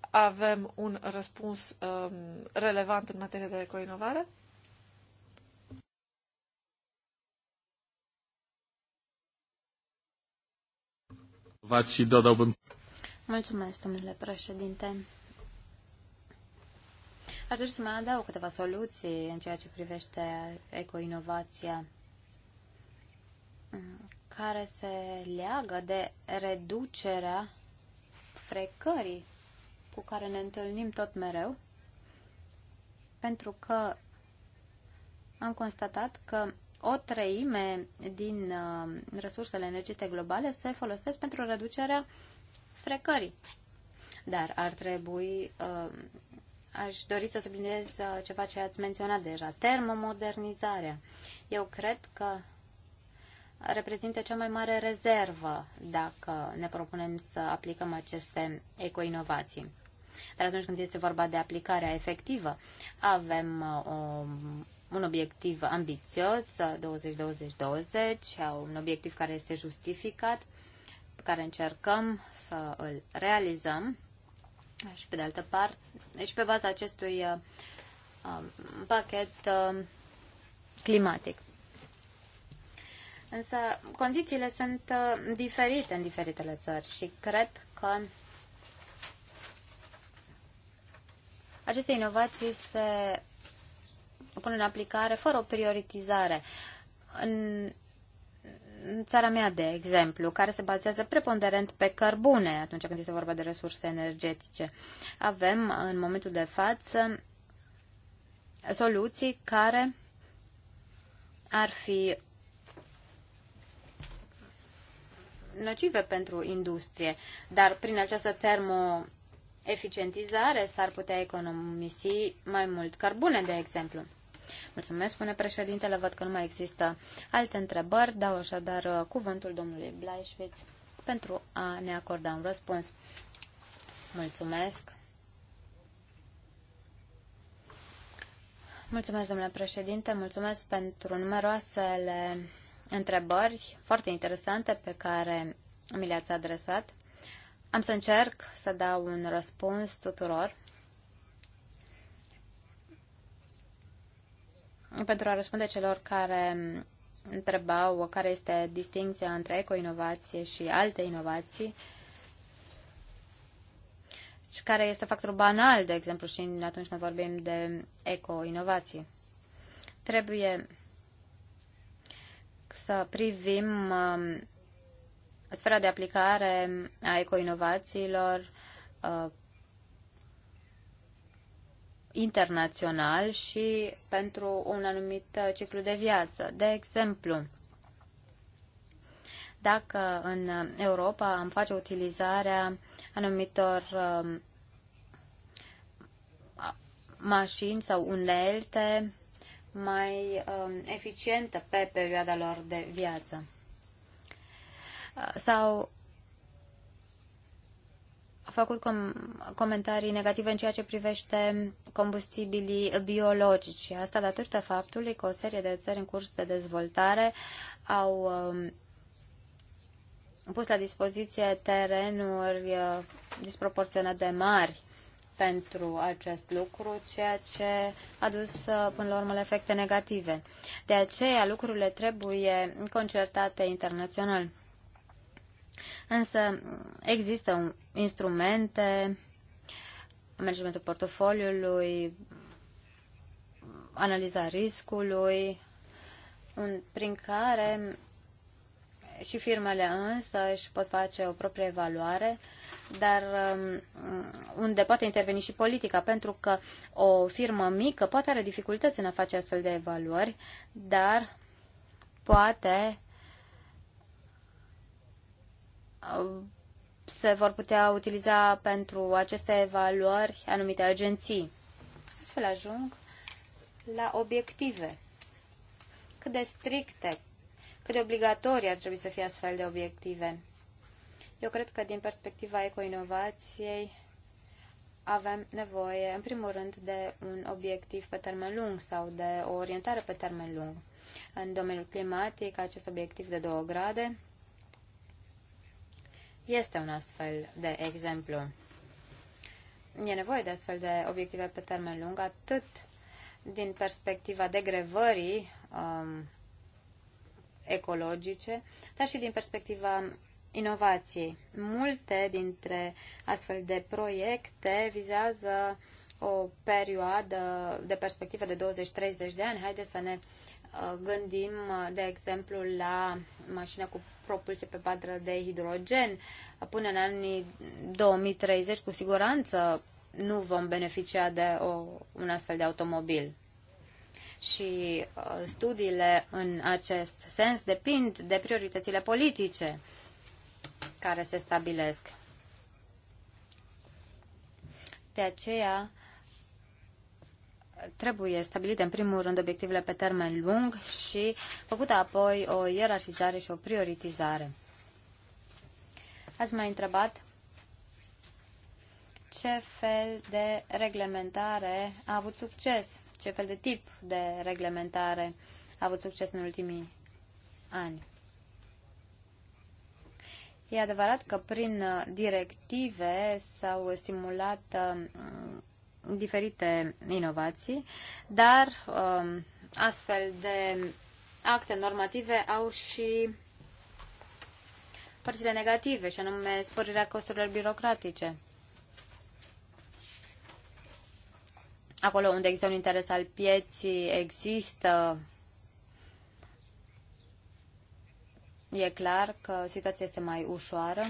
avem un răspuns um, relevant în materie de ecoinovare? Mulțumesc, domnule președinte. Aș dori să mai adaug câteva soluții în ceea ce privește ecoinovația care se leagă de reducerea frecării cu care ne întâlnim tot mereu, pentru că am constatat că o treime din uh, resursele energetice globale se folosesc pentru reducerea frecării. Dar ar trebui uh, aș dori să subliniez uh, ceva ce ați menționat deja, termomodernizarea. Eu cred că reprezintă cea mai mare rezervă dacă ne propunem să aplicăm aceste ecoinovații. Dar atunci când este vorba de aplicarea efectivă, avem o, uh, um, un obiectiv ambițios, 20-20-20, un obiectiv care este justificat, pe care încercăm să îl realizăm și pe de altă parte, și deci pe baza acestui uh, um, pachet uh, climatic. Însă condițiile sunt uh, diferite în diferitele țări și cred că aceste inovații se pun în aplicare fără o prioritizare. În în țara mea, de exemplu, care se bazează preponderent pe cărbune atunci când este vorba de resurse energetice. Avem, în momentul de față, soluții care ar fi nocive pentru industrie, dar prin această termo eficientizare s-ar putea economisi mai mult cărbune, de exemplu. Mulțumesc, spune președintele. Văd că nu mai există alte întrebări. Dau așadar uh, cuvântul domnului Blaișviț pentru a ne acorda un răspuns. Mulțumesc. Mulțumesc, domnule președinte, mulțumesc pentru numeroasele întrebări foarte interesante pe care mi le-ați adresat. Am să încerc să dau un răspuns tuturor. pentru a răspunde celor care întrebau care este distinția între ecoinovație și alte inovații, și care este factorul banal, de exemplu, și atunci când vorbim de eco-inovații. Trebuie să privim um, sfera de aplicare a ecoinovațiilor uh, internațional și pentru un anumit uh, ciclu de viață. De exemplu, dacă în uh, Europa am face utilizarea anumitor um, mașini sau unelte mai um, eficientă pe perioada lor de viață. Uh, sau făcut com- comentarii negative în ceea ce privește combustibilii biologici și asta datorită faptului că o serie de țări în curs de dezvoltare au um, pus la dispoziție terenuri uh, disproporționat de mari pentru acest lucru, ceea ce a dus uh, până la urmă efecte negative. De aceea lucrurile trebuie concertate internațional. Însă există instrumente, managementul portofoliului, analiza riscului, un, prin care și firmele însă își pot face o proprie evaluare, dar um, unde poate interveni și politica, pentru că o firmă mică poate are dificultăți în a face astfel de evaluări, dar poate Uh, se vor putea utiliza pentru aceste evaluări anumite agenții. Astfel ajung la obiective. Cât de stricte, cât de obligatorii ar trebui să fie astfel de obiective. Eu cred că din perspectiva ecoinovației avem nevoie, în primul rând, de un obiectiv pe termen lung sau de o orientare pe termen lung. În domeniul climatic, acest obiectiv de 2 grade este un astfel de exemplu. E nevoie de astfel de obiective pe termen lung, atât din perspectiva degrevării um, ecologice, dar și din perspectiva inovației. Multe dintre astfel de proiecte vizează o perioadă de perspectivă de 20-30 de ani. Haideți să ne uh, Uh, gândim, uh, de exemplu, la mașina cu propulsie pe patră de hidrogen, uh, până în anii 2030, cu siguranță nu vom beneficia de o, un astfel de automobil. Și studiile în acest sens depind de prioritățile politice care se stabilesc. De aceea, trebuie stabilite în primul rând obiectivele pe termen lung și făcută apoi o ierarhizare și o prioritizare. Ați mai întrebat ce fel de reglementare a avut succes, ce fel de tip de reglementare a avut succes în ultimii ani. E adevărat că prin directive s-au stimulat diferite inovații, dar um, astfel de acte normative au și părțile negative, și anume sporirea costurilor birocratice. Acolo unde există un interes al pieții, există E clar că situația este mai ușoară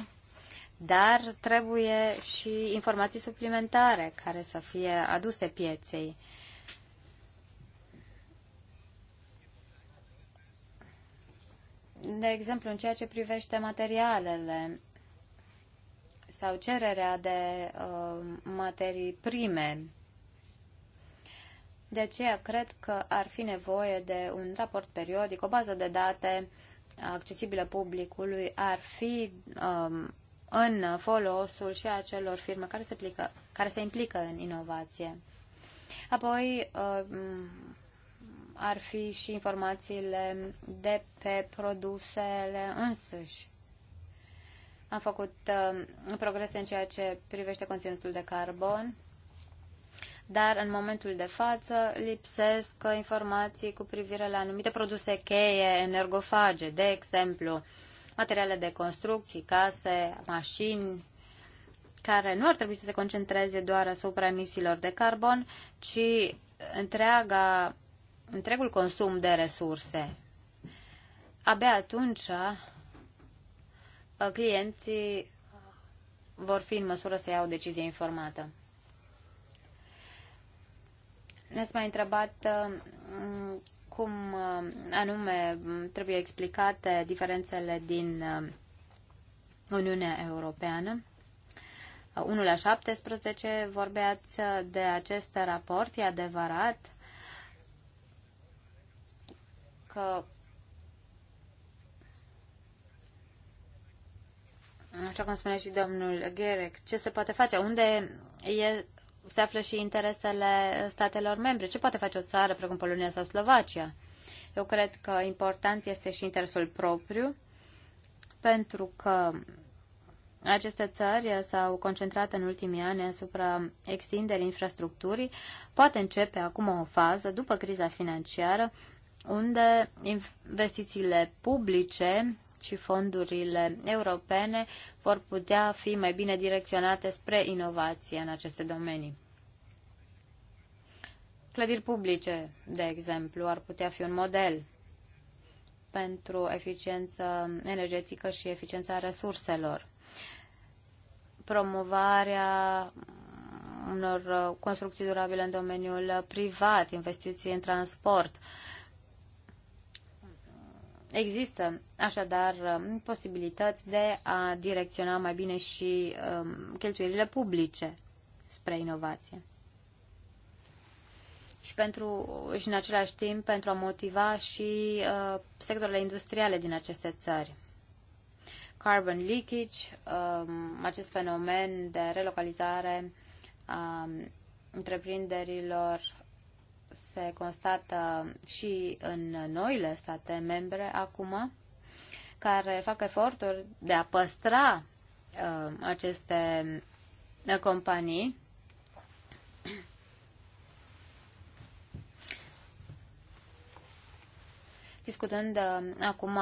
dar trebuie și informații suplimentare care să fie aduse pieței. De exemplu, în ceea ce privește materialele sau cererea de uh, materii prime, de aceea cred că ar fi nevoie de un raport periodic, o bază de date accesibilă publicului, ar fi uh, în folosul și a celor firme care se, plică, care se implică în inovație. Apoi uh, ar fi și informațiile de pe produsele însăși. Am făcut uh, progrese în ceea ce privește conținutul de carbon, dar în momentul de față lipsesc informații cu privire la anumite produse cheie, energofage, de exemplu, materiale de construcții, case, mașini, care nu ar trebui să se concentreze doar asupra emisiilor de carbon, ci întreaga, întregul consum de resurse. Abia atunci clienții vor fi în măsură să iau o decizie informată. Ne-ați mai întrebat uh, cum uh, anume trebuie explicate diferențele din uh, Uniunea Europeană. 1 uh, la 17 vorbeați de acest raport, e adevărat că așa cum spunea și domnul Gerec, ce se poate face? Unde e se află și interesele statelor membre. Ce poate face o țară precum Polonia sau Slovacia? Eu cred că important este și interesul propriu, pentru că aceste țări s-au concentrat în ultimii ani asupra extinderii infrastructurii. Poate începe acum o fază, după criza financiară, unde investițiile publice și fondurile europene vor putea fi mai bine direcționate spre inovație în aceste domenii. Clădiri publice, de exemplu, ar putea fi un model pentru eficiență energetică și eficiența resurselor. Promovarea unor construcții durabile în domeniul privat, investiții în transport, uh, Există așadar um, posibilități de a direcționa mai bine și um, cheltuielile publice spre inovație. Și, pentru, și în același timp pentru a motiva și uh, sectoarele industriale din aceste țări. Carbon leakage, um, acest fenomen de relocalizare a um, întreprinderilor se constată și în noile state membre acum, care fac eforturi de a păstra uh, aceste uh, companii. Discutând uh, acum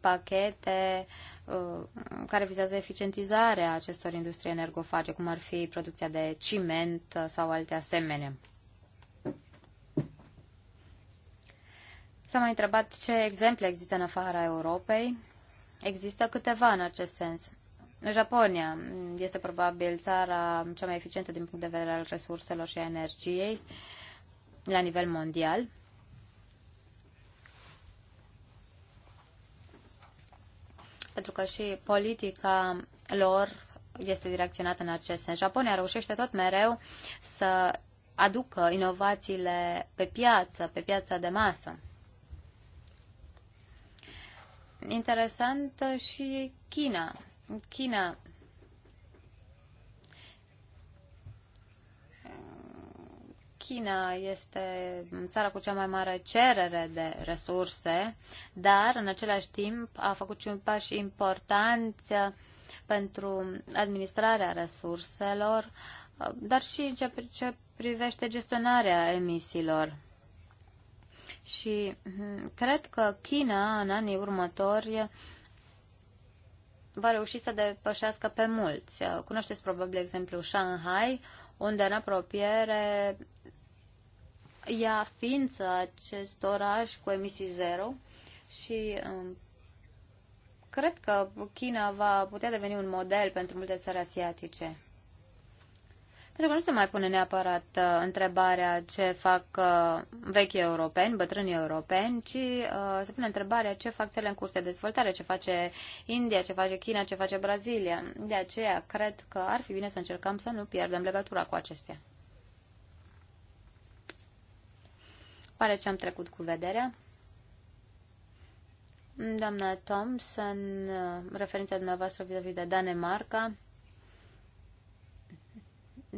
pachete uh, care vizează eficientizarea acestor industrie energofage, cum ar fi producția de ciment uh, sau alte asemenea. S-a mai întrebat ce exemple există în afara Europei. Există câteva în acest sens. Japonia este probabil țara cea mai eficientă din punct de vedere al resurselor și a energiei la nivel mondial. Pentru că și politica lor este direcționată în acest sens. Japonia reușește tot mereu să aducă inovațiile pe piață, pe piața de masă interesantă și China. China China este țara cu cea mai mare cerere de resurse, dar în același timp a făcut și un pas important pentru administrarea resurselor, dar și în ce privește gestionarea emisiilor și mm, cred că China în anii următori va reuși să depășească pe mulți. Cunoașteți probabil exemplul Shanghai, unde în apropiere ia ființă acest oraș cu emisii zero și mm, cred că China va putea deveni un model pentru multe țări asiatice. Pentru că nu se mai pune neapărat uh, întrebarea ce fac uh, vechii europeni, bătrânii europeni, ci uh, se pune întrebarea ce fac țele în curs de dezvoltare, ce face India, ce face China, ce face Brazilia. De aceea cred că ar fi bine să încercăm să nu pierdem legătura cu acestea. Pare ce am trecut cu vederea. Doamna Thompson, uh, referința dumneavoastră vis-a-vis de Danemarca,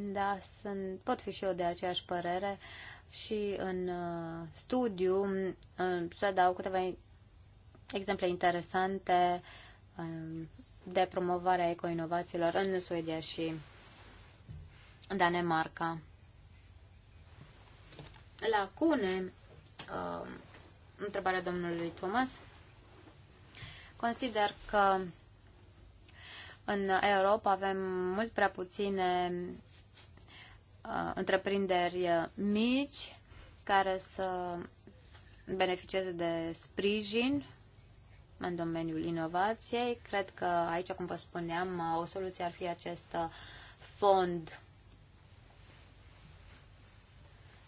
da, sunt, pot fi și eu de aceeași părere și în uh, studiu uh, să dau câteva exemple interesante uh, de promovare a ecoinovațiilor în Suedia și Danemarca. Lacune, uh, um, întrebarea domnului Thomas. Consider că în Europa avem mult prea puține Uh, întreprinderi uh, mici care să beneficieze de sprijin în domeniul inovației. Cred că aici, cum vă spuneam, uh, o soluție ar fi acest fond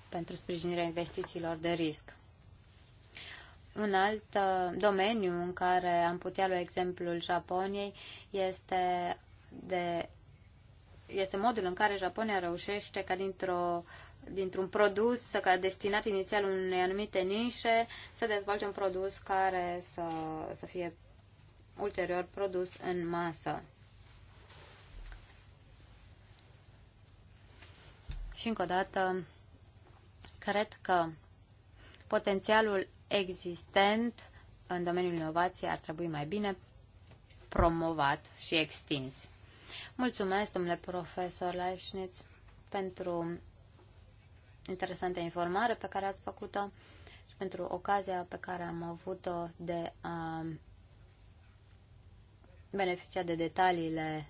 pentru sprijinirea investițiilor de risc. Un alt domeniu în care am putea lua exemplul Japoniei este de este modul în care Japonia reușește ca dintr-o dintr-un produs ca destinat inițial unei anumite nișe să dezvolte un produs care să, să fie ulterior produs în masă. Și încă o dată, cred că potențialul existent în domeniul inovației ar trebui mai bine promovat și extins. Mulțumesc, domnule profesor Leșniț, pentru interesantă informare pe care ați făcut-o și pentru ocazia pe care am avut-o de a beneficia de detaliile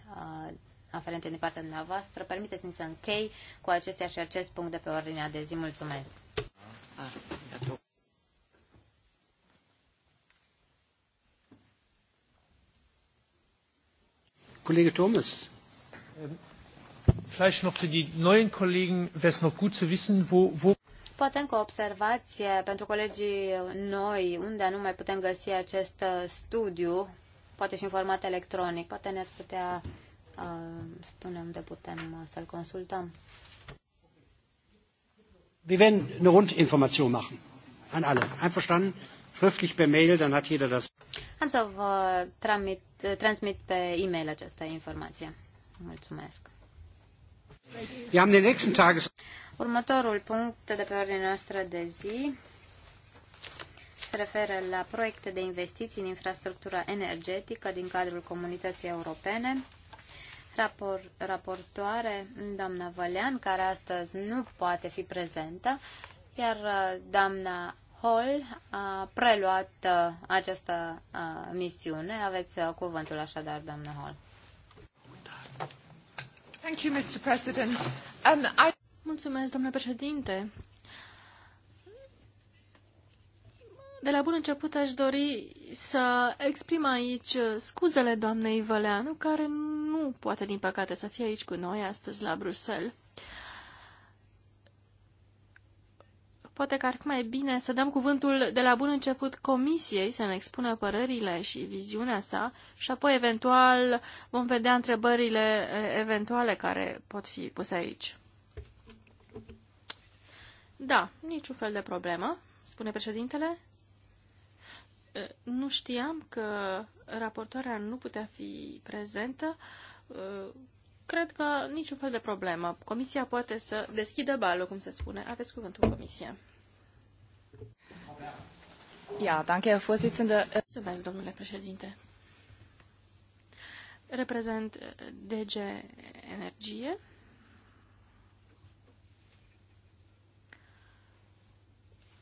aferente din partea dumneavoastră. Permiteți-mi să închei cu acestea și acest punct de pe ordinea de zi. Mulțumesc! Ah, Kollege Thomas. Ähm, vielleicht noch für die neuen Kollegen wäre es noch gut zu wissen, wo, wo Poate încă o observație pentru colegii noi, unde anume putem găsi acest uh, studiu, poate și în format electronic, poate ne-ați putea uh, spune unde putem uh, să-l consultăm. Wir werden eine Rundinformation machen an alle. Einverstanden? schriftlich per Mail, dann hat jeder das. Am să vă tramit, transmit pe e-mail această informație. Mulțumesc. Wir haben den nächsten Tages Următorul punct de pe ordinea noastră de zi se referă la proiecte de investiții în infrastructura energetică din cadrul comunității europene. Rapor, raportoare, doamna Vălean, care astăzi nu poate fi prezentă, iar uh, doamna Hall a preluat uh, această uh, misiune. Aveți uh, cuvântul așadar, doamnă Hall. Thank you, Mr. President. Um, I... Mulțumesc, domnule președinte. De la bun început aș dori să exprim aici scuzele doamnei Văleanu, care nu poate, din păcate, să fie aici cu noi astăzi la Bruxelles. Poate că ar fi mai bine să dăm cuvântul de la bun început comisiei să ne expună părerile și viziunea sa și apoi eventual vom vedea întrebările eventuale care pot fi puse aici. Da, niciun fel de problemă, spune președintele. Nu știam că raportoarea nu putea fi prezentă. Cred că niciun fel de problemă. Comisia poate să deschidă balul, cum se spune. Aveți cuvântul, Comisia. Ja, danke, Mulțumesc, domnule președinte. Reprezent eh, DG Energie.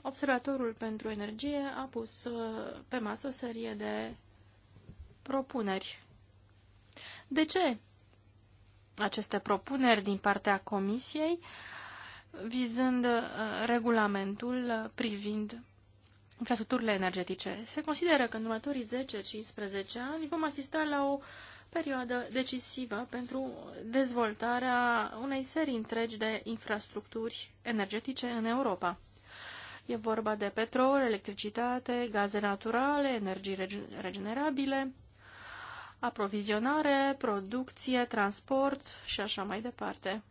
Observatorul pentru energie a pus eh, pe masă o serie de propuneri. De ce aceste propuneri din partea Comisiei vizând eh, regulamentul privind infrastructurile energetice. Se consideră că în următorii 10-15 ani vom asista la o perioadă decisivă pentru dezvoltarea unei serii întregi de infrastructuri energetice în Europa. E vorba de petrol, electricitate, gaze naturale, energii regenerabile, aprovizionare, producție, transport și așa mai departe.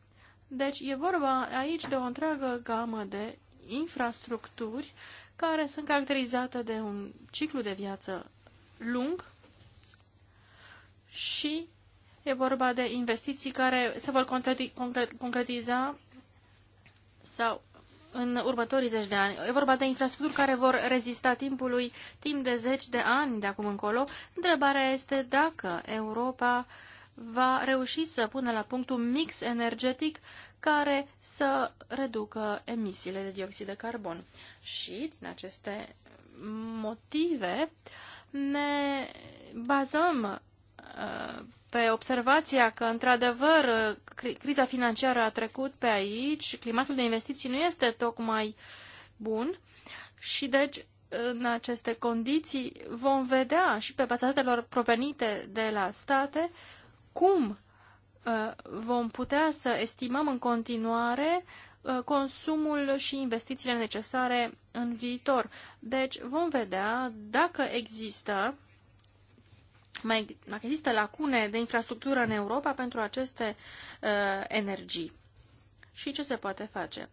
Deci e vorba aici de o întreagă gamă de infrastructuri care sunt caracterizate de un ciclu de viață lung și e vorba de investiții care se vor concretiza sau în următorii zeci de ani. E vorba de infrastructuri care vor rezista timpului timp de zeci de ani de acum încolo. Întrebarea este dacă Europa va reuși să pună la punct un mix energetic care să reducă emisiile de dioxid de carbon. Și din aceste motive ne bazăm uh, pe observația că, într-adevăr, criza financiară a trecut pe aici, climatul de investiții nu este tocmai bun și, deci, în aceste condiții vom vedea și pe baza datelor provenite de la state cum uh, vom putea să estimăm în continuare uh, Uh, consumul și investițiile necesare în viitor. Deci vom vedea dacă există mai, mai există lacune de infrastructură în Europa pentru aceste uh, energii și ce se poate face.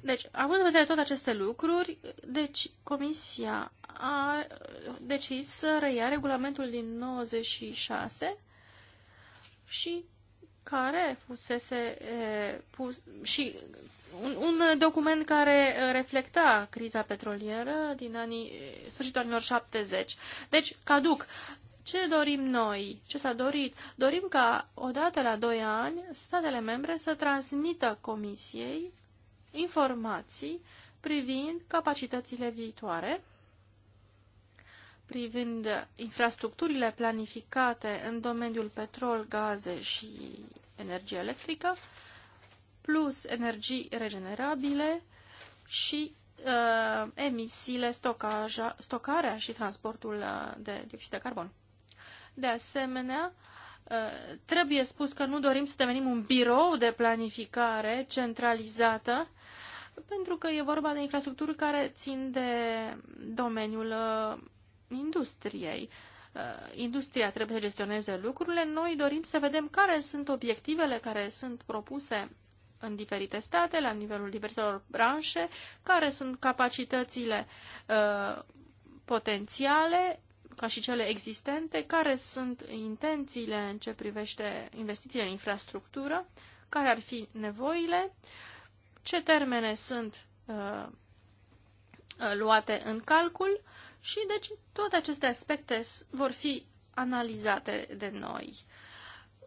Deci, având în vedere toate aceste lucruri, deci Comisia a decis să reia regulamentul din 96 și care fusese e, pus și un, un document care reflecta criza petrolieră din anii sfârșitul anilor 70. Deci, caduc. Ce dorim noi? Ce s-a dorit? Dorim ca odată la doi ani statele membre să transmită comisiei informații privind capacitățile viitoare privind infrastructurile planificate în domeniul petrol, gaze și energie electrică, plus energii regenerabile și uh, emisiile, stocaja, stocarea și transportul uh, de dioxid de carbon. De asemenea, uh, trebuie spus că nu dorim să devenim un birou de planificare centralizată, pentru că e vorba de infrastructuri care țin de domeniul uh, industriei. Uh, industria trebuie să gestioneze lucrurile. Noi dorim să vedem care sunt obiectivele care sunt propuse în diferite state, la nivelul diferitelor branșe, care sunt capacitățile uh, potențiale ca și cele existente, care sunt intențiile în ce privește investițiile în infrastructură, care ar fi nevoile, ce termene sunt uh, luate în calcul și deci toate aceste aspecte vor fi analizate de noi.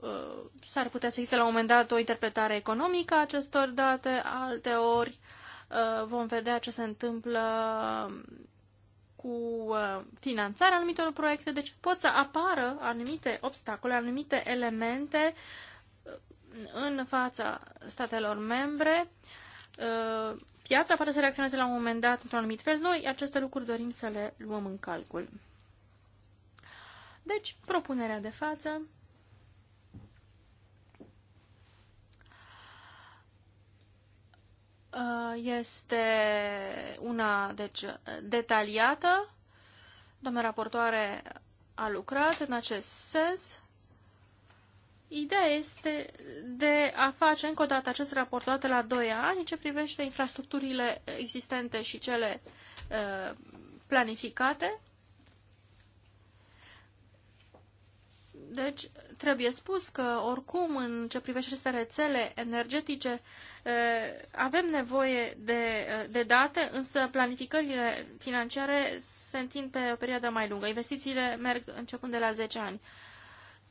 Uh, s-ar putea să existe la un moment dat o interpretare economică a acestor date, alte ori uh, vom vedea ce se întâmplă cu uh, finanțarea anumitor proiecte, deci pot să apară anumite obstacole, anumite elemente în fața statelor membre piața poate să reacționeze la un moment dat într-un anumit fel. Noi aceste lucruri dorim să le luăm în calcul. Deci, propunerea de față uh, este una deci, detaliată. Doamna raportoare a lucrat în acest sens Ideea este de a face încă o dată acest raport dată la 2 ani ce privește infrastructurile existente și cele uh, planificate. Deci, trebuie spus că, oricum, în ce privește aceste rețele energetice, uh, avem nevoie de, uh, de date, însă planificările financiare se întind pe o perioadă mai lungă. Investițiile merg începând de la 10 ani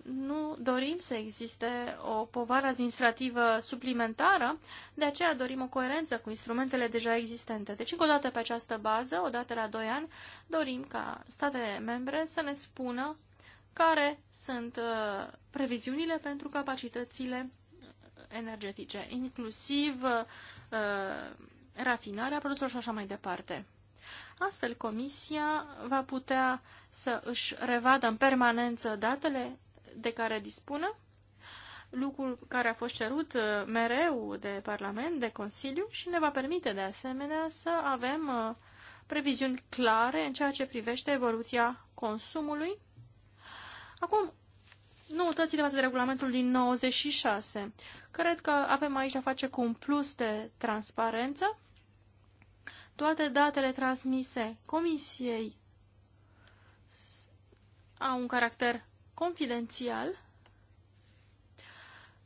nu dorim să existe o povară administrativă suplimentară, de aceea dorim o coerență cu instrumentele deja existente. Deci, încă o dată pe această bază, o dată la 2 ani, dorim ca statele membre să ne spună care sunt uh, previziunile pentru capacitățile energetice, inclusiv uh, rafinarea produselor și așa mai departe. Astfel, Comisia va putea să își revadă în permanență datele de care dispună, lucru care a fost cerut uh, mereu de Parlament, de Consiliu și ne va permite de asemenea să avem uh, previziuni clare în ceea ce privește evoluția consumului. Acum, noutățile față de regulamentul din 96. Cred că avem aici a face cu un plus de transparență. Toate datele transmise Comisiei au un caracter confidențial,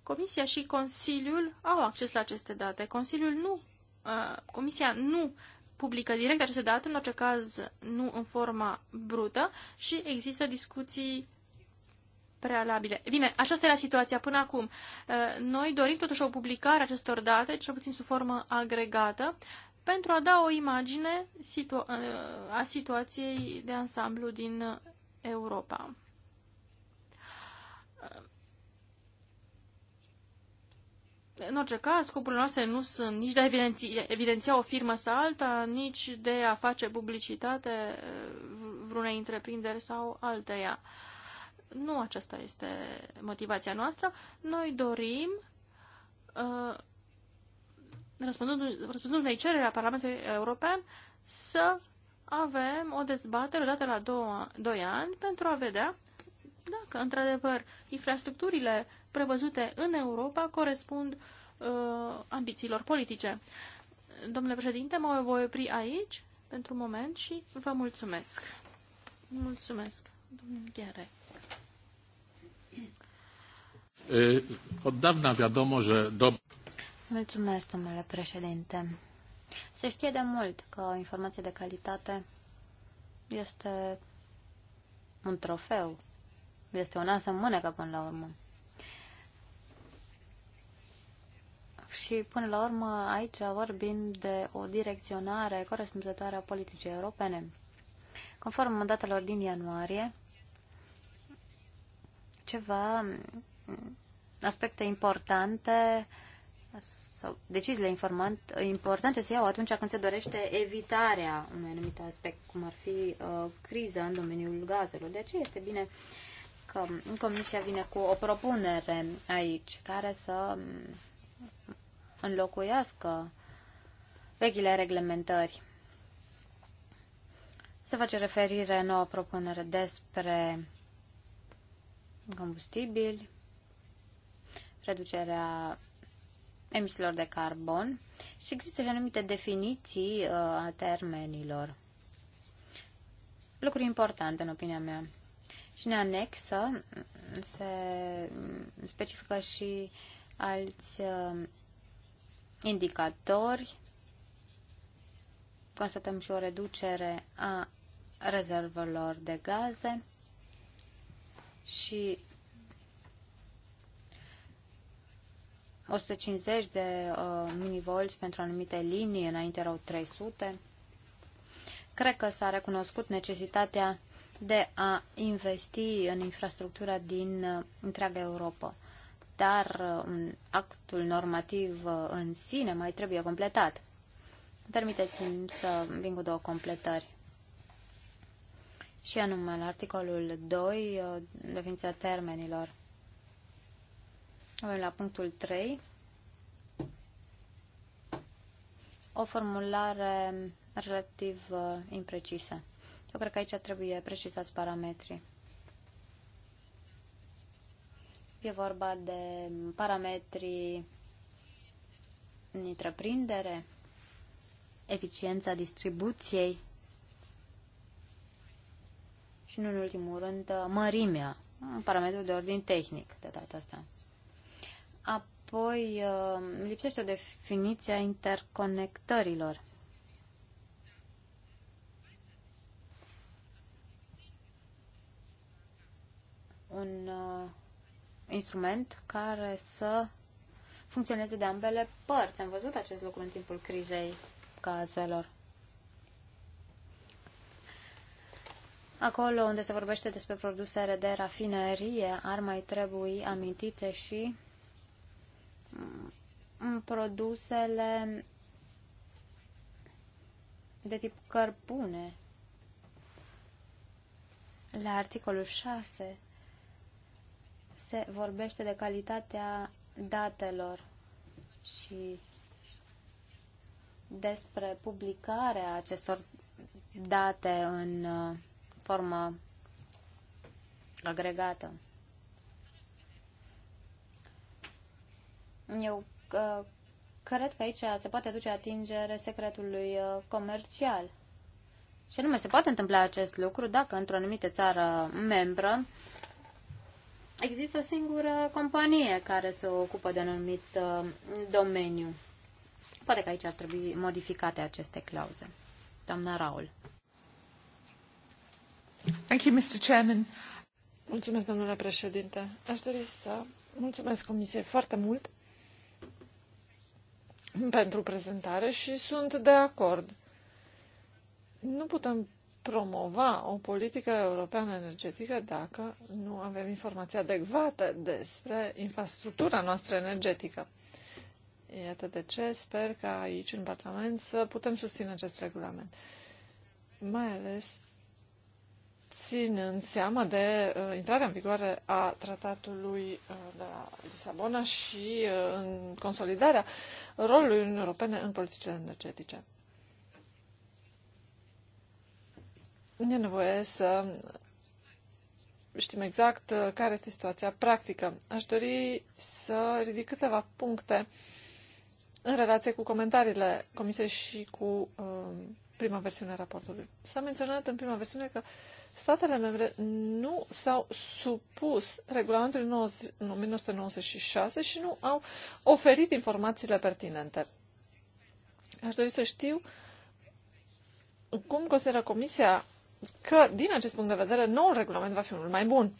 Comisia și Consiliul au acces la aceste date. Consiliul nu, uh, Comisia nu publică direct aceste date, în orice caz nu în forma brută și există discuții prealabile. Bine, aceasta era situația până acum. Uh, noi dorim totuși o publicare a acestor date, cel puțin sub formă agregată, pentru a da o imagine situa uh, a situației de ansamblu din Europa. În orice caz, scopurile noastre nu sunt nici de a evidenția, evidenția o firmă sau alta, nici de a face publicitate vreunei întreprinderi sau alteia. Nu aceasta este motivația noastră. Noi dorim uh, răspundând răspunzându-ne cererea Parlamentului European, să avem o dezbatere odată la 2 ani pentru a vedea dacă, într-adevăr, infrastructurile prevăzute în Europa corespund uh, ambițiilor politice. Domnule președinte, mă voi opri aici pentru moment și vă mulțumesc. Mulțumesc, domnul Ghere. Eh, od dawna wiadomo, że do... Mulțumesc, domnule președinte. Se știe de mult că o informație de calitate este un trofeu. Este o nasă în mânecă până la urmă. și până la urmă aici vorbim de o direcționare corespunzătoare a politicii europene. Conform mandatelor din ianuarie, ceva mm, aspecte importante sau deciziile importante se iau atunci când se dorește evitarea unui anumit aspect, cum ar fi uh, criza în domeniul gazelor. De aceea este bine că mm, Comisia vine cu o propunere aici care să mm, înlocuiască vechile reglementări. Se face referire în noua propunere despre combustibili, reducerea emisiilor de carbon și există anumite definiții uh, a termenilor. Lucru important, în opinia mea. Și în anexă mm, se specifică și alți uh, indicatori. Constatăm și o reducere a rezervelor de gaze și 150 de uh, minivolți pentru anumite linii, înainte erau 300. Cred că s-a recunoscut necesitatea de a investi în infrastructura din uh, întreaga Europa dar um, actul normativ uh, în sine mai trebuie completat. Permiteți-mi să vin cu două completări. Și anume, la articolul 2, uh, definiția termenilor. Avem la punctul 3 o formulare relativ uh, imprecisă. Eu cred că aici trebuie precizați parametrii. E vorba de parametrii în întreprindere, eficiența distribuției și, în ultimul rând, mărimea, un parametru de ordin tehnic de data asta. Apoi, uh, lipsește o definiție a interconectărilor. Un uh, instrument care să funcționeze de ambele părți. Am văzut acest lucru în timpul crizei gazelor. Acolo unde se vorbește despre produsere de rafinerie, ar mai trebui amintite și mm, produsele de tip cărbune. La articolul 6 se vorbește de calitatea datelor și despre publicarea acestor date în uh, formă agregată. Eu uh, cred că aici se poate duce atingere secretului uh, comercial. Și anume, se poate întâmpla acest lucru dacă într-o anumită țară membră există o singură companie care se ocupă de un anumit uh, domeniu. Poate că aici ar trebui modificate aceste clauze. Doamna Raul. Thank you, Mr. Chairman. Mulțumesc, domnule președinte. Aș dori să mulțumesc Comisiei foarte mult pentru prezentare și sunt de acord. Nu putem promova o politică europeană energetică dacă nu avem informații adecvate despre infrastructura noastră energetică. Iată de ce sper că aici, în Parlament, să putem susține acest regulament. Mai ales ținând seama de uh, intrarea în vigoare a tratatului uh, de la Lisabona și uh, în consolidarea rolului Uniunii Europene în politicile energetice. e nevoie să știm exact uh, care este situația practică. Aș dori să ridic câteva puncte în relație cu comentariile comisiei și cu uh, prima versiune a raportului. S-a menționat în prima versiune că statele membre nu s-au supus regulamentului 1996 și nu au oferit informațiile pertinente. Aș dori să știu cum consideră Comisia că, din acest punct de vedere, noul regulament va fi unul mai bun.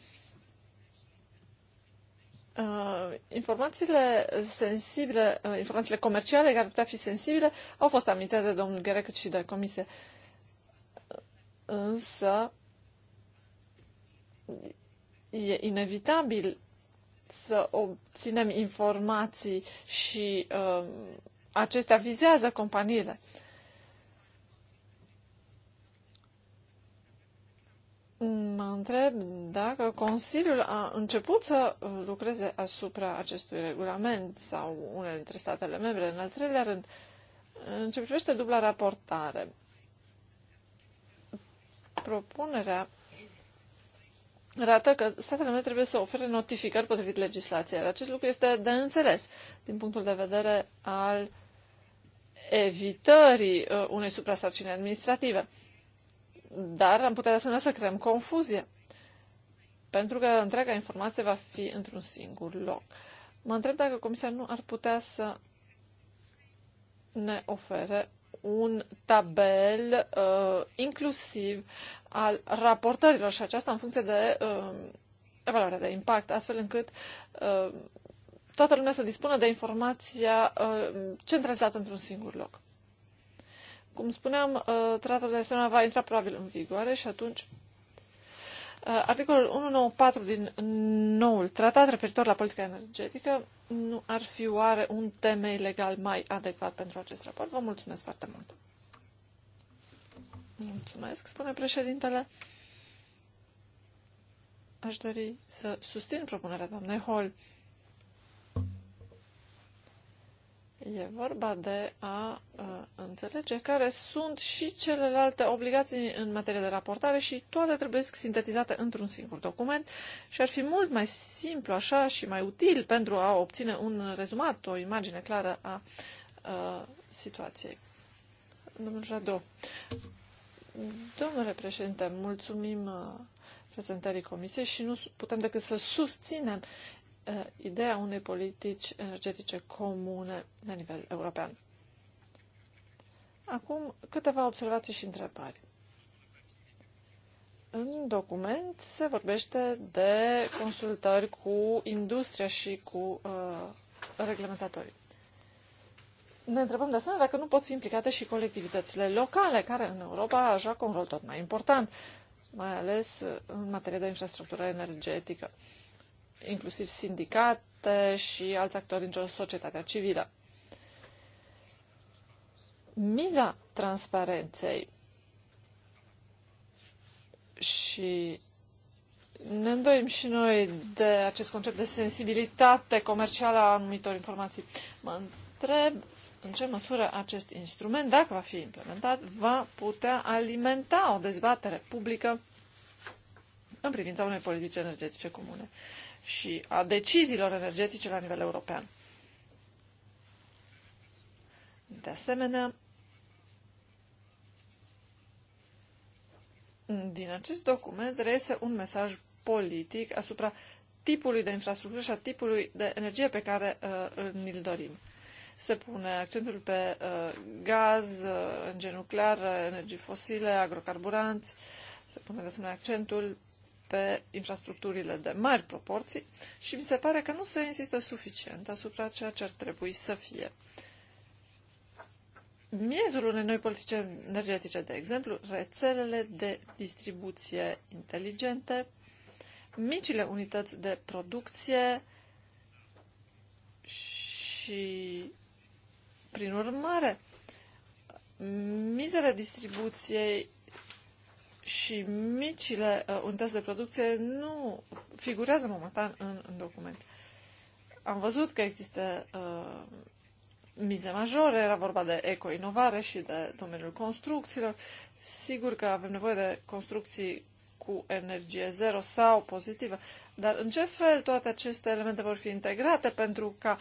Uh, informațiile sensibile, uh, informațiile comerciale care ar putea fi sensibile, au fost amintite de domnul Ghere cât și de comisie. Însă, e inevitabil să obținem informații și uh, acestea vizează companiile. Uh, Mă întreb dacă Consiliul a început să lucreze asupra acestui regulament sau unele dintre statele membre. În al treilea rând, în ce privește dubla raportare, propunerea arată că statele membre trebuie să ofere notificări potrivit legislației. Acest lucru este de înțeles din punctul de vedere al evitării uh, unei suprasarcini administrative dar am putea de asemenea să creăm confuzie, pentru că întreaga informație va fi într-un singur loc. Mă întreb dacă Comisia nu ar putea să ne ofere un tabel uh, inclusiv al raportărilor și aceasta în funcție de uh, evaluarea de impact, astfel încât uh, toată lumea să dispună de informația uh, centralizată într-un singur loc. Cum spuneam, uh, tratatul de asemenea va intra probabil în vigoare și atunci uh, articolul 194 din noul tratat referitor la politica energetică nu ar fi oare un temei legal mai adecvat pentru acest raport? Vă mulțumesc foarte mult! Mulțumesc, spune președintele. Aș dori să susțin propunerea doamnei Hall E vorba de a înțelege care sunt și celelalte obligații în materie de raportare și toate trebuie sintetizate într-un singur document și ar fi mult mai simplu așa și mai util pentru a obține un rezumat, o imagine clară a, uh, situației. Domnul Jadot. Domnule președinte, mulțumim uh, prezentării comisiei și nu putem decât să susținem Uh, ideea unei politici energetice comune la nivel european. Acum câteva observații și întrebări. În document se vorbește de consultări cu industria și cu uh, reglementatorii. Ne întrebăm de asemenea dacă nu pot fi implicate și colectivitățile locale, care în Europa joacă un rol tot mai important, mai ales uh, în materie de infrastructură energetică. Uh, inclusiv sindicate și alți actori din societatea civilă. Miza transparenței și ne îndoim și noi de acest concept de sensibilitate comercială a anumitor informații. Mă întreb în ce măsură acest instrument, dacă va fi implementat, va putea alimenta o dezbatere publică în privința unei politici energetice comune și a deciziilor energetice la nivel european. De asemenea, din acest document reiese un mesaj politic asupra tipului de infrastructură și a tipului de energie pe care uh, ni-l dorim. Se pune accentul pe uh, gaz, uh, energie nucleară, energii fosile, agrocarburanți, se pune de asemenea accentul pe infrastructurile de mari proporții și mi se pare că nu se insistă suficient asupra ceea ce ar trebui să fie. Miezul unei noi politici energetice, de exemplu, rețelele de distribuție inteligente, micile unități de producție și, prin urmare, mizele distribuției și micile uh, unități de producție nu figurează momentan în, în document. Am văzut că există uh, mize majore, era vorba de eco-inovare și de domeniul construcțiilor. Sigur că avem nevoie de construcții cu energie zero sau pozitivă, dar în ce fel toate aceste elemente vor fi integrate pentru ca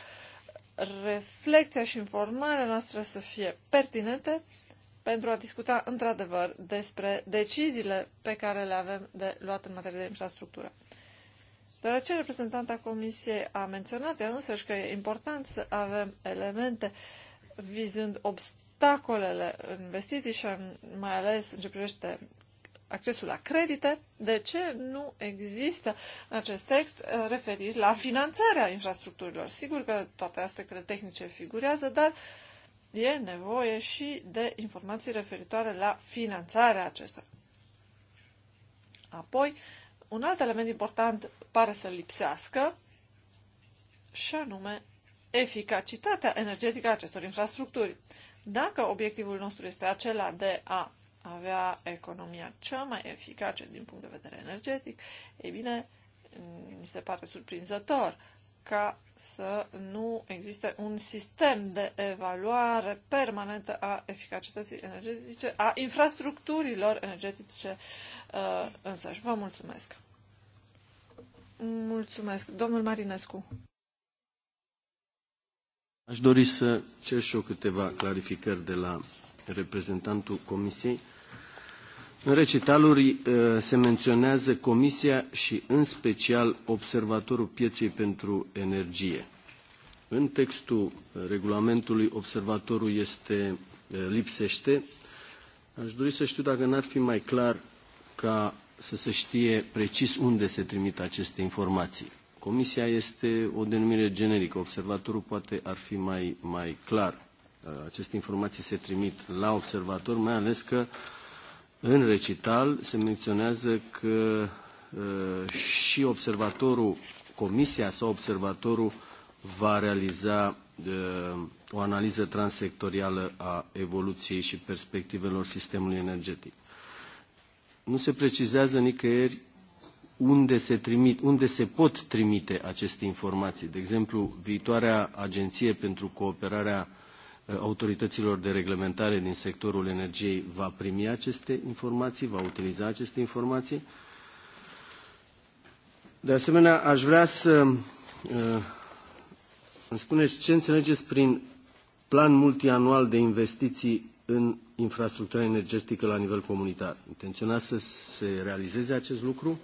reflecția și informarea noastră să fie pertinente pentru a discuta într-adevăr despre deciziile pe care le avem de luat în materie de infrastructură. Deoarece reprezentanta Comisiei a menționat ea însăși că e important să avem elemente vizând obstacolele în investiții și mai ales în ce privește accesul la credite, de ce nu există în acest text eh, referiri la finanțarea infrastructurilor? Sigur că toate aspectele tehnice figurează, dar uh, e nevoie și de informații referitoare la finanțarea acestora. Apoi, un alt element important pare să lipsească, și anume eficacitatea energetică a acestor infrastructuri. Dacă obiectivul nostru este acela de a avea economia cea mai eficace din punct de vedere energetic, e bine, mi se pare surprinzător ca să nu existe un sistem de evaluare permanentă a eficacității energetice, a infrastructurilor energetice uh, însăși. Vă mulțumesc! Mulțumesc. Domnul Marinescu. Aș dori să cer și eu câteva clarificări de la reprezentantul Comisiei. În recitaluri uh, se menționează Comisia și în special Observatorul Pieței pentru Energie. În textul regulamentului observatorul este, uh, lipsește. Aș dori să știu dacă n-ar fi mai clar ca să se știe precis unde se trimit aceste informații. Comisia este o denumire generică. Observatorul poate ar fi mai, mai clar. Uh, aceste informații se trimit la observator, mai ales că uh, în recital se menționează că uh, și observatorul, comisia sau observatorul va realiza uh, o analiză transsectorială a evoluției și perspectivelor sistemului energetic. Nu se precizează nicăieri unde se, trimit, unde se pot trimite aceste informații. De exemplu, viitoarea Agenție pentru Cooperarea autorităților de reglementare din sectorul energiei va primi aceste informații, va utiliza aceste informații. De asemenea, aș vrea să uh, îmi spuneți ce înțelegeți prin plan multianual de investiții în infrastructura energetică la nivel comunitar. Intenționați să se realizeze acest lucru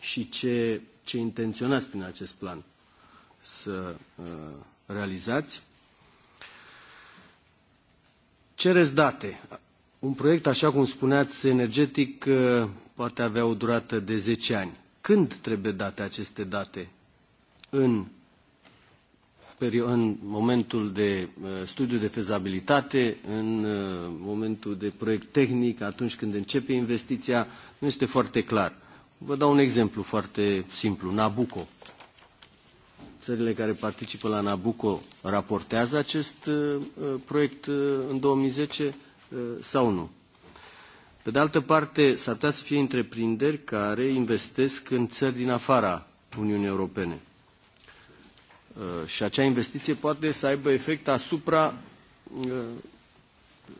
și ce, ce intenționați prin acest plan să uh, realizați Cereți date. Un proiect, așa cum spuneați, energetic uh, poate avea o durată de 10 ani. Când trebuie date aceste date? În, în momentul de uh, studiu de fezabilitate, în uh, momentul de proiect tehnic, atunci când începe investiția, nu este foarte clar. Vă dau un exemplu foarte simplu, Nabucco țările care participă la Nabucco raportează acest uh, uh, proiect uh, în 2010 sau nu. Pe de altă parte, s-ar putea să fie întreprinderi care investesc în țări din afara Uniunii Europene. Și acea investiție poate să aibă efect asupra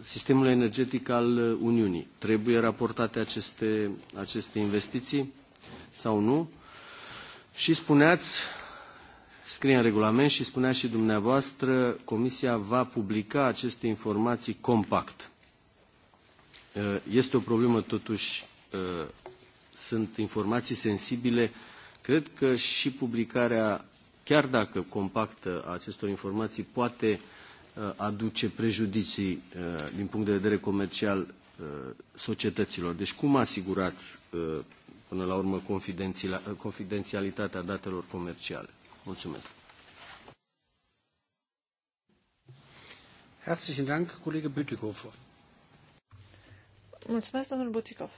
sistemului energetic al Uniunii. Trebuie raportate aceste, aceste investiții sau nu? Și spuneați scrie în regulament și spunea și dumneavoastră, Comisia va publica aceste informații compact. Uh, este o problemă, totuși, uh, sunt informații sensibile. Cred că și publicarea, chiar dacă compactă, a acestor informații poate uh, aduce prejudicii din punct de vedere comercial societăților. Deci cum asigurați până la urmă confidențialitatea datelor comerciale? Mulțumesc. Herzlichen Dank, Kollege Bütikofer. Mulțumesc, domnul Butikov.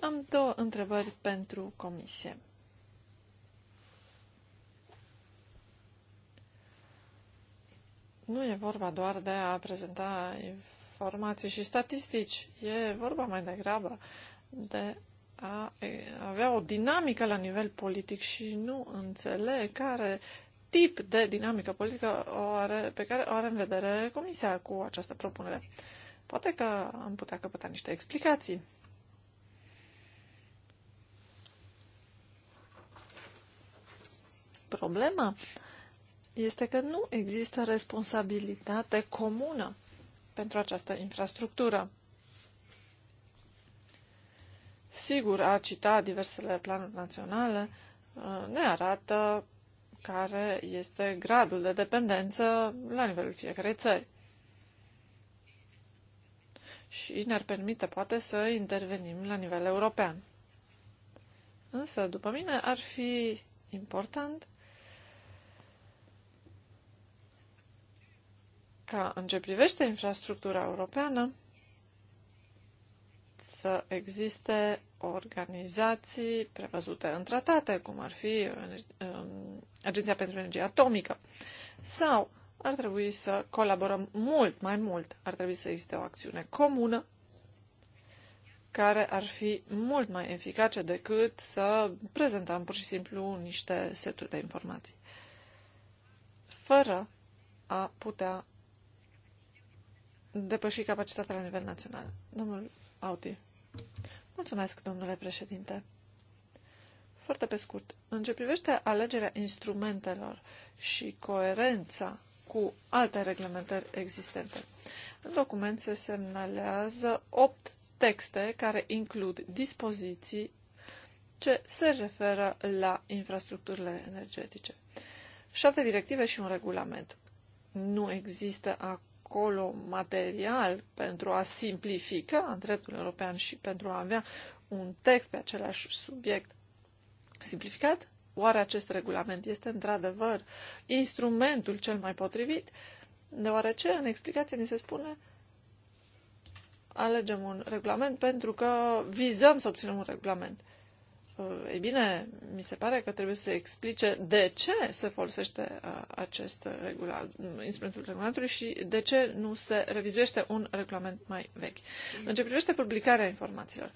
Am două întrebări pentru comisie. Nu e vorba doar de a prezenta informații și statistici, e vorba mai degrabă de a avea o dinamică la nivel politic și nu înțeleg care tip de dinamică politică o are, pe care o are în vedere Comisia cu această propunere. Poate că am putea căpăta niște explicații. Problema este că nu există responsabilitate comună pentru această infrastructură. Sigur, a cita diversele planuri naționale uh, ne arată care este gradul de dependență la nivelul fiecarei țări. Și ne-ar permite, poate, să intervenim la nivel european. Însă, după mine, ar fi important ca, în ce privește infrastructura europeană, să existe organizații prevăzute în tratate, cum ar fi um, Agenția pentru Energie Atomică. Sau ar trebui să colaborăm mult mai mult. Ar trebui să existe o acțiune comună care ar fi mult mai eficace decât să prezentăm pur și simplu niște seturi de informații. Fără a putea depăși capacitatea la nivel național. Domnul Auti. Mulțumesc, domnule președinte. Foarte pe scurt, în ce privește alegerea instrumentelor și coerența cu alte reglementări existente, în document se semnalează opt texte care includ dispoziții ce se referă la infrastructurile energetice. Șapte directive și un regulament. Nu există acum acolo material pentru a simplifica dreptul european și pentru a avea un text pe același subiect simplificat, oare acest regulament este într-adevăr instrumentul cel mai potrivit? Deoarece în explicație ni se spune alegem un regulament pentru că vizăm să obținem un regulament. Ei bine, mi se pare că trebuie să explice de ce se folosește acest regulament, instrumentul regulamentului și de ce nu se revizuiește un regulament mai vechi. În ce privește publicarea informațiilor,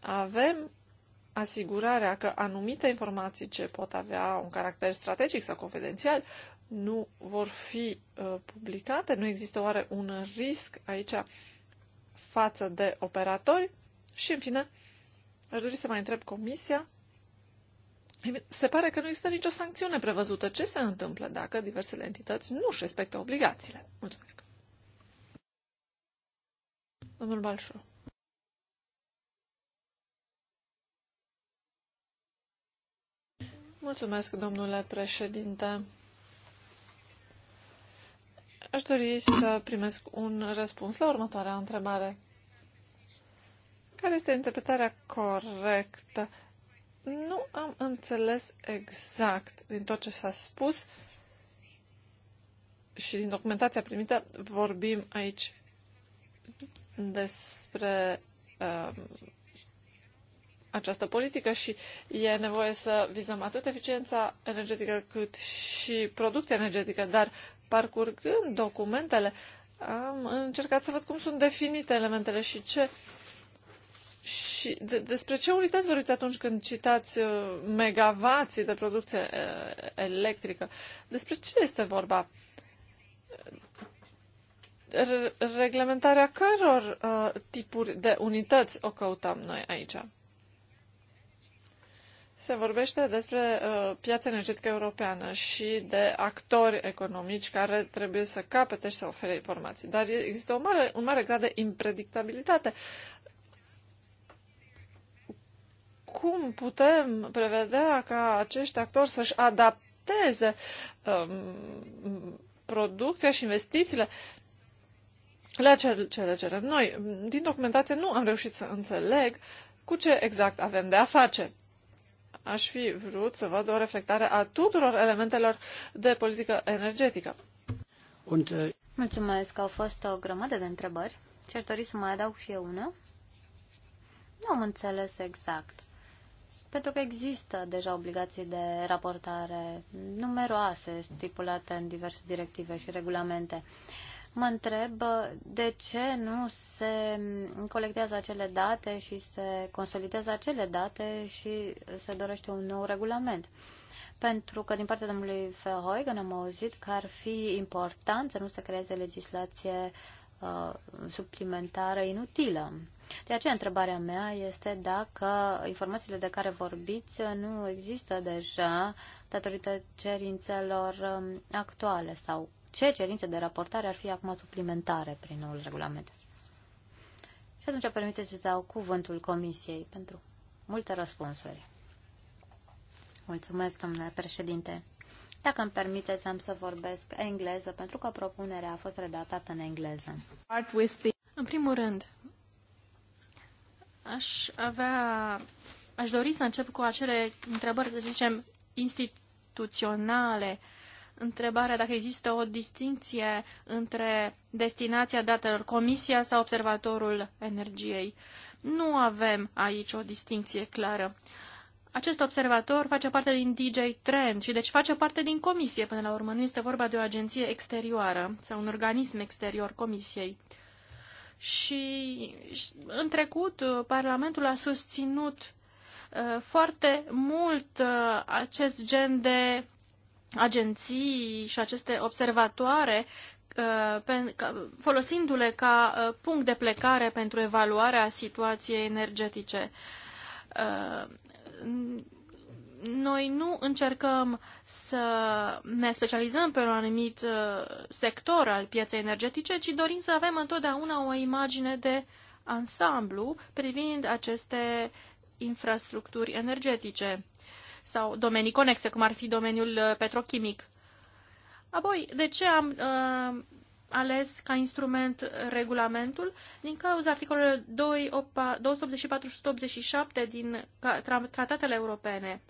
avem asigurarea că anumite informații ce pot avea un caracter strategic sau confidențial nu vor fi ă, publicate? Nu există oare un risc aici față de operatori? Și, în fine, Aș dori să mai întreb comisia. Se pare că nu există nicio sancțiune prevăzută. Ce se întâmplă dacă diversele entități nu își respectă obligațiile? Mulțumesc. Domnul Balșu. Mulțumesc, domnule președinte. Aș dori să primesc un răspuns la următoarea întrebare. Care este interpretarea corectă? Nu am înțeles exact din tot ce s-a spus și din documentația primită. Vorbim aici despre uh, această politică și e nevoie să vizăm atât eficiența energetică cât și producția energetică, dar parcurgând documentele, am încercat să văd cum sunt definite elementele și ce și de, despre ce unități vorbiți atunci când citați uh, megavații de producție uh, electrică? Despre ce este vorba? reglementarea căror uh, tipuri de unități o căutăm noi aici? Se vorbește despre uh, piața energetică europeană și de actori economici care trebuie să capete și să ofere informații. Dar există o mare, un mare grad de impredictabilitate cum putem prevedea ca acești actori să-și adapteze um, producția și investițiile la ce le cerem noi. Din documentație nu am reușit să înțeleg cu ce exact avem de a face. Aș fi vrut să văd o reflectare a tuturor elementelor de politică energetică. Und, uh... Mulțumesc, au fost o grămadă de întrebări și aș dori să mai adaug și eu una. Nu am înțeles exact pentru că există deja obligații de raportare numeroase stipulate în diverse directive și regulamente. Mă întreb uh, de ce nu se colectează acele date și se consolidează acele date și se dorește un nou regulament. Pentru că din partea domnului Verhoeven am auzit că ar fi important să nu se creeze legislație uh, suplimentară inutilă. De aceea întrebarea mea este dacă informațiile de care vorbiți nu există deja datorită cerințelor um, actuale sau ce cerințe de raportare ar fi acum suplimentare prin noul regulament. Și atunci permiteți să dau cuvântul Comisiei pentru multe răspunsuri. Mulțumesc, domnule președinte. Dacă îmi permiteți, am să vorbesc engleză, pentru că propunerea a fost redactată în engleză. În primul rând, Aș avea... Aș dori să încep cu acele întrebări, să zicem, instituționale. Întrebarea dacă există o distinție între destinația datelor Comisia sau Observatorul Energiei. Nu avem aici o distinție clară. Acest observator face parte din DJ Trend și deci face parte din comisie până la urmă. Nu este vorba de o agenție exterioară sau un organism exterior comisiei. Uh, și în trecut uh, Parlamentul a susținut uh, foarte mult uh, acest gen de agenții și aceste observatoare folosindu-le ca punct de plecare pentru evaluarea situației energetice noi nu încercăm să ne specializăm pe un anumit uh, sector al pieței energetice, ci dorim să avem întotdeauna o imagine de ansamblu privind aceste infrastructuri energetice sau domenii conexe, cum ar fi domeniul uh, petrochimic. Apoi, de ce am uh, ales ca instrument regulamentul din cauza articolelor 284 și 187 din tratatele europene.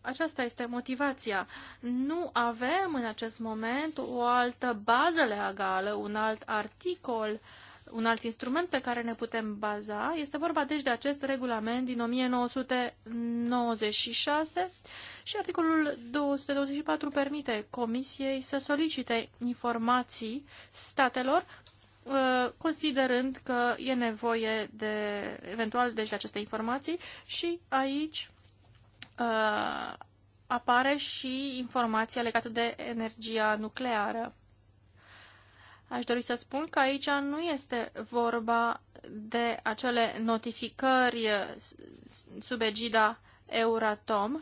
Aceasta este motivația. Nu avem în acest moment o altă bază legală, un alt articol uh, un alt instrument pe care ne putem baza. Este vorba deci de acest regulament din 1996 și articolul 224 permite Comisiei să solicite informații statelor uh, considerând că e nevoie de eventual deci de aceste informații și aici uh, apare și informația legată de energia nucleară. Aș dori să spun că aici nu este vorba de acele notificări sub egida Euratom.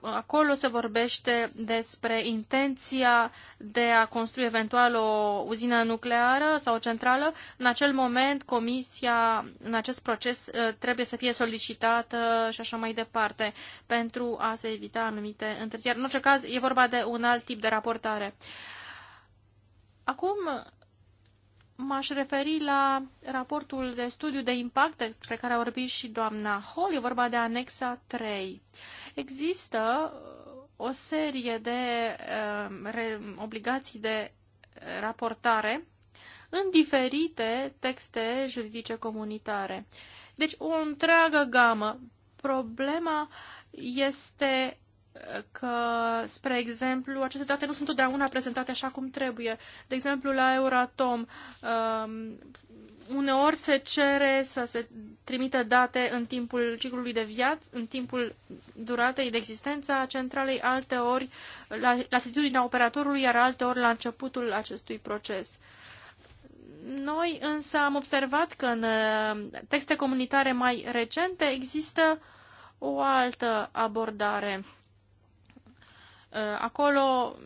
Acolo se vorbește despre intenția de a construi eventual o uzină nucleară sau o centrală. În acel moment, comisia în acest proces ă, trebuie să fie solicitată și așa mai departe pentru a se evita anumite întârzieri. În orice caz, e vorba de un alt tip de raportare. Uh, Acum m-aș referi la raportul de studiu de impact despre care a vorbit și doamna Hall, e vorba de anexa 3. Există uh, o serie de uh, re, obligații de raportare în diferite texte juridice comunitare. Deci o întreagă gamă. Problema este că, spre exemplu, aceste date nu sunt întotdeauna prezentate așa cum trebuie. De exemplu, la Euratom, um, uneori se cere să se trimită date în timpul ciclului de viață, în timpul duratei de existență a centralei, alteori la latitudinea operatorului, iar alteori la începutul acestui proces. Noi însă am observat că în um, texte comunitare mai recente există o altă abordare Uh, acolo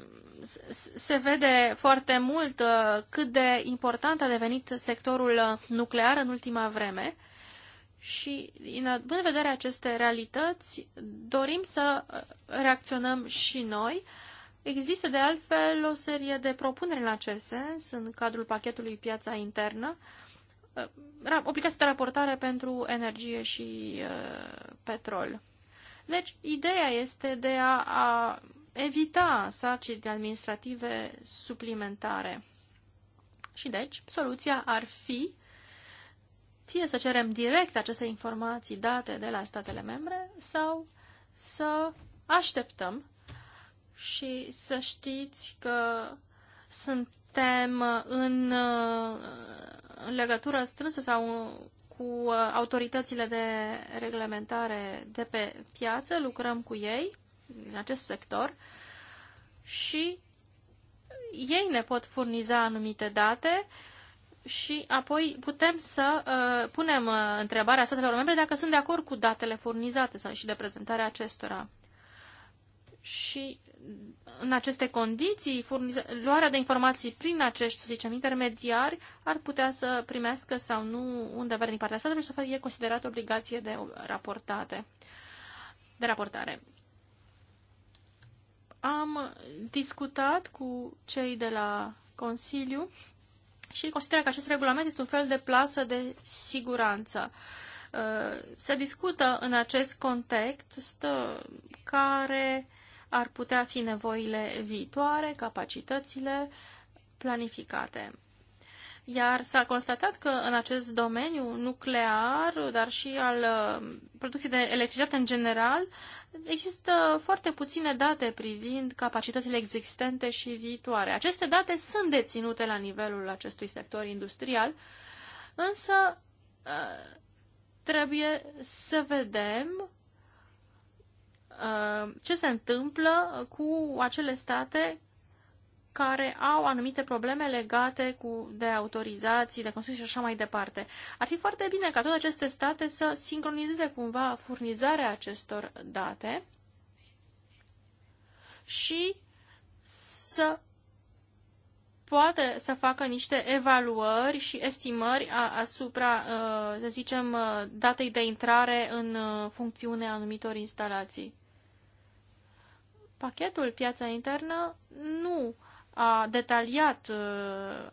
se vede foarte mult uh, cât de important a devenit sectorul uh, nuclear în ultima vreme și, în în vedere aceste realități, dorim să reacționăm și noi. Există, de altfel, o serie de propuneri în acest sens în cadrul pachetului Piața Internă, obligația de raportare pentru energie și uh, petrol. Deci, ideea este de a, a evita sarcini administrative suplimentare. Și deci, soluția ar fi fie să cerem direct aceste informații date de la statele membre sau să așteptăm și să știți că suntem în, în legătură strânsă sau cu autoritățile de reglementare de pe piață, lucrăm cu ei din acest sector și ei ne pot furniza anumite date și apoi putem să uh, punem uh, întrebarea statelor membre dacă sunt de acord cu datele furnizate sau și de prezentarea acestora. Și în aceste condiții, furniza, luarea de informații prin acești, să zicem, intermediari ar putea să primească sau nu un dever din partea statului să fie considerat obligație de raportate, de raportare. Am discutat cu cei de la Consiliu și consider că acest regulament este un fel de plasă de siguranță. Uh, se discută în acest context care ar putea fi nevoile viitoare, capacitățile planificate iar s-a constatat că în acest domeniu nuclear, dar și al uh, producției de electricitate în general, există foarte puține date privind capacitățile existente și viitoare. Aceste date sunt deținute la nivelul acestui sector industrial, însă uh, trebuie să vedem uh, ce se întâmplă cu acele state care au anumite probleme legate cu, de autorizații, de construcții și așa mai departe. Ar fi foarte bine ca toate aceste state să sincronizeze cumva furnizarea acestor date și să poate să facă niște evaluări și estimări asupra, uh, să zicem, uh, datei de intrare în uh, funcțiune a anumitor instalații. Pachetul piața internă nu a detaliat uh,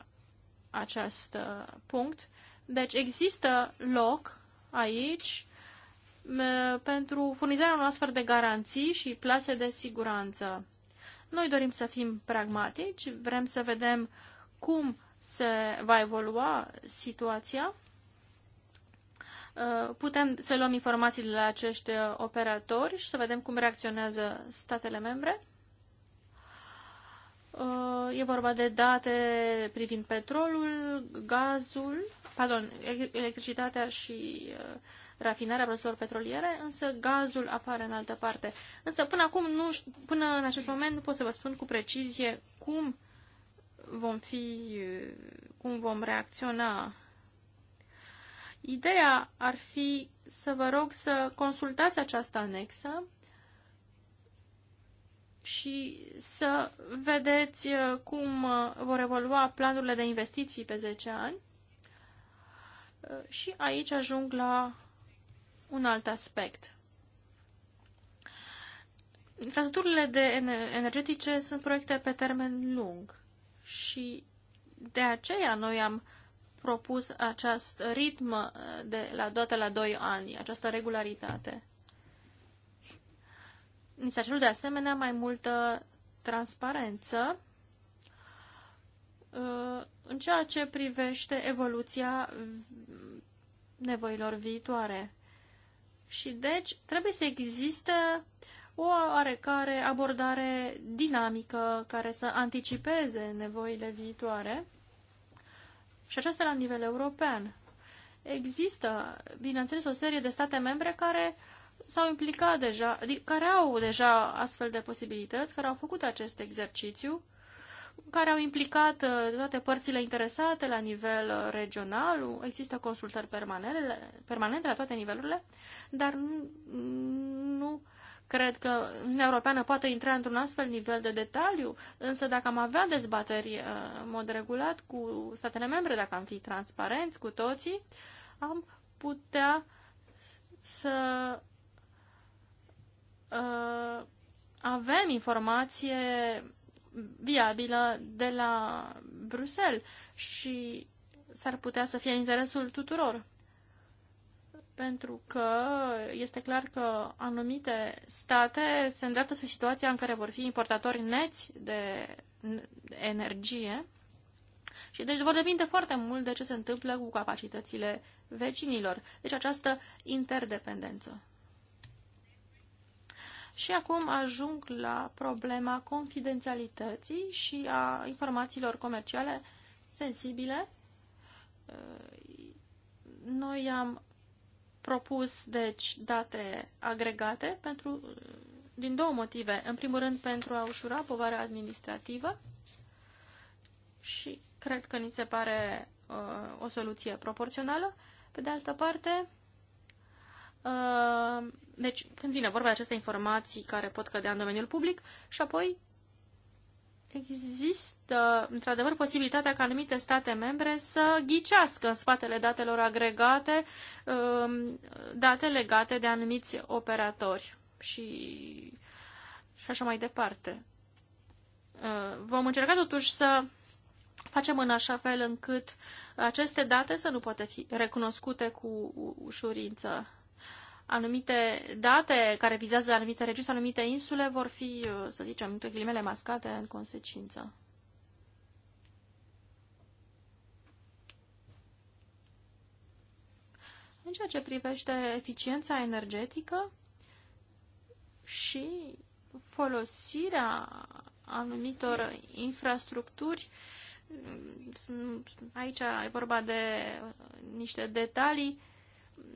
acest punct. Deci există loc aici uh, pentru furnizarea unor astfel de garanții și plase de siguranță. Noi dorim să fim pragmatici, vrem să vedem cum se va evolua situația. Uh, putem să luăm informațiile de la acești operatori și să vedem cum reacționează statele membre. Uh, e vorba de date privind petrolul, gazul, pardon, electricitatea și uh, rafinarea produselor petroliere, însă gazul apare în altă parte. Însă până acum, nu, până în acest moment, nu pot să vă spun cu precizie cum vom fi, uh, cum vom reacționa. Ideea ar fi să vă rog să consultați această anexă și să vedeți uh, cum uh, vor evolua planurile de investiții pe 10 ani. Uh, și aici ajung la un alt aspect. Infrastructurile de energetice sunt proiecte pe termen lung și de aceea noi am propus acest ritm de la dată la 2 ani, această regularitate. Ni s-a cerut de asemenea mai multă transparență uh, în ceea ce privește evoluția nevoilor viitoare. Și deci trebuie să existe o oarecare abordare dinamică care să anticipeze nevoile viitoare și aceasta la nivel european. Există, bineînțeles, o serie de state membre care uh, s-au implicat deja, care au deja astfel de posibilități, care au făcut acest exercițiu, care au implicat uh, toate părțile interesate la nivel uh, regional, există consultări permanente, permanente la toate nivelurile, dar nu, nu cred că Uniunea Europeană poate intra într-un astfel nivel de detaliu, însă dacă am avea dezbateri uh, în mod regulat cu statele membre, dacă am fi transparenți cu toții, am putea să uh, avem informație viabilă de la Bruxelles și s-ar putea să fie în interesul tuturor. Pentru că este clar că anumite state se îndreaptă spre situația în care vor fi importatori neți de energie și deci vor depinde foarte mult de ce se întâmplă cu capacitățile vecinilor. Deci această interdependență. Și acum ajung la problema confidențialității și a informațiilor comerciale sensibile. Noi am propus, deci, date agregate pentru, din două motive. În primul rând, pentru a ușura povara administrativă și cred că ni se pare uh, o soluție proporțională. Pe de altă parte, uh, deci, când vine vorba de aceste informații care pot cădea în domeniul public și apoi există, într-adevăr, posibilitatea ca anumite state membre să ghicească în spatele datelor agregate um, date legate de anumiți operatori și, și așa mai departe. Uh, vom încerca totuși să facem în așa fel încât aceste date să nu poate fi recunoscute cu ușurință anumite date care vizează anumite regiuni sau anumite insule vor fi, uh, să zicem, între ghilimele mascate în consecință. În ceea ce privește eficiența energetică și folosirea anumitor infrastructuri, mm, aici e vorba de niște detalii,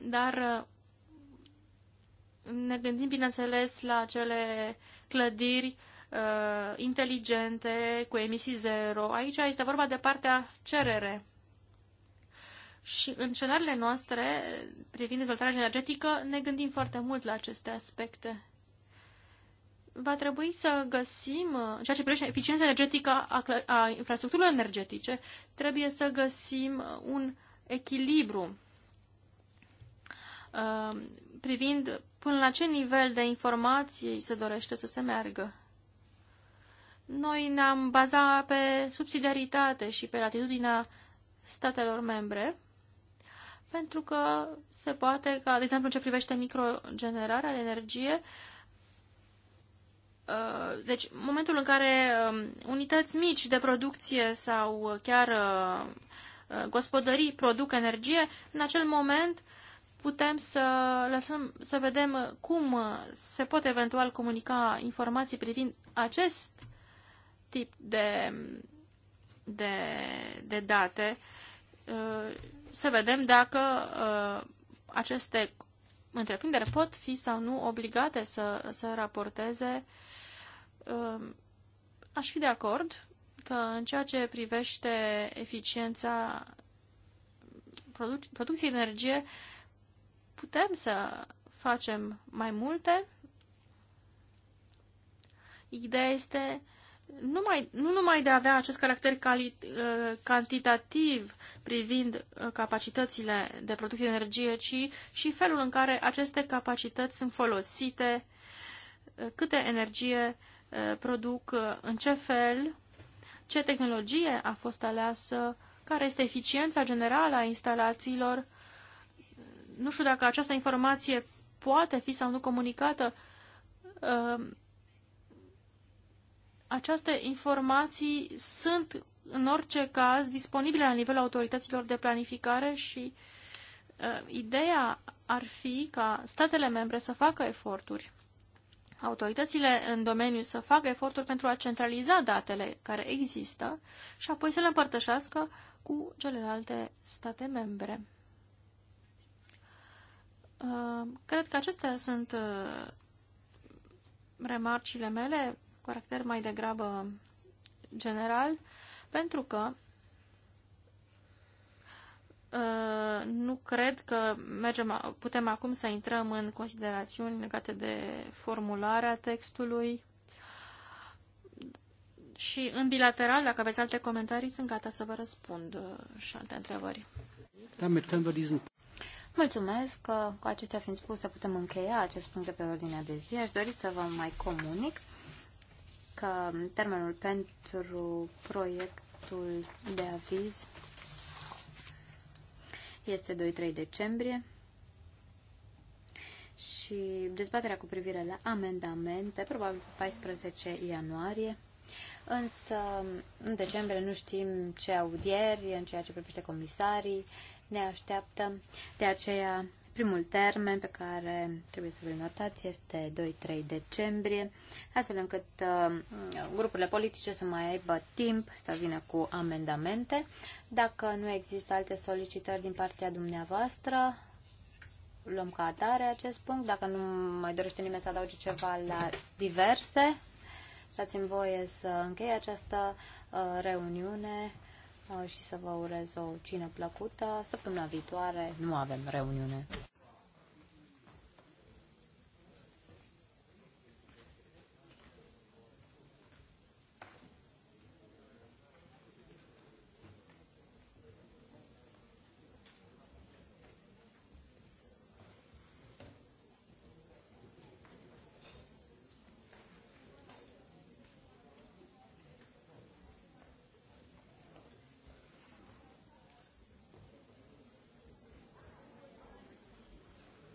dar ne gândim, bineînțeles, la acele clădiri uh, inteligente, cu emisii zero. Aici este vorba de partea cerere. Și în scenariile noastre, privind dezvoltarea energetică, ne gândim foarte mult la aceste aspecte. Va trebui să găsim, în ceea ce privește eficiența energetică a, a infrastructurilor energetice, trebuie să găsim un echilibru. Uh, privind până la ce nivel de informații se dorește să se meargă. Noi ne-am bazat pe subsidiaritate și pe latitudinea statelor membre, pentru că se poate ca, de exemplu, în ce privește microgenerarea de energie, uh, deci, în momentul în care um, unități mici de producție sau chiar uh, uh, gospodării produc energie, în acel moment uh, putem să lăsăm să vedem cum se pot eventual comunica informații privind acest tip de, de, de date, uh, să vedem dacă uh, aceste întreprinderi pot fi sau nu obligate să, să raporteze. Uh, aș fi de acord că în ceea ce privește eficiența produc producției de energie, putem să facem mai multe. Ideea este numai, nu numai de a avea acest caracter cali, uh, cantitativ privind uh, capacitățile de producție de energie, ci și felul în care aceste capacități sunt folosite, uh, câte energie produc, în ce fel, ce tehnologie a fost aleasă, care este eficiența generală a instalațiilor, nu știu dacă această informație poate fi sau nu comunicată. Ehm, Aceste informații sunt în orice caz disponibile la nivelul autorităților de planificare și ehm, ideea ar fi ca statele membre să facă eforturi, autoritățile în domeniu să facă eforturi pentru a centraliza datele care există și apoi să le împărtășească cu celelalte state membre. Uh, cred că acestea sunt uh, remarcile mele, caracter mai degrabă general, pentru că uh, nu cred că mergem, putem acum să intrăm în considerațiuni legate de formularea textului și în bilateral, dacă aveți alte comentarii, sunt gata să vă răspund și alte întrebări. Mulțumesc că, cu acestea fiind spuse, putem încheia acest punct de pe ordinea de zi. Aș dori să vă mai comunic că termenul pentru proiectul de aviz este 2-3 decembrie și dezbaterea cu privire la amendamente, probabil 14 ianuarie, însă în decembrie nu știm ce audieri în ceea ce privește comisarii, ne așteaptă. De aceea, primul termen pe care trebuie să vă notați este 2-3 decembrie, astfel încât uh, grupurile politice să mai aibă timp să vină cu amendamente. Dacă nu există alte solicitări din partea dumneavoastră, luăm ca atare acest punct. Dacă nu mai dorește nimeni să adauge ceva la diverse, dați-mi voie să închei această uh, reuniune. Uh, și să vă urez o cină plăcută. Săptămâna viitoare nu avem reuniune.